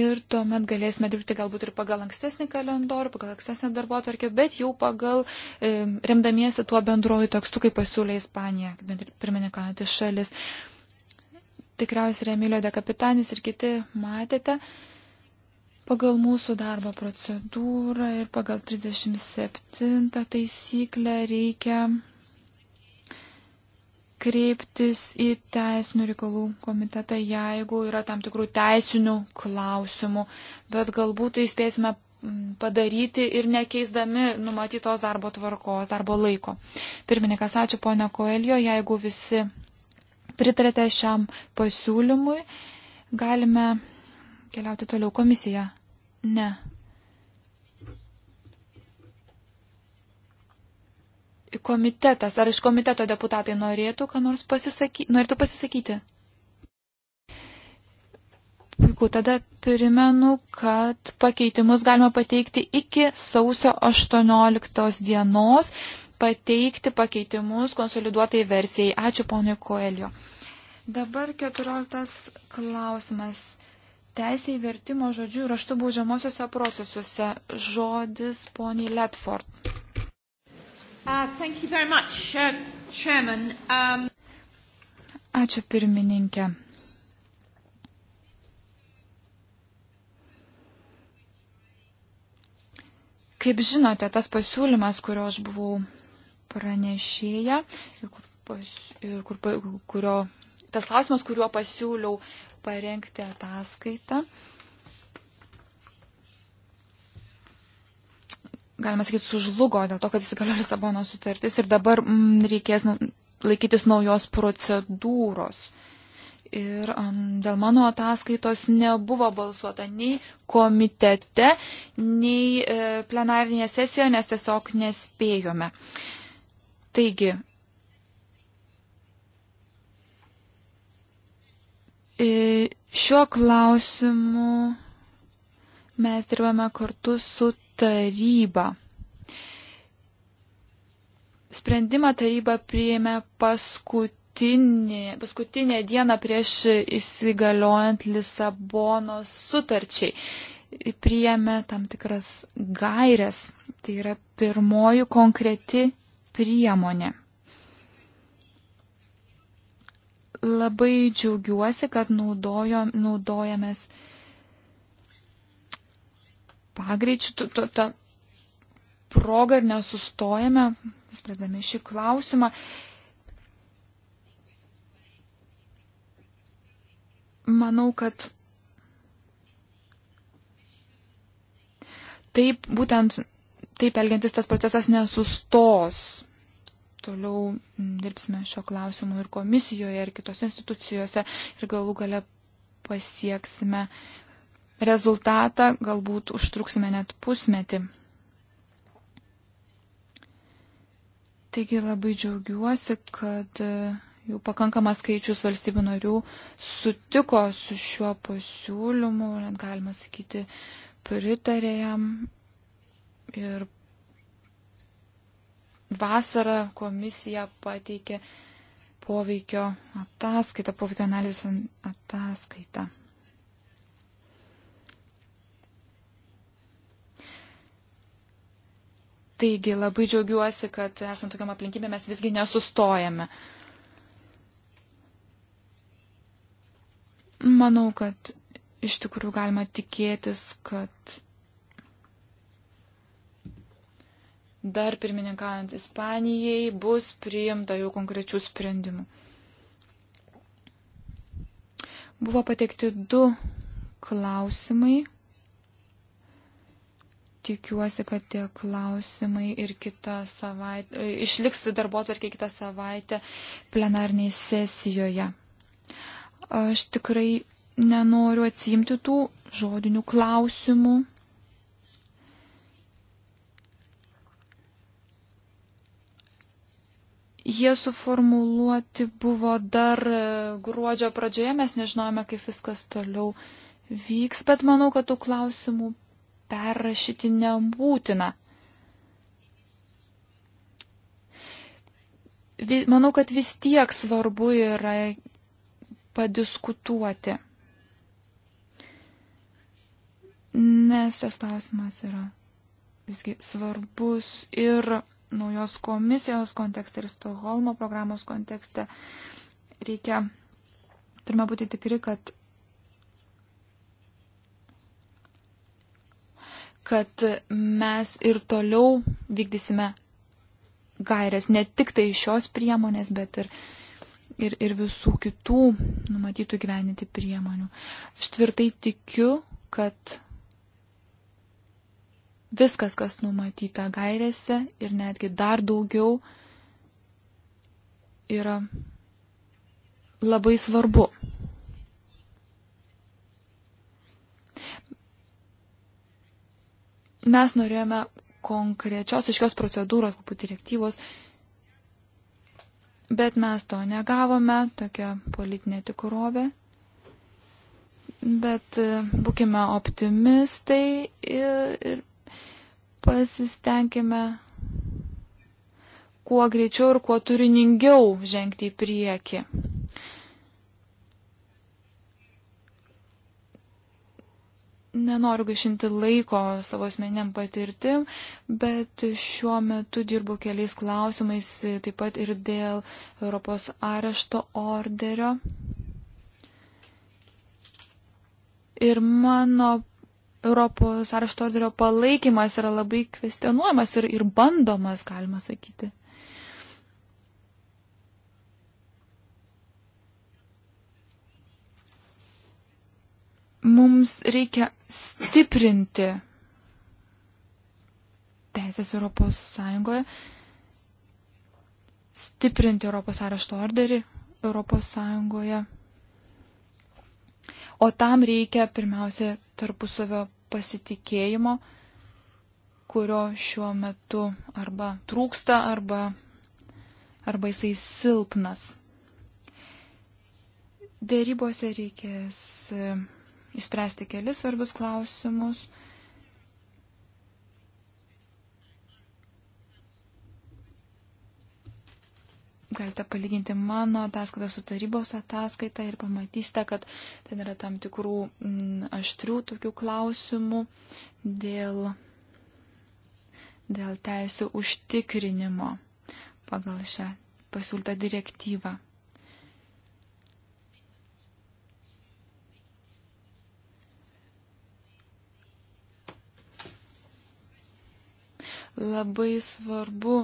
ir tuomet galėsime dirbti galbūt ir pagal ankstesnį kalendorių, pagal ankstesnį darbo atvarkę, bet jau pagal e, remdamiesi tuo bendroju tekstu, kaip pasiūlė Ispanija, pirmininkaujantis šalis. Tikriausiai Remilio dekapitanis ir kiti matėte. Pagal mūsų darbo procedūrą ir pagal 37 taisyklę reikia kreiptis į teisinių reikalų komitetą, jeigu yra tam tikrų teisinių klausimų, bet galbūt tai spėsime padaryti ir nekeisdami numatytos darbo tvarkos, darbo laiko. Pirmininkas, ačiū ponia Koelio, jeigu visi pritarėte šiam pasiūlymui, galime keliauti toliau komisiją. Ne. komitetas, ar iš komiteto deputatai norėtų, ką nors pasisaky, norėtų pasisakyti? Puiku, tada primenu, kad pakeitimus galima pateikti iki sausio 18 dienos, pateikti pakeitimus konsoliduotai versijai. Ačiū ponui Koelio. Dabar 14 klausimas. Teisė į vertimo žodžių raštų baudžiamosiuose procesuose. Žodis poniai Letford. Uh, thank you very much, uh, Chairman. Um... Ačiū pirmininkė. Kaip žinote, tas pasiūlymas, kurio aš buvau pranešėja ir, kur, pas, ir kur, kurio, tas klausimas, kuriuo pasiūliau parengti ataskaitą, uh, galima sakyti, sužlugo dėl to, kad įsigaliojo Lisabono sutartis ir dabar m, mm, reikės nu, laikytis naujos procedūros. Ir um, dėl mano ataskaitos nebuvo balsuota nei komitete, nei e, plenarinėje sesijoje, nes tiesiog nespėjome. Taigi, e, šiuo klausimu mes dirbame kartu su taryba. Sprendimą taryba priėmė paskutinį, paskutinę dieną prieš įsigaliojant Lisabonos sutarčiai. Priėmė tam tikras gairias. Tai yra pirmoji konkreti priemonė. Labai džiaugiuosi, kad naudojom, naudojamės pagreičiu, tą progą ir nesustojame, spręsdami šį klausimą. Manau, kad taip, būtent taip elgiantis tas procesas nesustos. Toliau dirbsime šio klausimu ir komisijoje, ir kitose institucijose, ir galų gale pasieksime rezultatą galbūt užtruksime net pusmetį. Taigi labai džiaugiuosi, kad e, jau pakankamas skaičius valstybių narių sutiko su šiuo pasiūlymu, net galima sakyti, pritarė jam. Ir vasarą komisija pateikė poveikio ataskaitą, poveikio analizę ataskaitą. Taigi labai džiaugiuosi, kad esant tokiam aplinkybėm mes visgi nesustojame. Manau, kad iš tikrųjų galima tikėtis, kad dar pirmininkaujant Ispanijai bus priimta jau konkrečių sprendimų. Buvo pateikti du klausimai tikiuosi, kad tie klausimai ir kitą savaitę, e, išliks darbo atvarkė kitą savaitę plenarniai sesijoje. Aš tikrai nenoriu atsiimti tų žodinių klausimų. Jie suformuluoti buvo dar e, gruodžio pradžioje, mes nežinojame, kaip viskas toliau vyks, bet manau, kad tų klausimų perrašyti nebūtina. Manau, kad vis tiek svarbu yra padiskutuoti. Nes šios klausimas yra visgi svarbus ir naujos komisijos kontekste ir Stoholmo programos kontekste reikia, turime būti tikri, kad kad mes ir toliau vykdysime gairias ne tik tai šios priemonės, bet ir, ir, ir visų kitų numatytų gyveninti priemonių. Aš tvirtai tikiu, kad viskas, kas numatyta gairėse ir netgi dar daugiau, yra labai svarbu. Mes norėjome konkrečios iškios procedūros, galbūt direktyvos, bet mes to negavome, tokia politinė tikrovė. Bet e, būkime optimistai ir, ir pasistengime kuo greičiau ir kuo turiningiau žengti į priekį. Nenoriu gaišinti laiko savo asmeniam patirtim, bet šiuo metu dirbu keliais klausimais, taip pat ir dėl Europos arešto orderio. Ir mano Europos arešto orderio palaikymas yra labai kvestionuojamas ir, ir bandomas, galima sakyti. Mums reikia stiprinti teisės Europos Sąjungoje, stiprinti Europos arešto orderį Europos Sąjungoje. O tam reikia pirmiausia tarpusavio pasitikėjimo, kurio šiuo metu arba trūksta, arba, arba jisai silpnas. Dėrybose reikės išspręsti kelis svarbus klausimus. galite palyginti mano ataskaitą su tarybos ataskaita ir pamatysite, kad ten yra tam tikrų m, mm, aštrių tokių klausimų dėl, dėl teisų užtikrinimo pagal šią pasiūlytą direktyvą. labai svarbu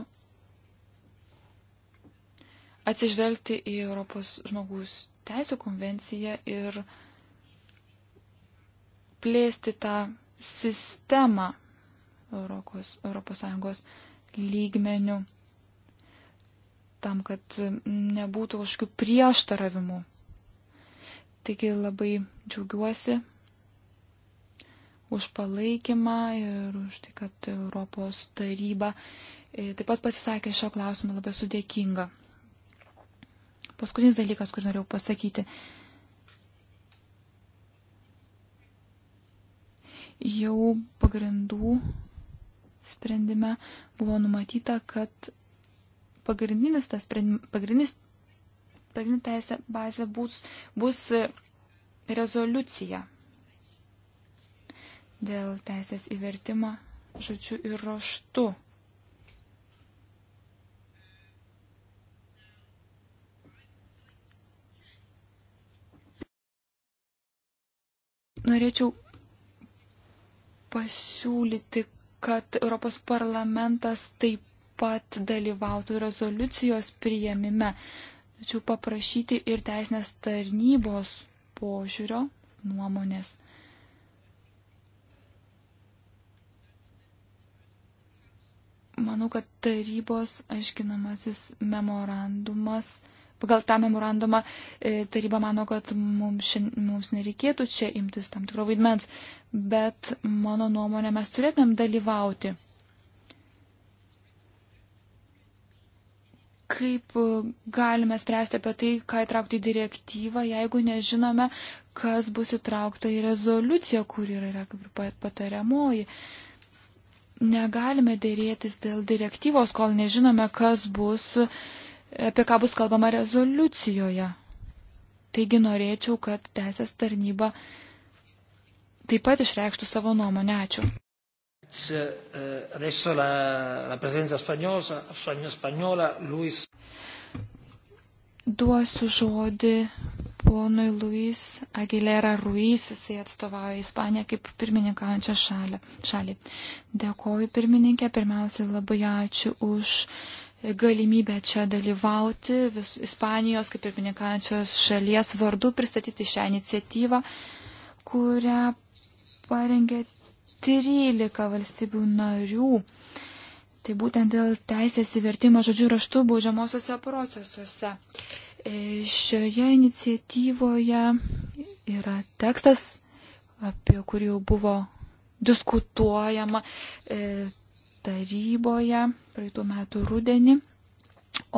atsižvelgti į Europos žmogus teisų konvenciją ir plėsti tą sistemą Europos, Europos Sąjungos lygmenių tam, kad nebūtų kažkokių prieštaravimų. Taigi labai džiaugiuosi už palaikymą ir už tai, kad Europos taryba e, taip pat pasisakė šio klausimo labai sudėkinga. Paskutinis dalykas, kurį norėjau pasakyti. Jau pagrindų sprendime buvo numatyta, kad pagrindinis tas sprendimas, pagrindinis, pagrindinė teisė bazė bus, bus rezoliucija dėl teisės įvertimo žodžiu ir raštu. Norėčiau pasiūlyti, kad Europos parlamentas taip pat dalyvautų rezoliucijos priėmime, tačiau paprašyti ir teisinės tarnybos požiūrio nuomonės. Manau, kad tarybos aiškinamasis memorandumas, pagal tą memorandumą e, taryba mano, kad mums, šiandien, mums nereikėtų čia imtis tam tikro vaidmens, bet mano nuomonė mes turėtumėm dalyvauti. Kaip e, galime spręsti apie tai, ką įtraukti į direktyvą, jeigu nežinome, kas bus įtraukta į rezoliuciją, kur yra, yra kaip ir patariamoji. Uh, negalime dėrėtis dėl direktyvos, kol nežinome, kas bus, apie ką bus kalbama rezoliucijoje. Taigi norėčiau, kad teisės tarnyba taip pat išreikštų savo nuomonę. Ačiū. Eh, Duosiu žodį ponui Luis Aguilera Ruiz, jisai atstovauja Ispaniją kaip pirmininkaujančią šalį. šalį. Dėkoju pirmininkė, pirmiausiai labai ačiū už galimybę čia dalyvauti vis, Ispanijos kaip pirmininkaujančios šalies vardu, pristatyti šią iniciatyvą, kurią parengė 13 valstybių narių. Tai būtent dėl teisės įvertimo žodžių raštų baudžiamosiuose procesuose. Šioje iniciatyvoje yra tekstas, apie kurį jau buvo diskutuojama e, taryboje praeitų metų rudenį,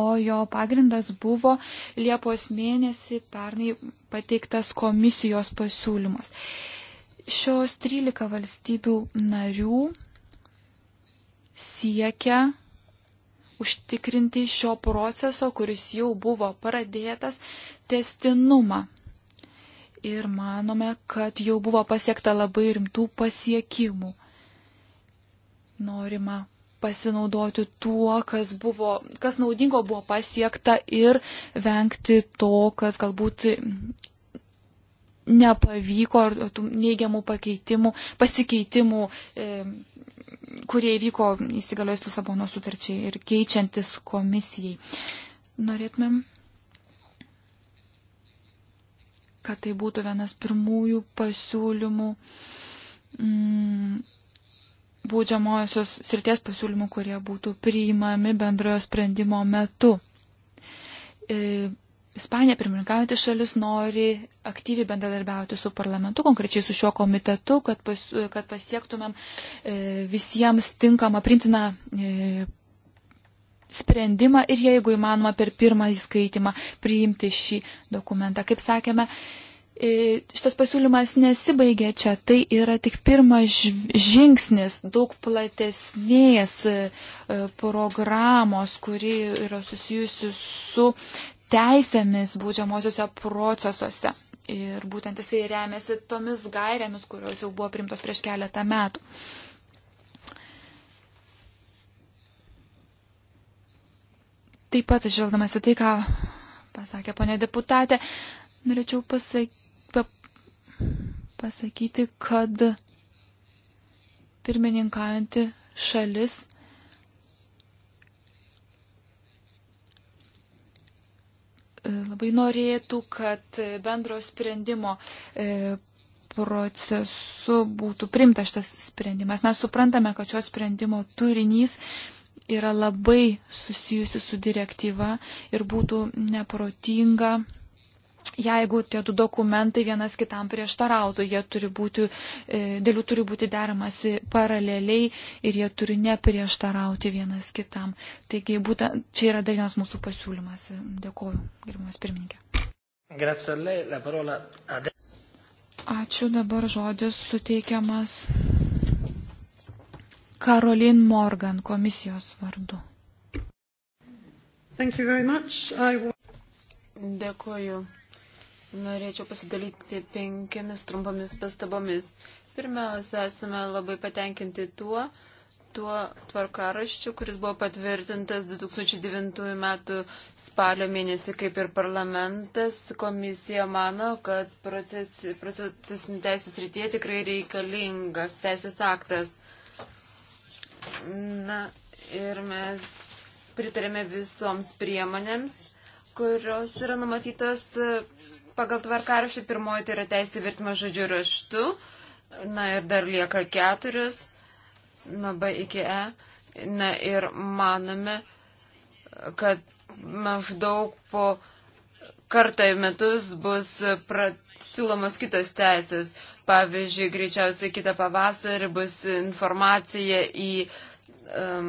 o jo pagrindas buvo Liepos mėnesį pernai pateiktas komisijos pasiūlymas. Šios 13 valstybių narių siekia užtikrinti šio proceso, kuris jau buvo pradėtas, testinumą. Ir manome, kad jau buvo pasiekta labai rimtų pasiekimų. Norima pasinaudoti tuo, kas, buvo, kas naudingo buvo pasiekta ir vengti to, kas galbūt nepavyko ar tų neigiamų pakeitimų, pasikeitimų e, kurie įvyko įsigaliojus Lisabono sutarčiai ir keičiantis komisijai. Norėtumėm, kad tai būtų vienas pirmųjų pasiūlymų, mm, būdžiamosios srities pasiūlymų, kurie būtų priimami bendrojo sprendimo metu. E, Ispanija pirmininkaujanti šalis nori aktyviai bendradarbiauti su parlamentu, konkrečiai su šiuo komitetu, kad, pas, kad pasiektumėm e, visiems tinkamą primtiną e, sprendimą ir jeigu įmanoma per pirmąjį skaitimą priimti šį dokumentą. Kaip sakėme, e, šitas pasiūlymas nesibaigia čia, tai yra tik pirmas žingsnis daug platesnės e, programos, kuri yra susijusi su teisėmis būdžiamosiuose procesuose. Ir būtent jisai remiasi tomis gairėmis, kurios jau buvo primtos prieš keletą metų. Taip pat, žvelgdamas į tai, ką pasakė ponė deputatė, norėčiau pasak... pa... pasakyti, kad pirmininkaujanti šalis E, labai norėtų, kad bendro sprendimo e, procesu būtų primta šitas sprendimas. Mes suprantame, kad šio sprendimo turinys yra labai susijusi su direktyva ir būtų neprotinga jeigu tie du dokumentai vienas kitam prieštarautų, jie turi būti, e, dėl jų turi būti deramasi paraleliai ir jie turi neprieštarauti vienas kitam. Taigi būtent čia yra dar vienas mūsų pasiūlymas. Dėkuoju, gerbimas pirmininkė. Ačiū dabar žodis suteikiamas Karolin Morgan komisijos vardu. Will... Dėkuoju. Norėčiau pasidalyti penkiamis trumpomis pastabomis. Pirmiausia, esame labai patenkinti tuo, tuo tvarkaraščiu, kuris buvo patvirtintas 2009 m. spalio mėnesį, kaip ir parlamentas. Komisija mano, kad proces, procesinė teisės rytyje tikrai reikalingas teisės aktas. Na ir mes pritarėme visoms priemonėms, kurios yra numatytos pagal tvarkarašį. Pirmoji tai yra teisė vertimo žodžių raštu. Na ir dar lieka keturios nuo B iki E. Na ir manome, kad maždaug po kartą į metus bus siūlomos kitos teisės. Pavyzdžiui, greičiausiai kitą pavasarį bus informacija į, um,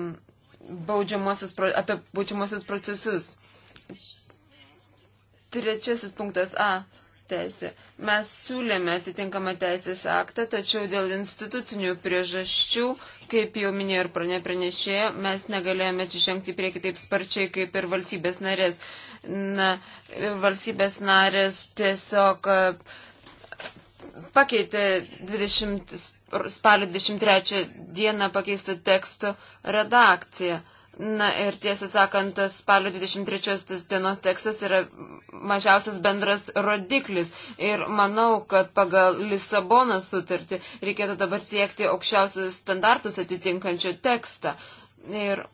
baudžiamosius, apie baudžiamosius procesus. Trečiasis punktas A. Teisė. Mes siūlėme atitinkamą teisės aktą, tačiau dėl institucinių priežasčių, kaip jau minėjo ir pranešėjo, mes negalėjome atsižengti prieki taip sparčiai kaip ir valstybės narės. Na, valstybės narės tiesiog e, pakeitė 20, spalio 23 dieną pakeistų tekstų redakciją. Na ir tiesą sakant, tas spalio 23 dienos tekstas yra mažiausias bendras rodiklis. Ir manau, kad pagal Lisabono sutartį reikėtų dabar siekti aukščiausius standartus atitinkančio tekstą. Ir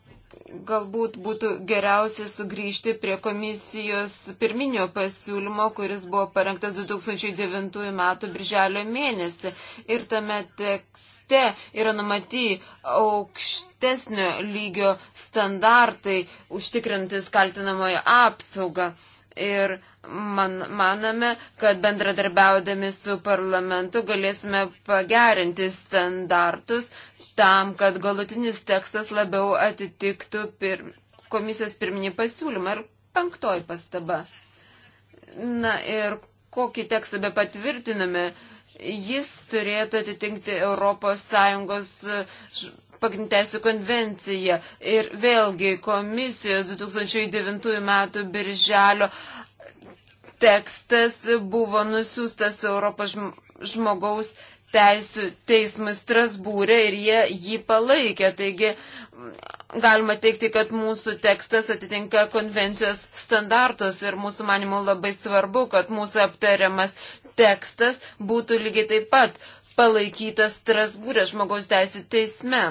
galbūt būtų geriausia sugrįžti prie komisijos pirminio pasiūlymo, kuris buvo parengtas 2009 m. birželio mėnesį. Ir tame tekste yra numatyti aukštesnio lygio standartai užtikrintis kaltinamojo apsaugą. Ir man, maname, kad bendradarbiaudami su parlamentu galėsime pagerinti standartus tam, kad galutinis tekstas labiau atitiktų pir, komisijos pirminį pasiūlymą. Ir penktoji pastaba. Na ir kokį tekstą be patvirtiname, jis turėtų atitinkti ES pagrindėsių konvenciją. Ir vėlgi komisijos 2009 m. birželio uh, tekstas buvo nusiųstas Europos žmogaus teisų teismui Strasbūrė ir jie jį palaikė. Taigi galima teikti, kad mūsų tekstas atitinka konvencijos standartus ir mūsų manimų labai svarbu, kad mūsų aptariamas tekstas būtų lygiai taip pat palaikytas Strasbūrė žmogaus teisų teisme.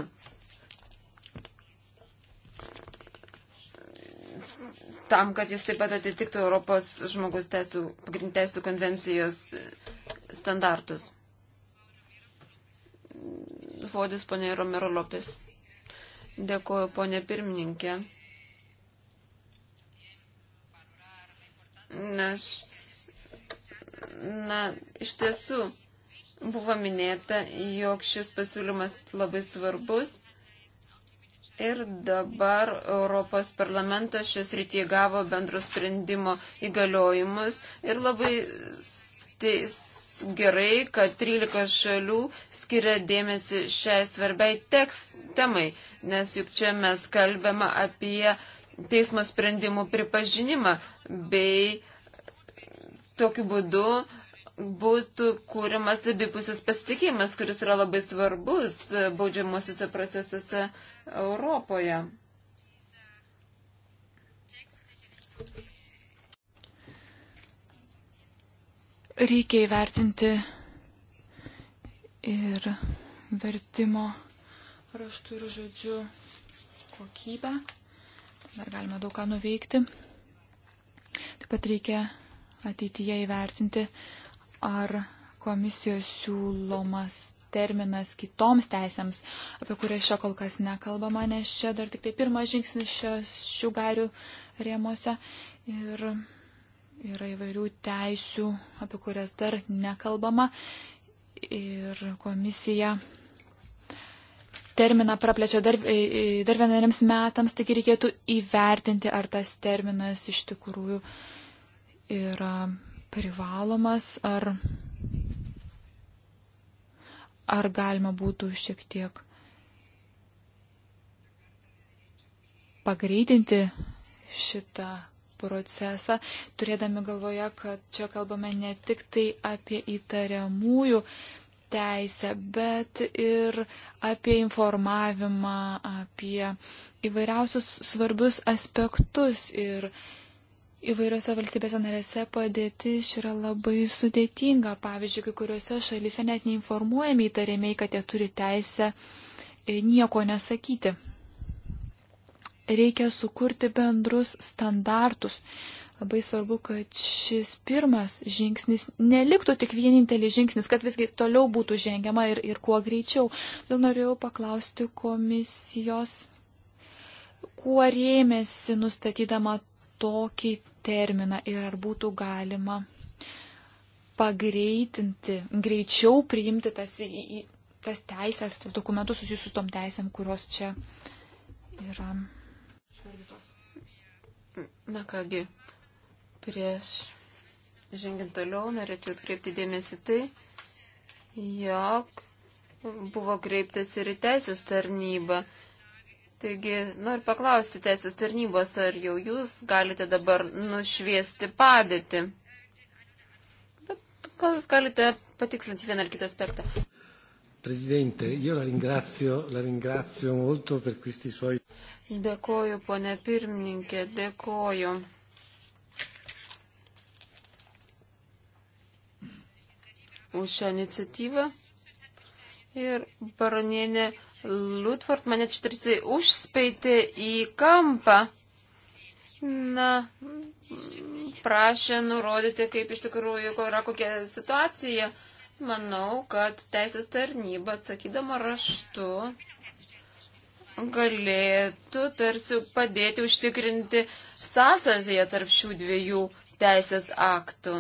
tam, kad jis taip pat atitiktų Europos žmogus teisų, pagrindteisų konvencijos standartus. Vodis ponė Romero Lopis. Dėkuoju, ponė pirmininkė. Nes, na, iš tiesų buvo minėta, jog šis pasiūlymas labai svarbus Ir dabar Europos parlamentas šios rytyje gavo bendro sprendimo įgaliojimus ir labai teis, gerai, kad 13 šalių skiria dėmesį šiai svarbiai teks temai, nes juk čia mes kalbame apie teismo sprendimų pripažinimą bei tokiu būdu būtų kūrimas abipusis pasitikėjimas, kuris yra labai svarbus baudžiamosiuose procesuose Europoje. Reikia įvertinti ir vertimo raštų ir žodžių kokybę. Dar galima daug ką nuveikti. Taip pat reikia ateityje įvertinti, ar komisijos siūlomas terminas kitoms teisėms, apie kurias čia kol kas nekalbama, nes čia dar tik tai pirmas žingsnis šių gairių rėmose. Ir yra įvairių teisių, apie kurias dar nekalbama. Ir komisija terminą praplečia dar, e, e, dar vieneriems metams, taigi reikėtų įvertinti, ar tas terminas iš tikrųjų yra privalomas, ar ar galima būtų šiek tiek pagreitinti šitą procesą, turėdami galvoje, kad čia kalbame ne tik tai apie įtariamųjų teisę, bet ir apie informavimą, apie įvairiausius svarbius aspektus ir Įvairiose valstybėse narėse padėtis yra labai sudėtinga. Pavyzdžiui, kai kuriuose šalyse net neinformuojami įtariamiai, kad jie turi teisę e, nieko nesakyti. Reikia sukurti bendrus standartus. Labai svarbu, kad šis pirmas žingsnis neliktų tik vienintelis žingsnis, kad visgi toliau būtų žengiama ir, ir kuo greičiau. Todėl norėjau paklausti komisijos kuo rėmėsi nustatydama tokį terminą ir ar būtų galima pagreitinti, greičiau priimti tas, į, tas teisės, dokumentus susijusius tom teisėm, kurios čia yra. Na kągi, prieš žengiant toliau norėčiau atkreipti dėmesį tai, jog buvo kreiptas ir į teisės tarnybą Taigi, noriu paklausti teisės tarnybos, ar jau jūs galite dabar nušviesti padėtį. Bet gal jūs galite patikslinti vieną ar kitą aspektą. Prezidente, io la ringrazio, la ringrazio molto per questi suoi. Dėkoju, ponė pirmininkė, dėkoju. Už šią iniciatyvą ir baronienė Lutford mane štricai užspeitė į kampą. Na, prašė nurodyti, kaip iš tikrųjų yra kokia situacija. Manau, kad teisės tarnyba atsakydama raštu galėtų tarsi padėti užtikrinti sąsazėje tarp šių dviejų teisės aktų.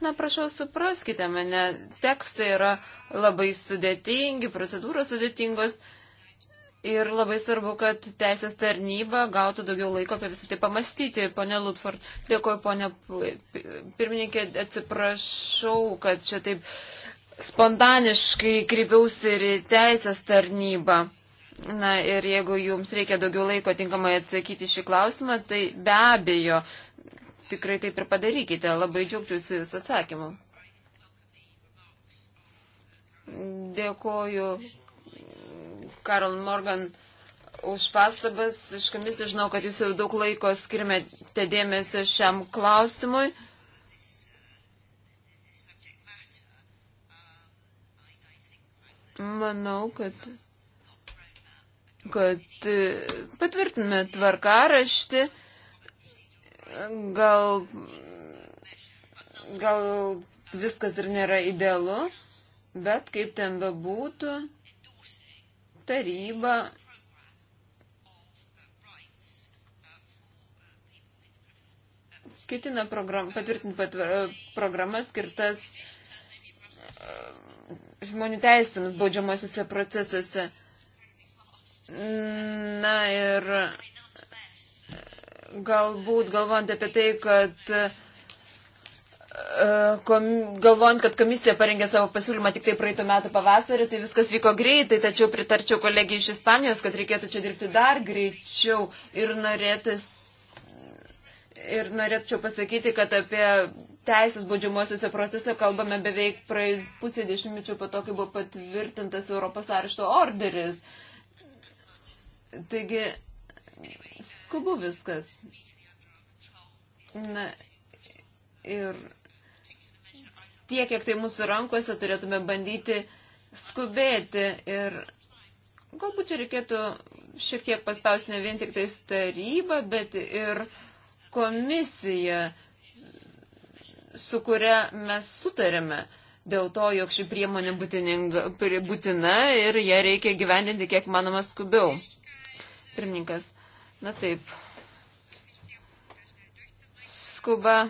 Na, prašau, supraskite mane, tekstai yra labai sudėtingi, procedūros sudėtingos ir labai svarbu, kad teisės tarnyba gautų daugiau laiko apie visą tai pamastyti. Pone Lutford, dėkoju, pone pirmininkė, atsiprašau, kad čia taip spontaniškai kreipiausi ir teisės tarnybą. Na ir jeigu jums reikia daugiau laiko tinkamai atsakyti šį klausimą, tai be abejo, tikrai taip ir padarykite. Labai džiaugčiausi jūsų atsakymu. Dėkoju Karl Morgan už pastabas. Iš komisijos žinau, kad jūs jau daug laiko skirmėte dėmesio šiam klausimui. Manau, kad, kad patvirtiname tvarkaraštį gal, gal viskas ir nėra idealu, bet kaip ten bebūtų, taryba ketina program, patvirtinti patver, programas skirtas e, žmonių teisėms baudžiamosiuose procesuose. Na ir galbūt galvojant apie tai, kad e, kom, galvojant, kad komisija parengė savo pasiūlymą tik tai praeitų metų pavasarį, tai viskas vyko greitai, tačiau pritarčiau kolegijai iš Ispanijos, kad reikėtų čia dirbti dar greičiau ir norėtis. Ir norėčiau pasakyti, kad apie teisės baudžiamosiuose procesuose kalbame beveik praeis pusė dešimtmečių po to, kai buvo patvirtintas Europos arešto orderis. Taigi skubu viskas. Na, ir tiek, kiek tai mūsų rankose, turėtume bandyti skubėti ir galbūt čia reikėtų šiek tiek paspausti ne vien tik tais tarybą, bet ir komisiją, su kuria mes sutarėme dėl to, jog ši priemonė būtina ir ją reikia gyvendinti kiek manoma skubiau. Pirmininkas. Na taip. Skuba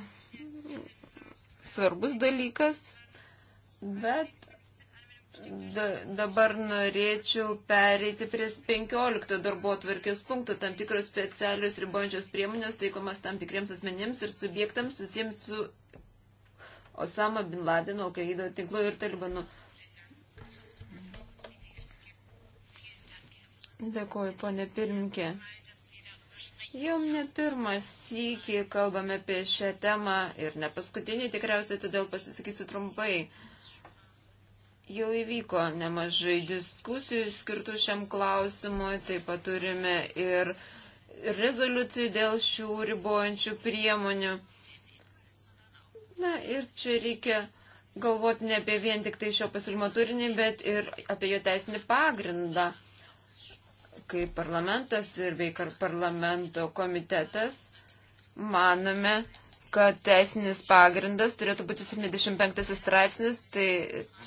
svarbus dalykas, bet da, dabar norėčiau pereiti prie 15 darbo atvarkės punktų, tam tikros specialios ribojančios priemonės taikomas tam tikriems asmenims ir subjektams susijęms su Osama Bin Ladeno, Kaido tinklu ir Talibanu. Dėkoju, ponė pirminkė. Jau ne pirmas sykį kalbame apie šią temą ir ne paskutinį tikriausiai, todėl pasisakysiu trumpai. Jau įvyko nemažai diskusijų skirtų šiam klausimui, taip pat turime ir rezoliucijų dėl šių ribojančių priemonių. Na ir čia reikia galvoti ne apie vien tik tai šio pasižmo turinį, bet ir apie jo teisinį pagrindą kaip parlamentas ir veikar parlamento komitetas manome, kad teisinis pagrindas turėtų būti 75 straipsnis, tai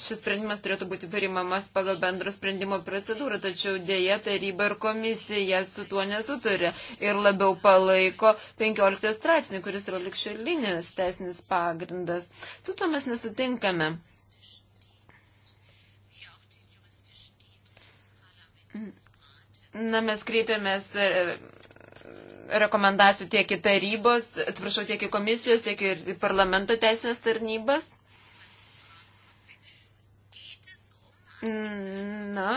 šis sprendimas turėtų būti priimamas pagal bendro sprendimo procedūrą, tačiau dėja taryba ir komisija su tuo nesutarė ir labiau palaiko 15 straipsnį, kuris yra likščiolinis teisinis pagrindas. Su tuo mes nesutinkame. Na, mes kreipiamės e, rekomendacijų tiek į tarybos, atsiprašau, tiek į komisijos, tiek į parlamento teisinės tarnybas. Na,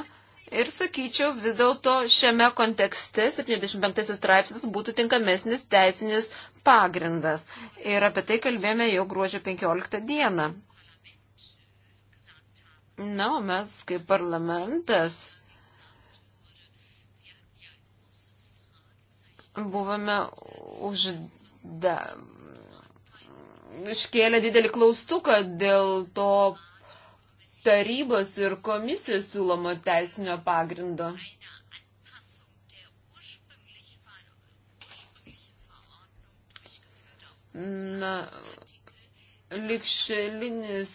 ir sakyčiau, vis dėlto šiame kontekste 75 straipsnis būtų tinkamesnis teisinis pagrindas. Ir apie tai kalbėjome jau gruodžio 15 dieną. Na, o mes kaip parlamentas buvome užda... iškėlę didelį klaustuką dėl to tarybos ir komisijos siūlomo teisinio pagrindo. Na, likšelinis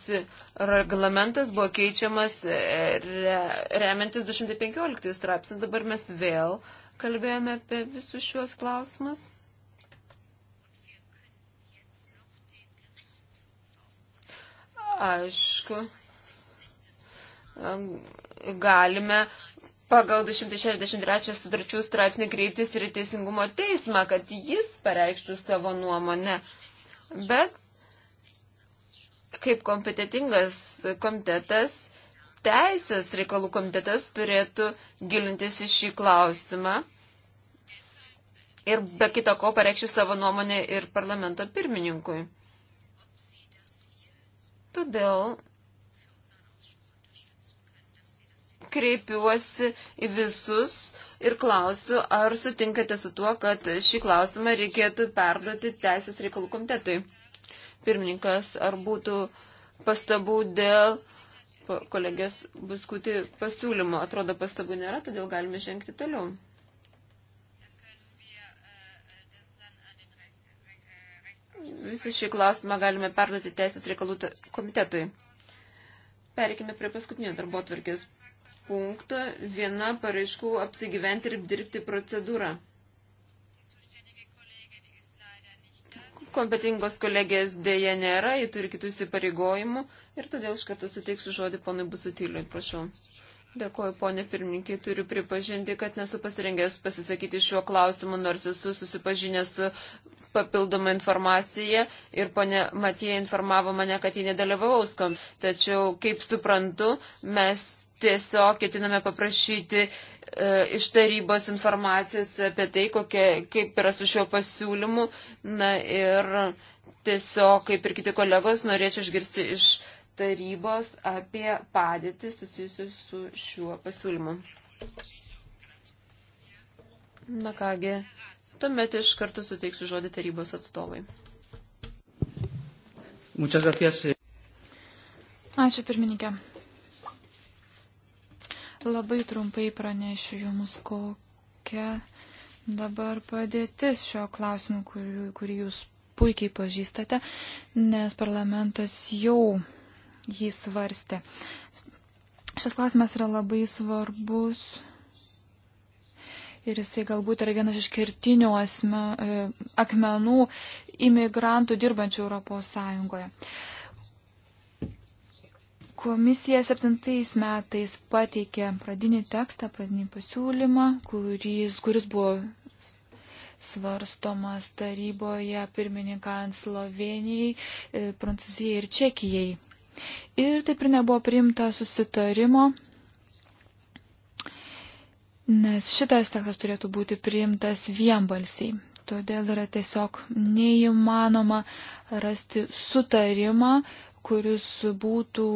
reglamentas buvo keičiamas e, re, remiantis 215 straipsnį, dabar mes vėl uh, kalbėjome apie visus šiuos klausimus. Aišku, galime pagal 263 sutarčių straipsnį kreiptis ir į Teisingumo teismą, kad jis pareikštų savo nuomonę. Bet kaip kompetitingas komitetas teisės reikalų komitetas turėtų gilintis į šį klausimą. Ir be kita ko pareikščiau savo nuomonę ir parlamento pirmininkui. Todėl kreipiuosi į visus ir klausiu, ar sutinkate su tuo, kad šį klausimą reikėtų perduoti Teisės reikalų komitetui. Pirmininkas, ar būtų pastabų dėl kolegės bus kūti pasiūlymo. Atrodo, pastabų nėra, todėl galime žengti toliau. Visą šį klausimą galime perduoti Teisės reikalų komitetui. Perikime prie paskutinio darbo atvarkės punkto. Viena paraiškų apsigyventi ir dirbti procedūra. Kompetingos kolegės dėja nėra, ji turi kitus įpareigojimų. Ir todėl iš karto suteiksiu žodį ponui Busutiliui, prašau. Dėkuoju, ponė pirmininkai, turiu pripažinti, kad nesu pasirengęs pasisakyti šiuo klausimu, nors esu susipažinęs su papildoma informacija ir ponė Matija informavo mane, kad jį nedalyvauskom. Tačiau, kaip suprantu, mes tiesiog ketiname paprašyti e, iš tarybos informacijos apie tai, kokie, kaip yra su šiuo pasiūlymu. Na ir tiesiog, kaip ir kiti kolegos, norėčiau išgirsti iš tarybos apie padėtį susijusiu su šiuo pasiūlymu. Na kągi, tuomet iš karto suteiksiu žodį tarybos atstovai. Eh. Ačiū pirmininkė. Labai trumpai pranešiu Jums, kokia dabar padėtis šio klausimu, kurį, kurį Jūs puikiai pažįstate, nes parlamentas jau jį svarstė. Šis klausimas yra labai svarbus ir jisai galbūt yra vienas iš kertinių asme, e, akmenų imigrantų dirbančių Europos Sąjungoje. Komisija septintais metais pateikė pradinį tekstą, pradinį pasiūlymą, kuris, kuris buvo svarstomas taryboje pirmininkant Slovenijai, e, Prancūzijai ir Čekijai. Ir taip ir nebuvo priimta susitarimo, nes šitas tekstas turėtų būti priimtas vienbalsiai. Todėl yra tiesiog neįmanoma rasti sutarimą, kuris būtų,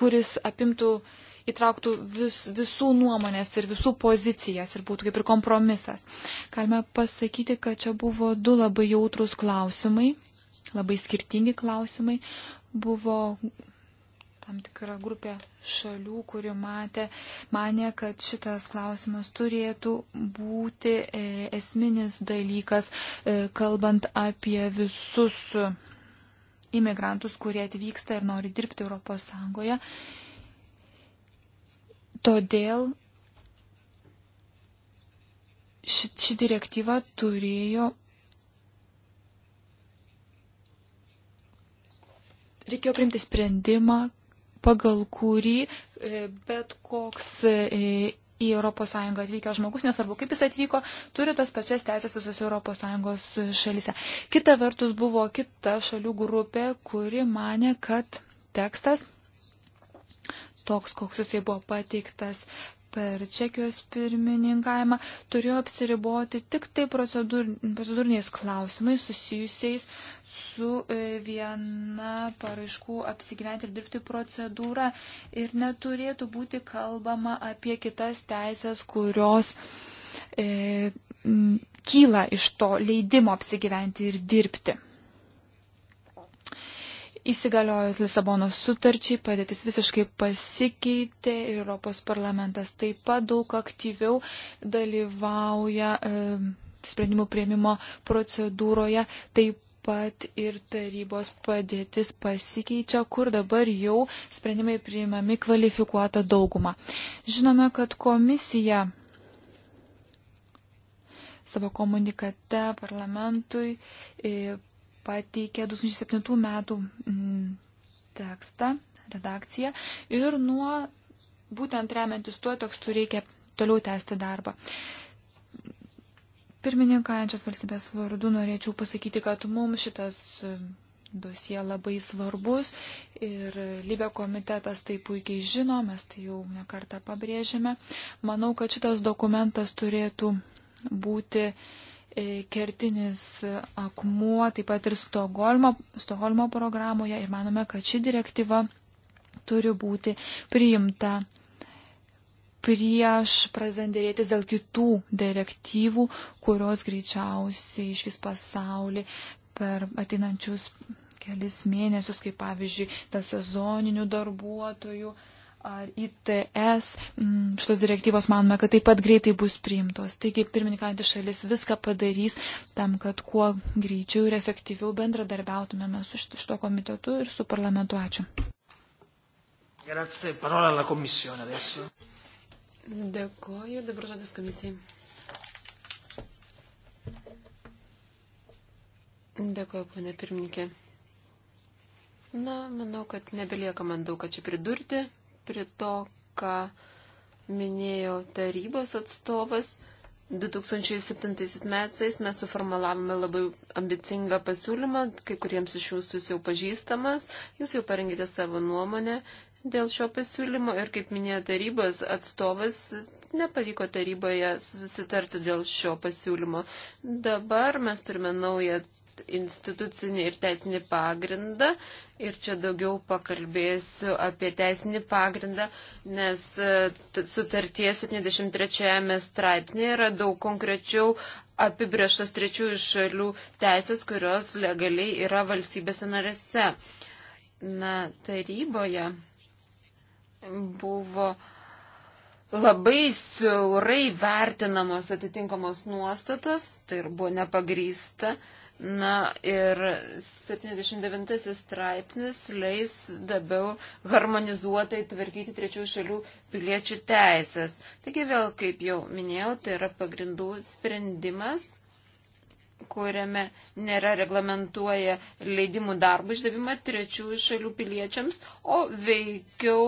kuris apimtų, įtrauktų vis, visų nuomonės ir visų pozicijas ir būtų kaip ir kompromisas. Galime pasakyti, kad čia buvo du labai jautrus klausimai, labai skirtingi klausimai, buvo tam tikra grupė šalių, kuri matė, mane, kad šitas klausimas turėtų būti e, esminis dalykas, e, kalbant apie visus imigrantus, kurie atvyksta ir nori dirbti ES. Todėl ši, ši direktyva turėjo reikėjo priimti sprendimą, pagal kurį e, bet koks e, į ES atvykęs žmogus, nesvarbu kaip jis atvyko, turi tas pačias teisės visose ES šalyse. Kita vertus buvo kita šalių grupė, kuri mane, kad tekstas toks, koks jisai buvo pateiktas per Čekijos pirmininkavimą turėjo apsiriboti tik tai procedūr, procedūriniais klausimais susijusiais su e, viena paraiškų apsigyventi ir dirbti procedūra ir neturėtų būti kalbama apie kitas teisės, kurios e, kyla iš to leidimo apsigyventi ir dirbti. Įsigaliojus Lisabonos sutarčiai padėtis visiškai pasikeitė ir Europos parlamentas taip pat daug aktyviau dalyvauja e, sprendimų prieimimo procedūroje, taip pat ir tarybos padėtis pasikeičia, kur dabar jau sprendimai priimami kvalifikuota dauguma. Žinome, kad komisija savo komunikate parlamentui e, pateikė 2007 metų mm, tekstą, redakciją ir nuo būtent remiantis tuo tekstu reikia toliau tęsti darbą. Pirmininkaujančios valstybės vardu norėčiau pasakyti, kad mums šitas mm, dosie labai svarbus ir Libė komitetas tai puikiai žino, mes tai jau nekartą pabrėžėme. Manau, kad šitas dokumentas turėtų būti uh, E, kertinis akmuo, taip pat ir Stokholmo, Stokholmo programoje ir manome, kad ši direktyva turi būti priimta prieš prazandėrėtis dėl kitų direktyvų, kurios greičiausiai iš vis pasaulį per ateinančius kelis mėnesius, kaip pavyzdžiui, dėl sezoninių darbuotojų ar ITS, mm, šitos direktyvos manome, kad taip pat greitai bus priimtos. Taigi pirmininkantis šalis viską padarys tam, kad kuo greičiau ir efektyviau bendradarbiautumėme su šito komitetu ir su parlamentu. Ačiū. Grazie, parola alla Commissione adesso. Dėkoju, dabar žodis komisijai. Dėkoju, ponė pirmininkė. Na, manau, kad nebelieka man daug ką čia pridurti prie to, ką minėjo tarybos atstovas. 2007 metais mes suformalavome labai ambicingą pasiūlymą, kai kuriems iš jūsų jau pažįstamas, jūs jau parengėte savo nuomonę dėl šio pasiūlymo ir, kaip minėjo tarybos atstovas, nepavyko taryboje susitarti dėl šio pasiūlymo. Dabar mes turime naują institucinį ir teisinį pagrindą. Ir čia daugiau pakalbėsiu apie teisinį pagrindą, nes e, sutarties 73 straipsnėje yra daug konkrečiau apibrieštos trečiųjų šalių teisės, kurios legaliai yra valstybėse narėse. Na, taryboje buvo labai siaurai vertinamos atitinkamos nuostatos, tai ir buvo nepagrysta. Uh, Na ir 79 straipsnis leis labiau harmonizuotai tvarkyti trečių šalių piliečių teisės. Taigi vėl, kaip jau minėjau, tai yra pagrindų sprendimas kuriame nėra reglamentuoja leidimų darbų išdavimą trečiųjų šalių piliečiams, o veikiau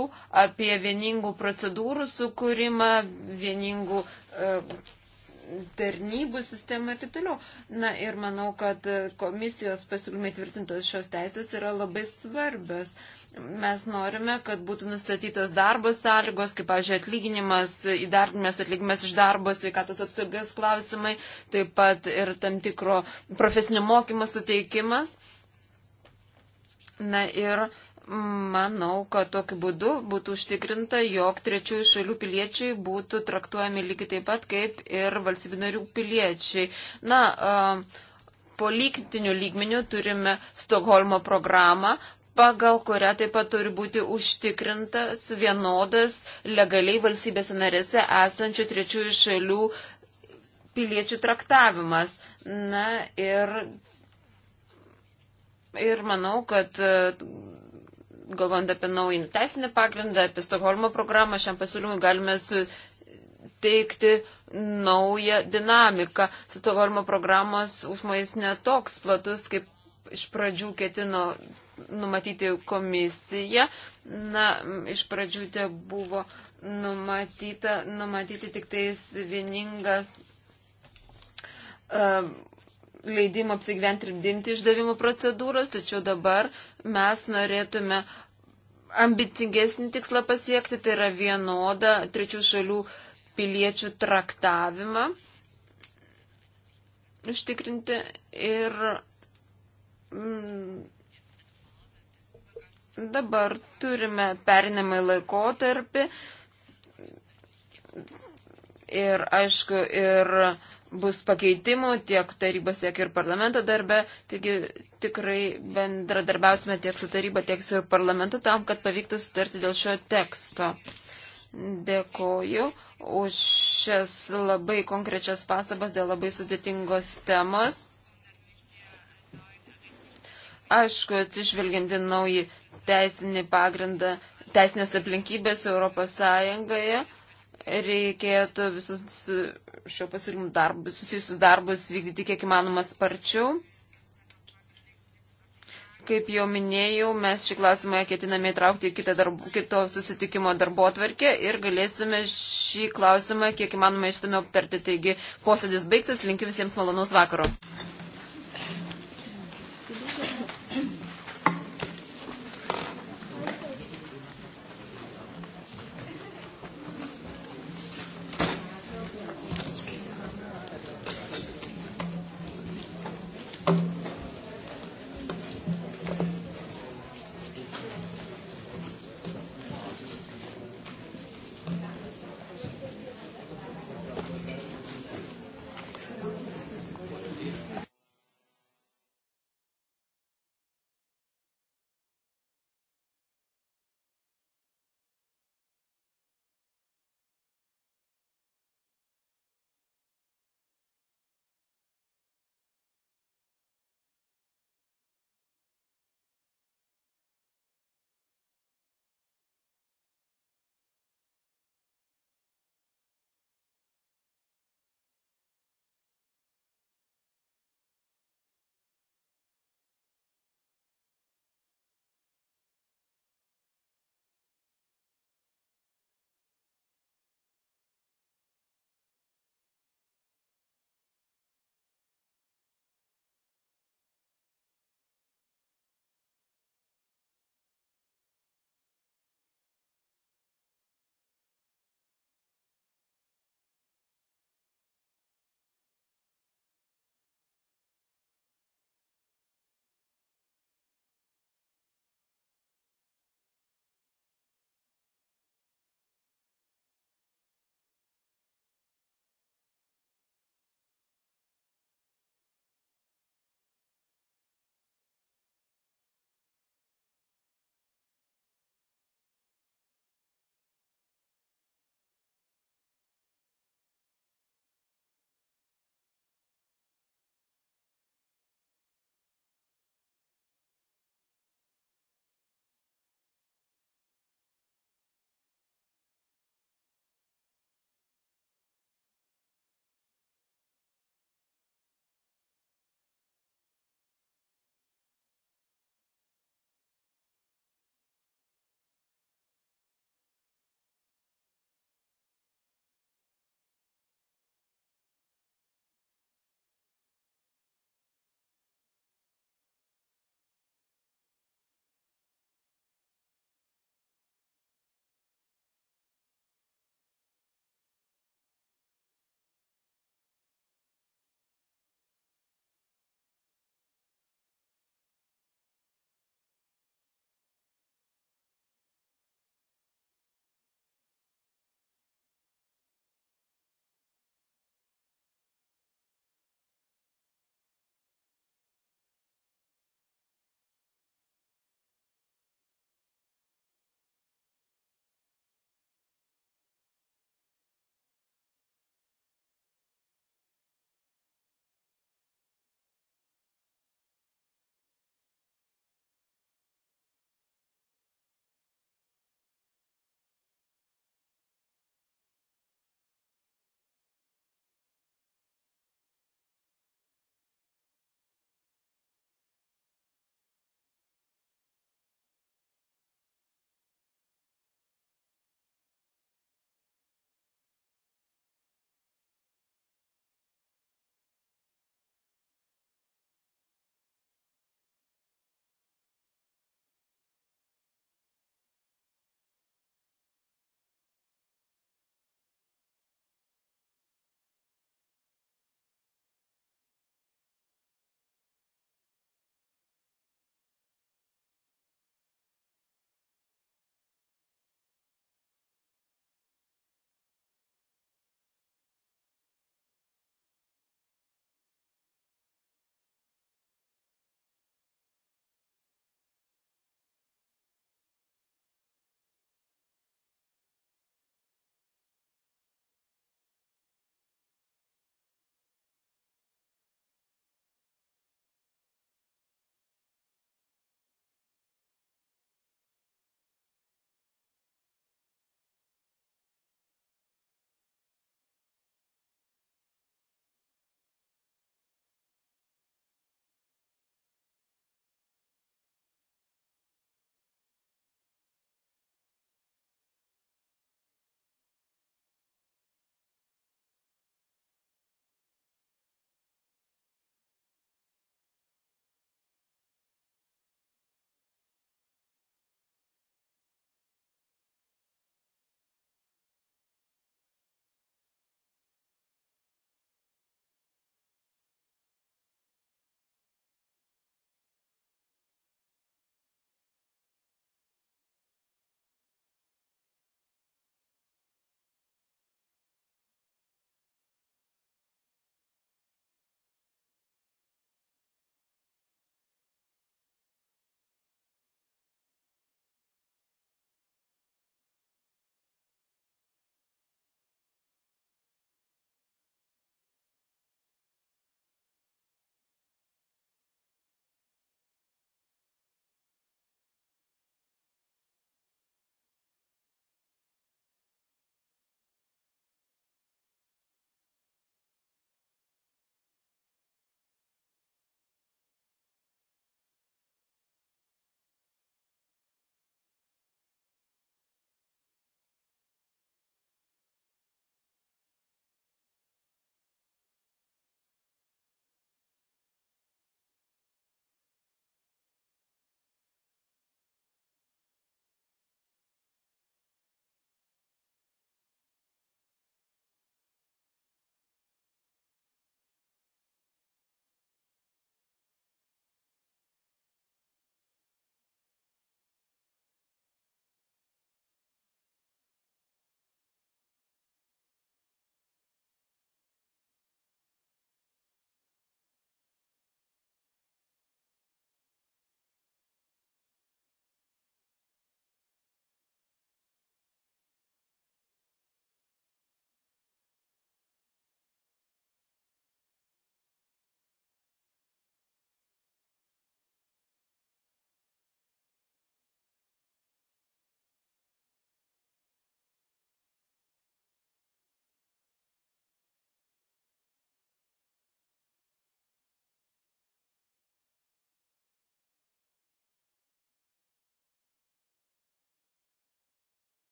apie vieningų procedūrų sukūrimą, vieningų e, tarnybų sistemą ir taip toliau. Na ir manau, kad komisijos pasiūlymai tvirtintos šios teisės yra labai svarbios. Mes norime, kad būtų nustatytos darbo sąlygos, kaip, pavyzdžiui, atlyginimas, įdarbinimas, atlyginimas iš darbo, sveikatos apsaugos klausimai, taip pat ir tam tikro profesinio mokymo suteikimas. Na ir Manau, kad tokiu būdu būtų užtikrinta, jog trečiųjų šalių piliečiai būtų traktuojami lygiai taip pat kaip ir valstybių narių piliečiai. Na, politinių lygmenių turime Stokholmo programą, pagal kurią taip pat turi būti užtikrintas vienodas legaliai valstybėse narėse esančių trečiųjų šalių piliečių traktavimas. Na ir, ir manau, kad galvojant apie naują teisinį pagrindą, apie Stokholmo programą, šiam pasiūlymui galime suteikti naują dinamiką. Stokholmo programos užmojas netoks platus, kaip iš pradžių ketino numatyti komisija. Na, iš pradžių te buvo numatyta, numatyti tik tais vieningas. Uh, leidimo apsigyventi ir dimti išdavimo procedūros, tačiau dabar mes norėtume uh, ambicingesnį tikslą pasiekti, tai yra vienodą trečių šalių piliečių traktavimą užtikrinti ir mm, dabar turime perinamai laikotarpį ir aišku ir bus pakeitimų tiek tarybos, tiek ir parlamento darbe. Taigi tikrai bendradarbiausime tiek su taryba, tiek su parlamentu tam, kad pavyktų sutarti dėl šio teksto. Dėkoju už šias labai konkrečias pastabas dėl labai sudėtingos temos. Aišku, atsižvelginti naują teisinį pagrindą, teisinės aplinkybės Europos Sąjungoje reikėtų visus šio pasiūlymų darbus, susijusius darbus vykdyti kiek įmanoma sparčiau. Kaip jau minėjau, mes šį klausimą ketiname įtraukti į darbo, kito susitikimo darbo atvarkę ir galėsime šį klausimą kiek įmanoma išsame aptarti. Taigi posėdis baigtas, linkiu visiems malonaus vakaro.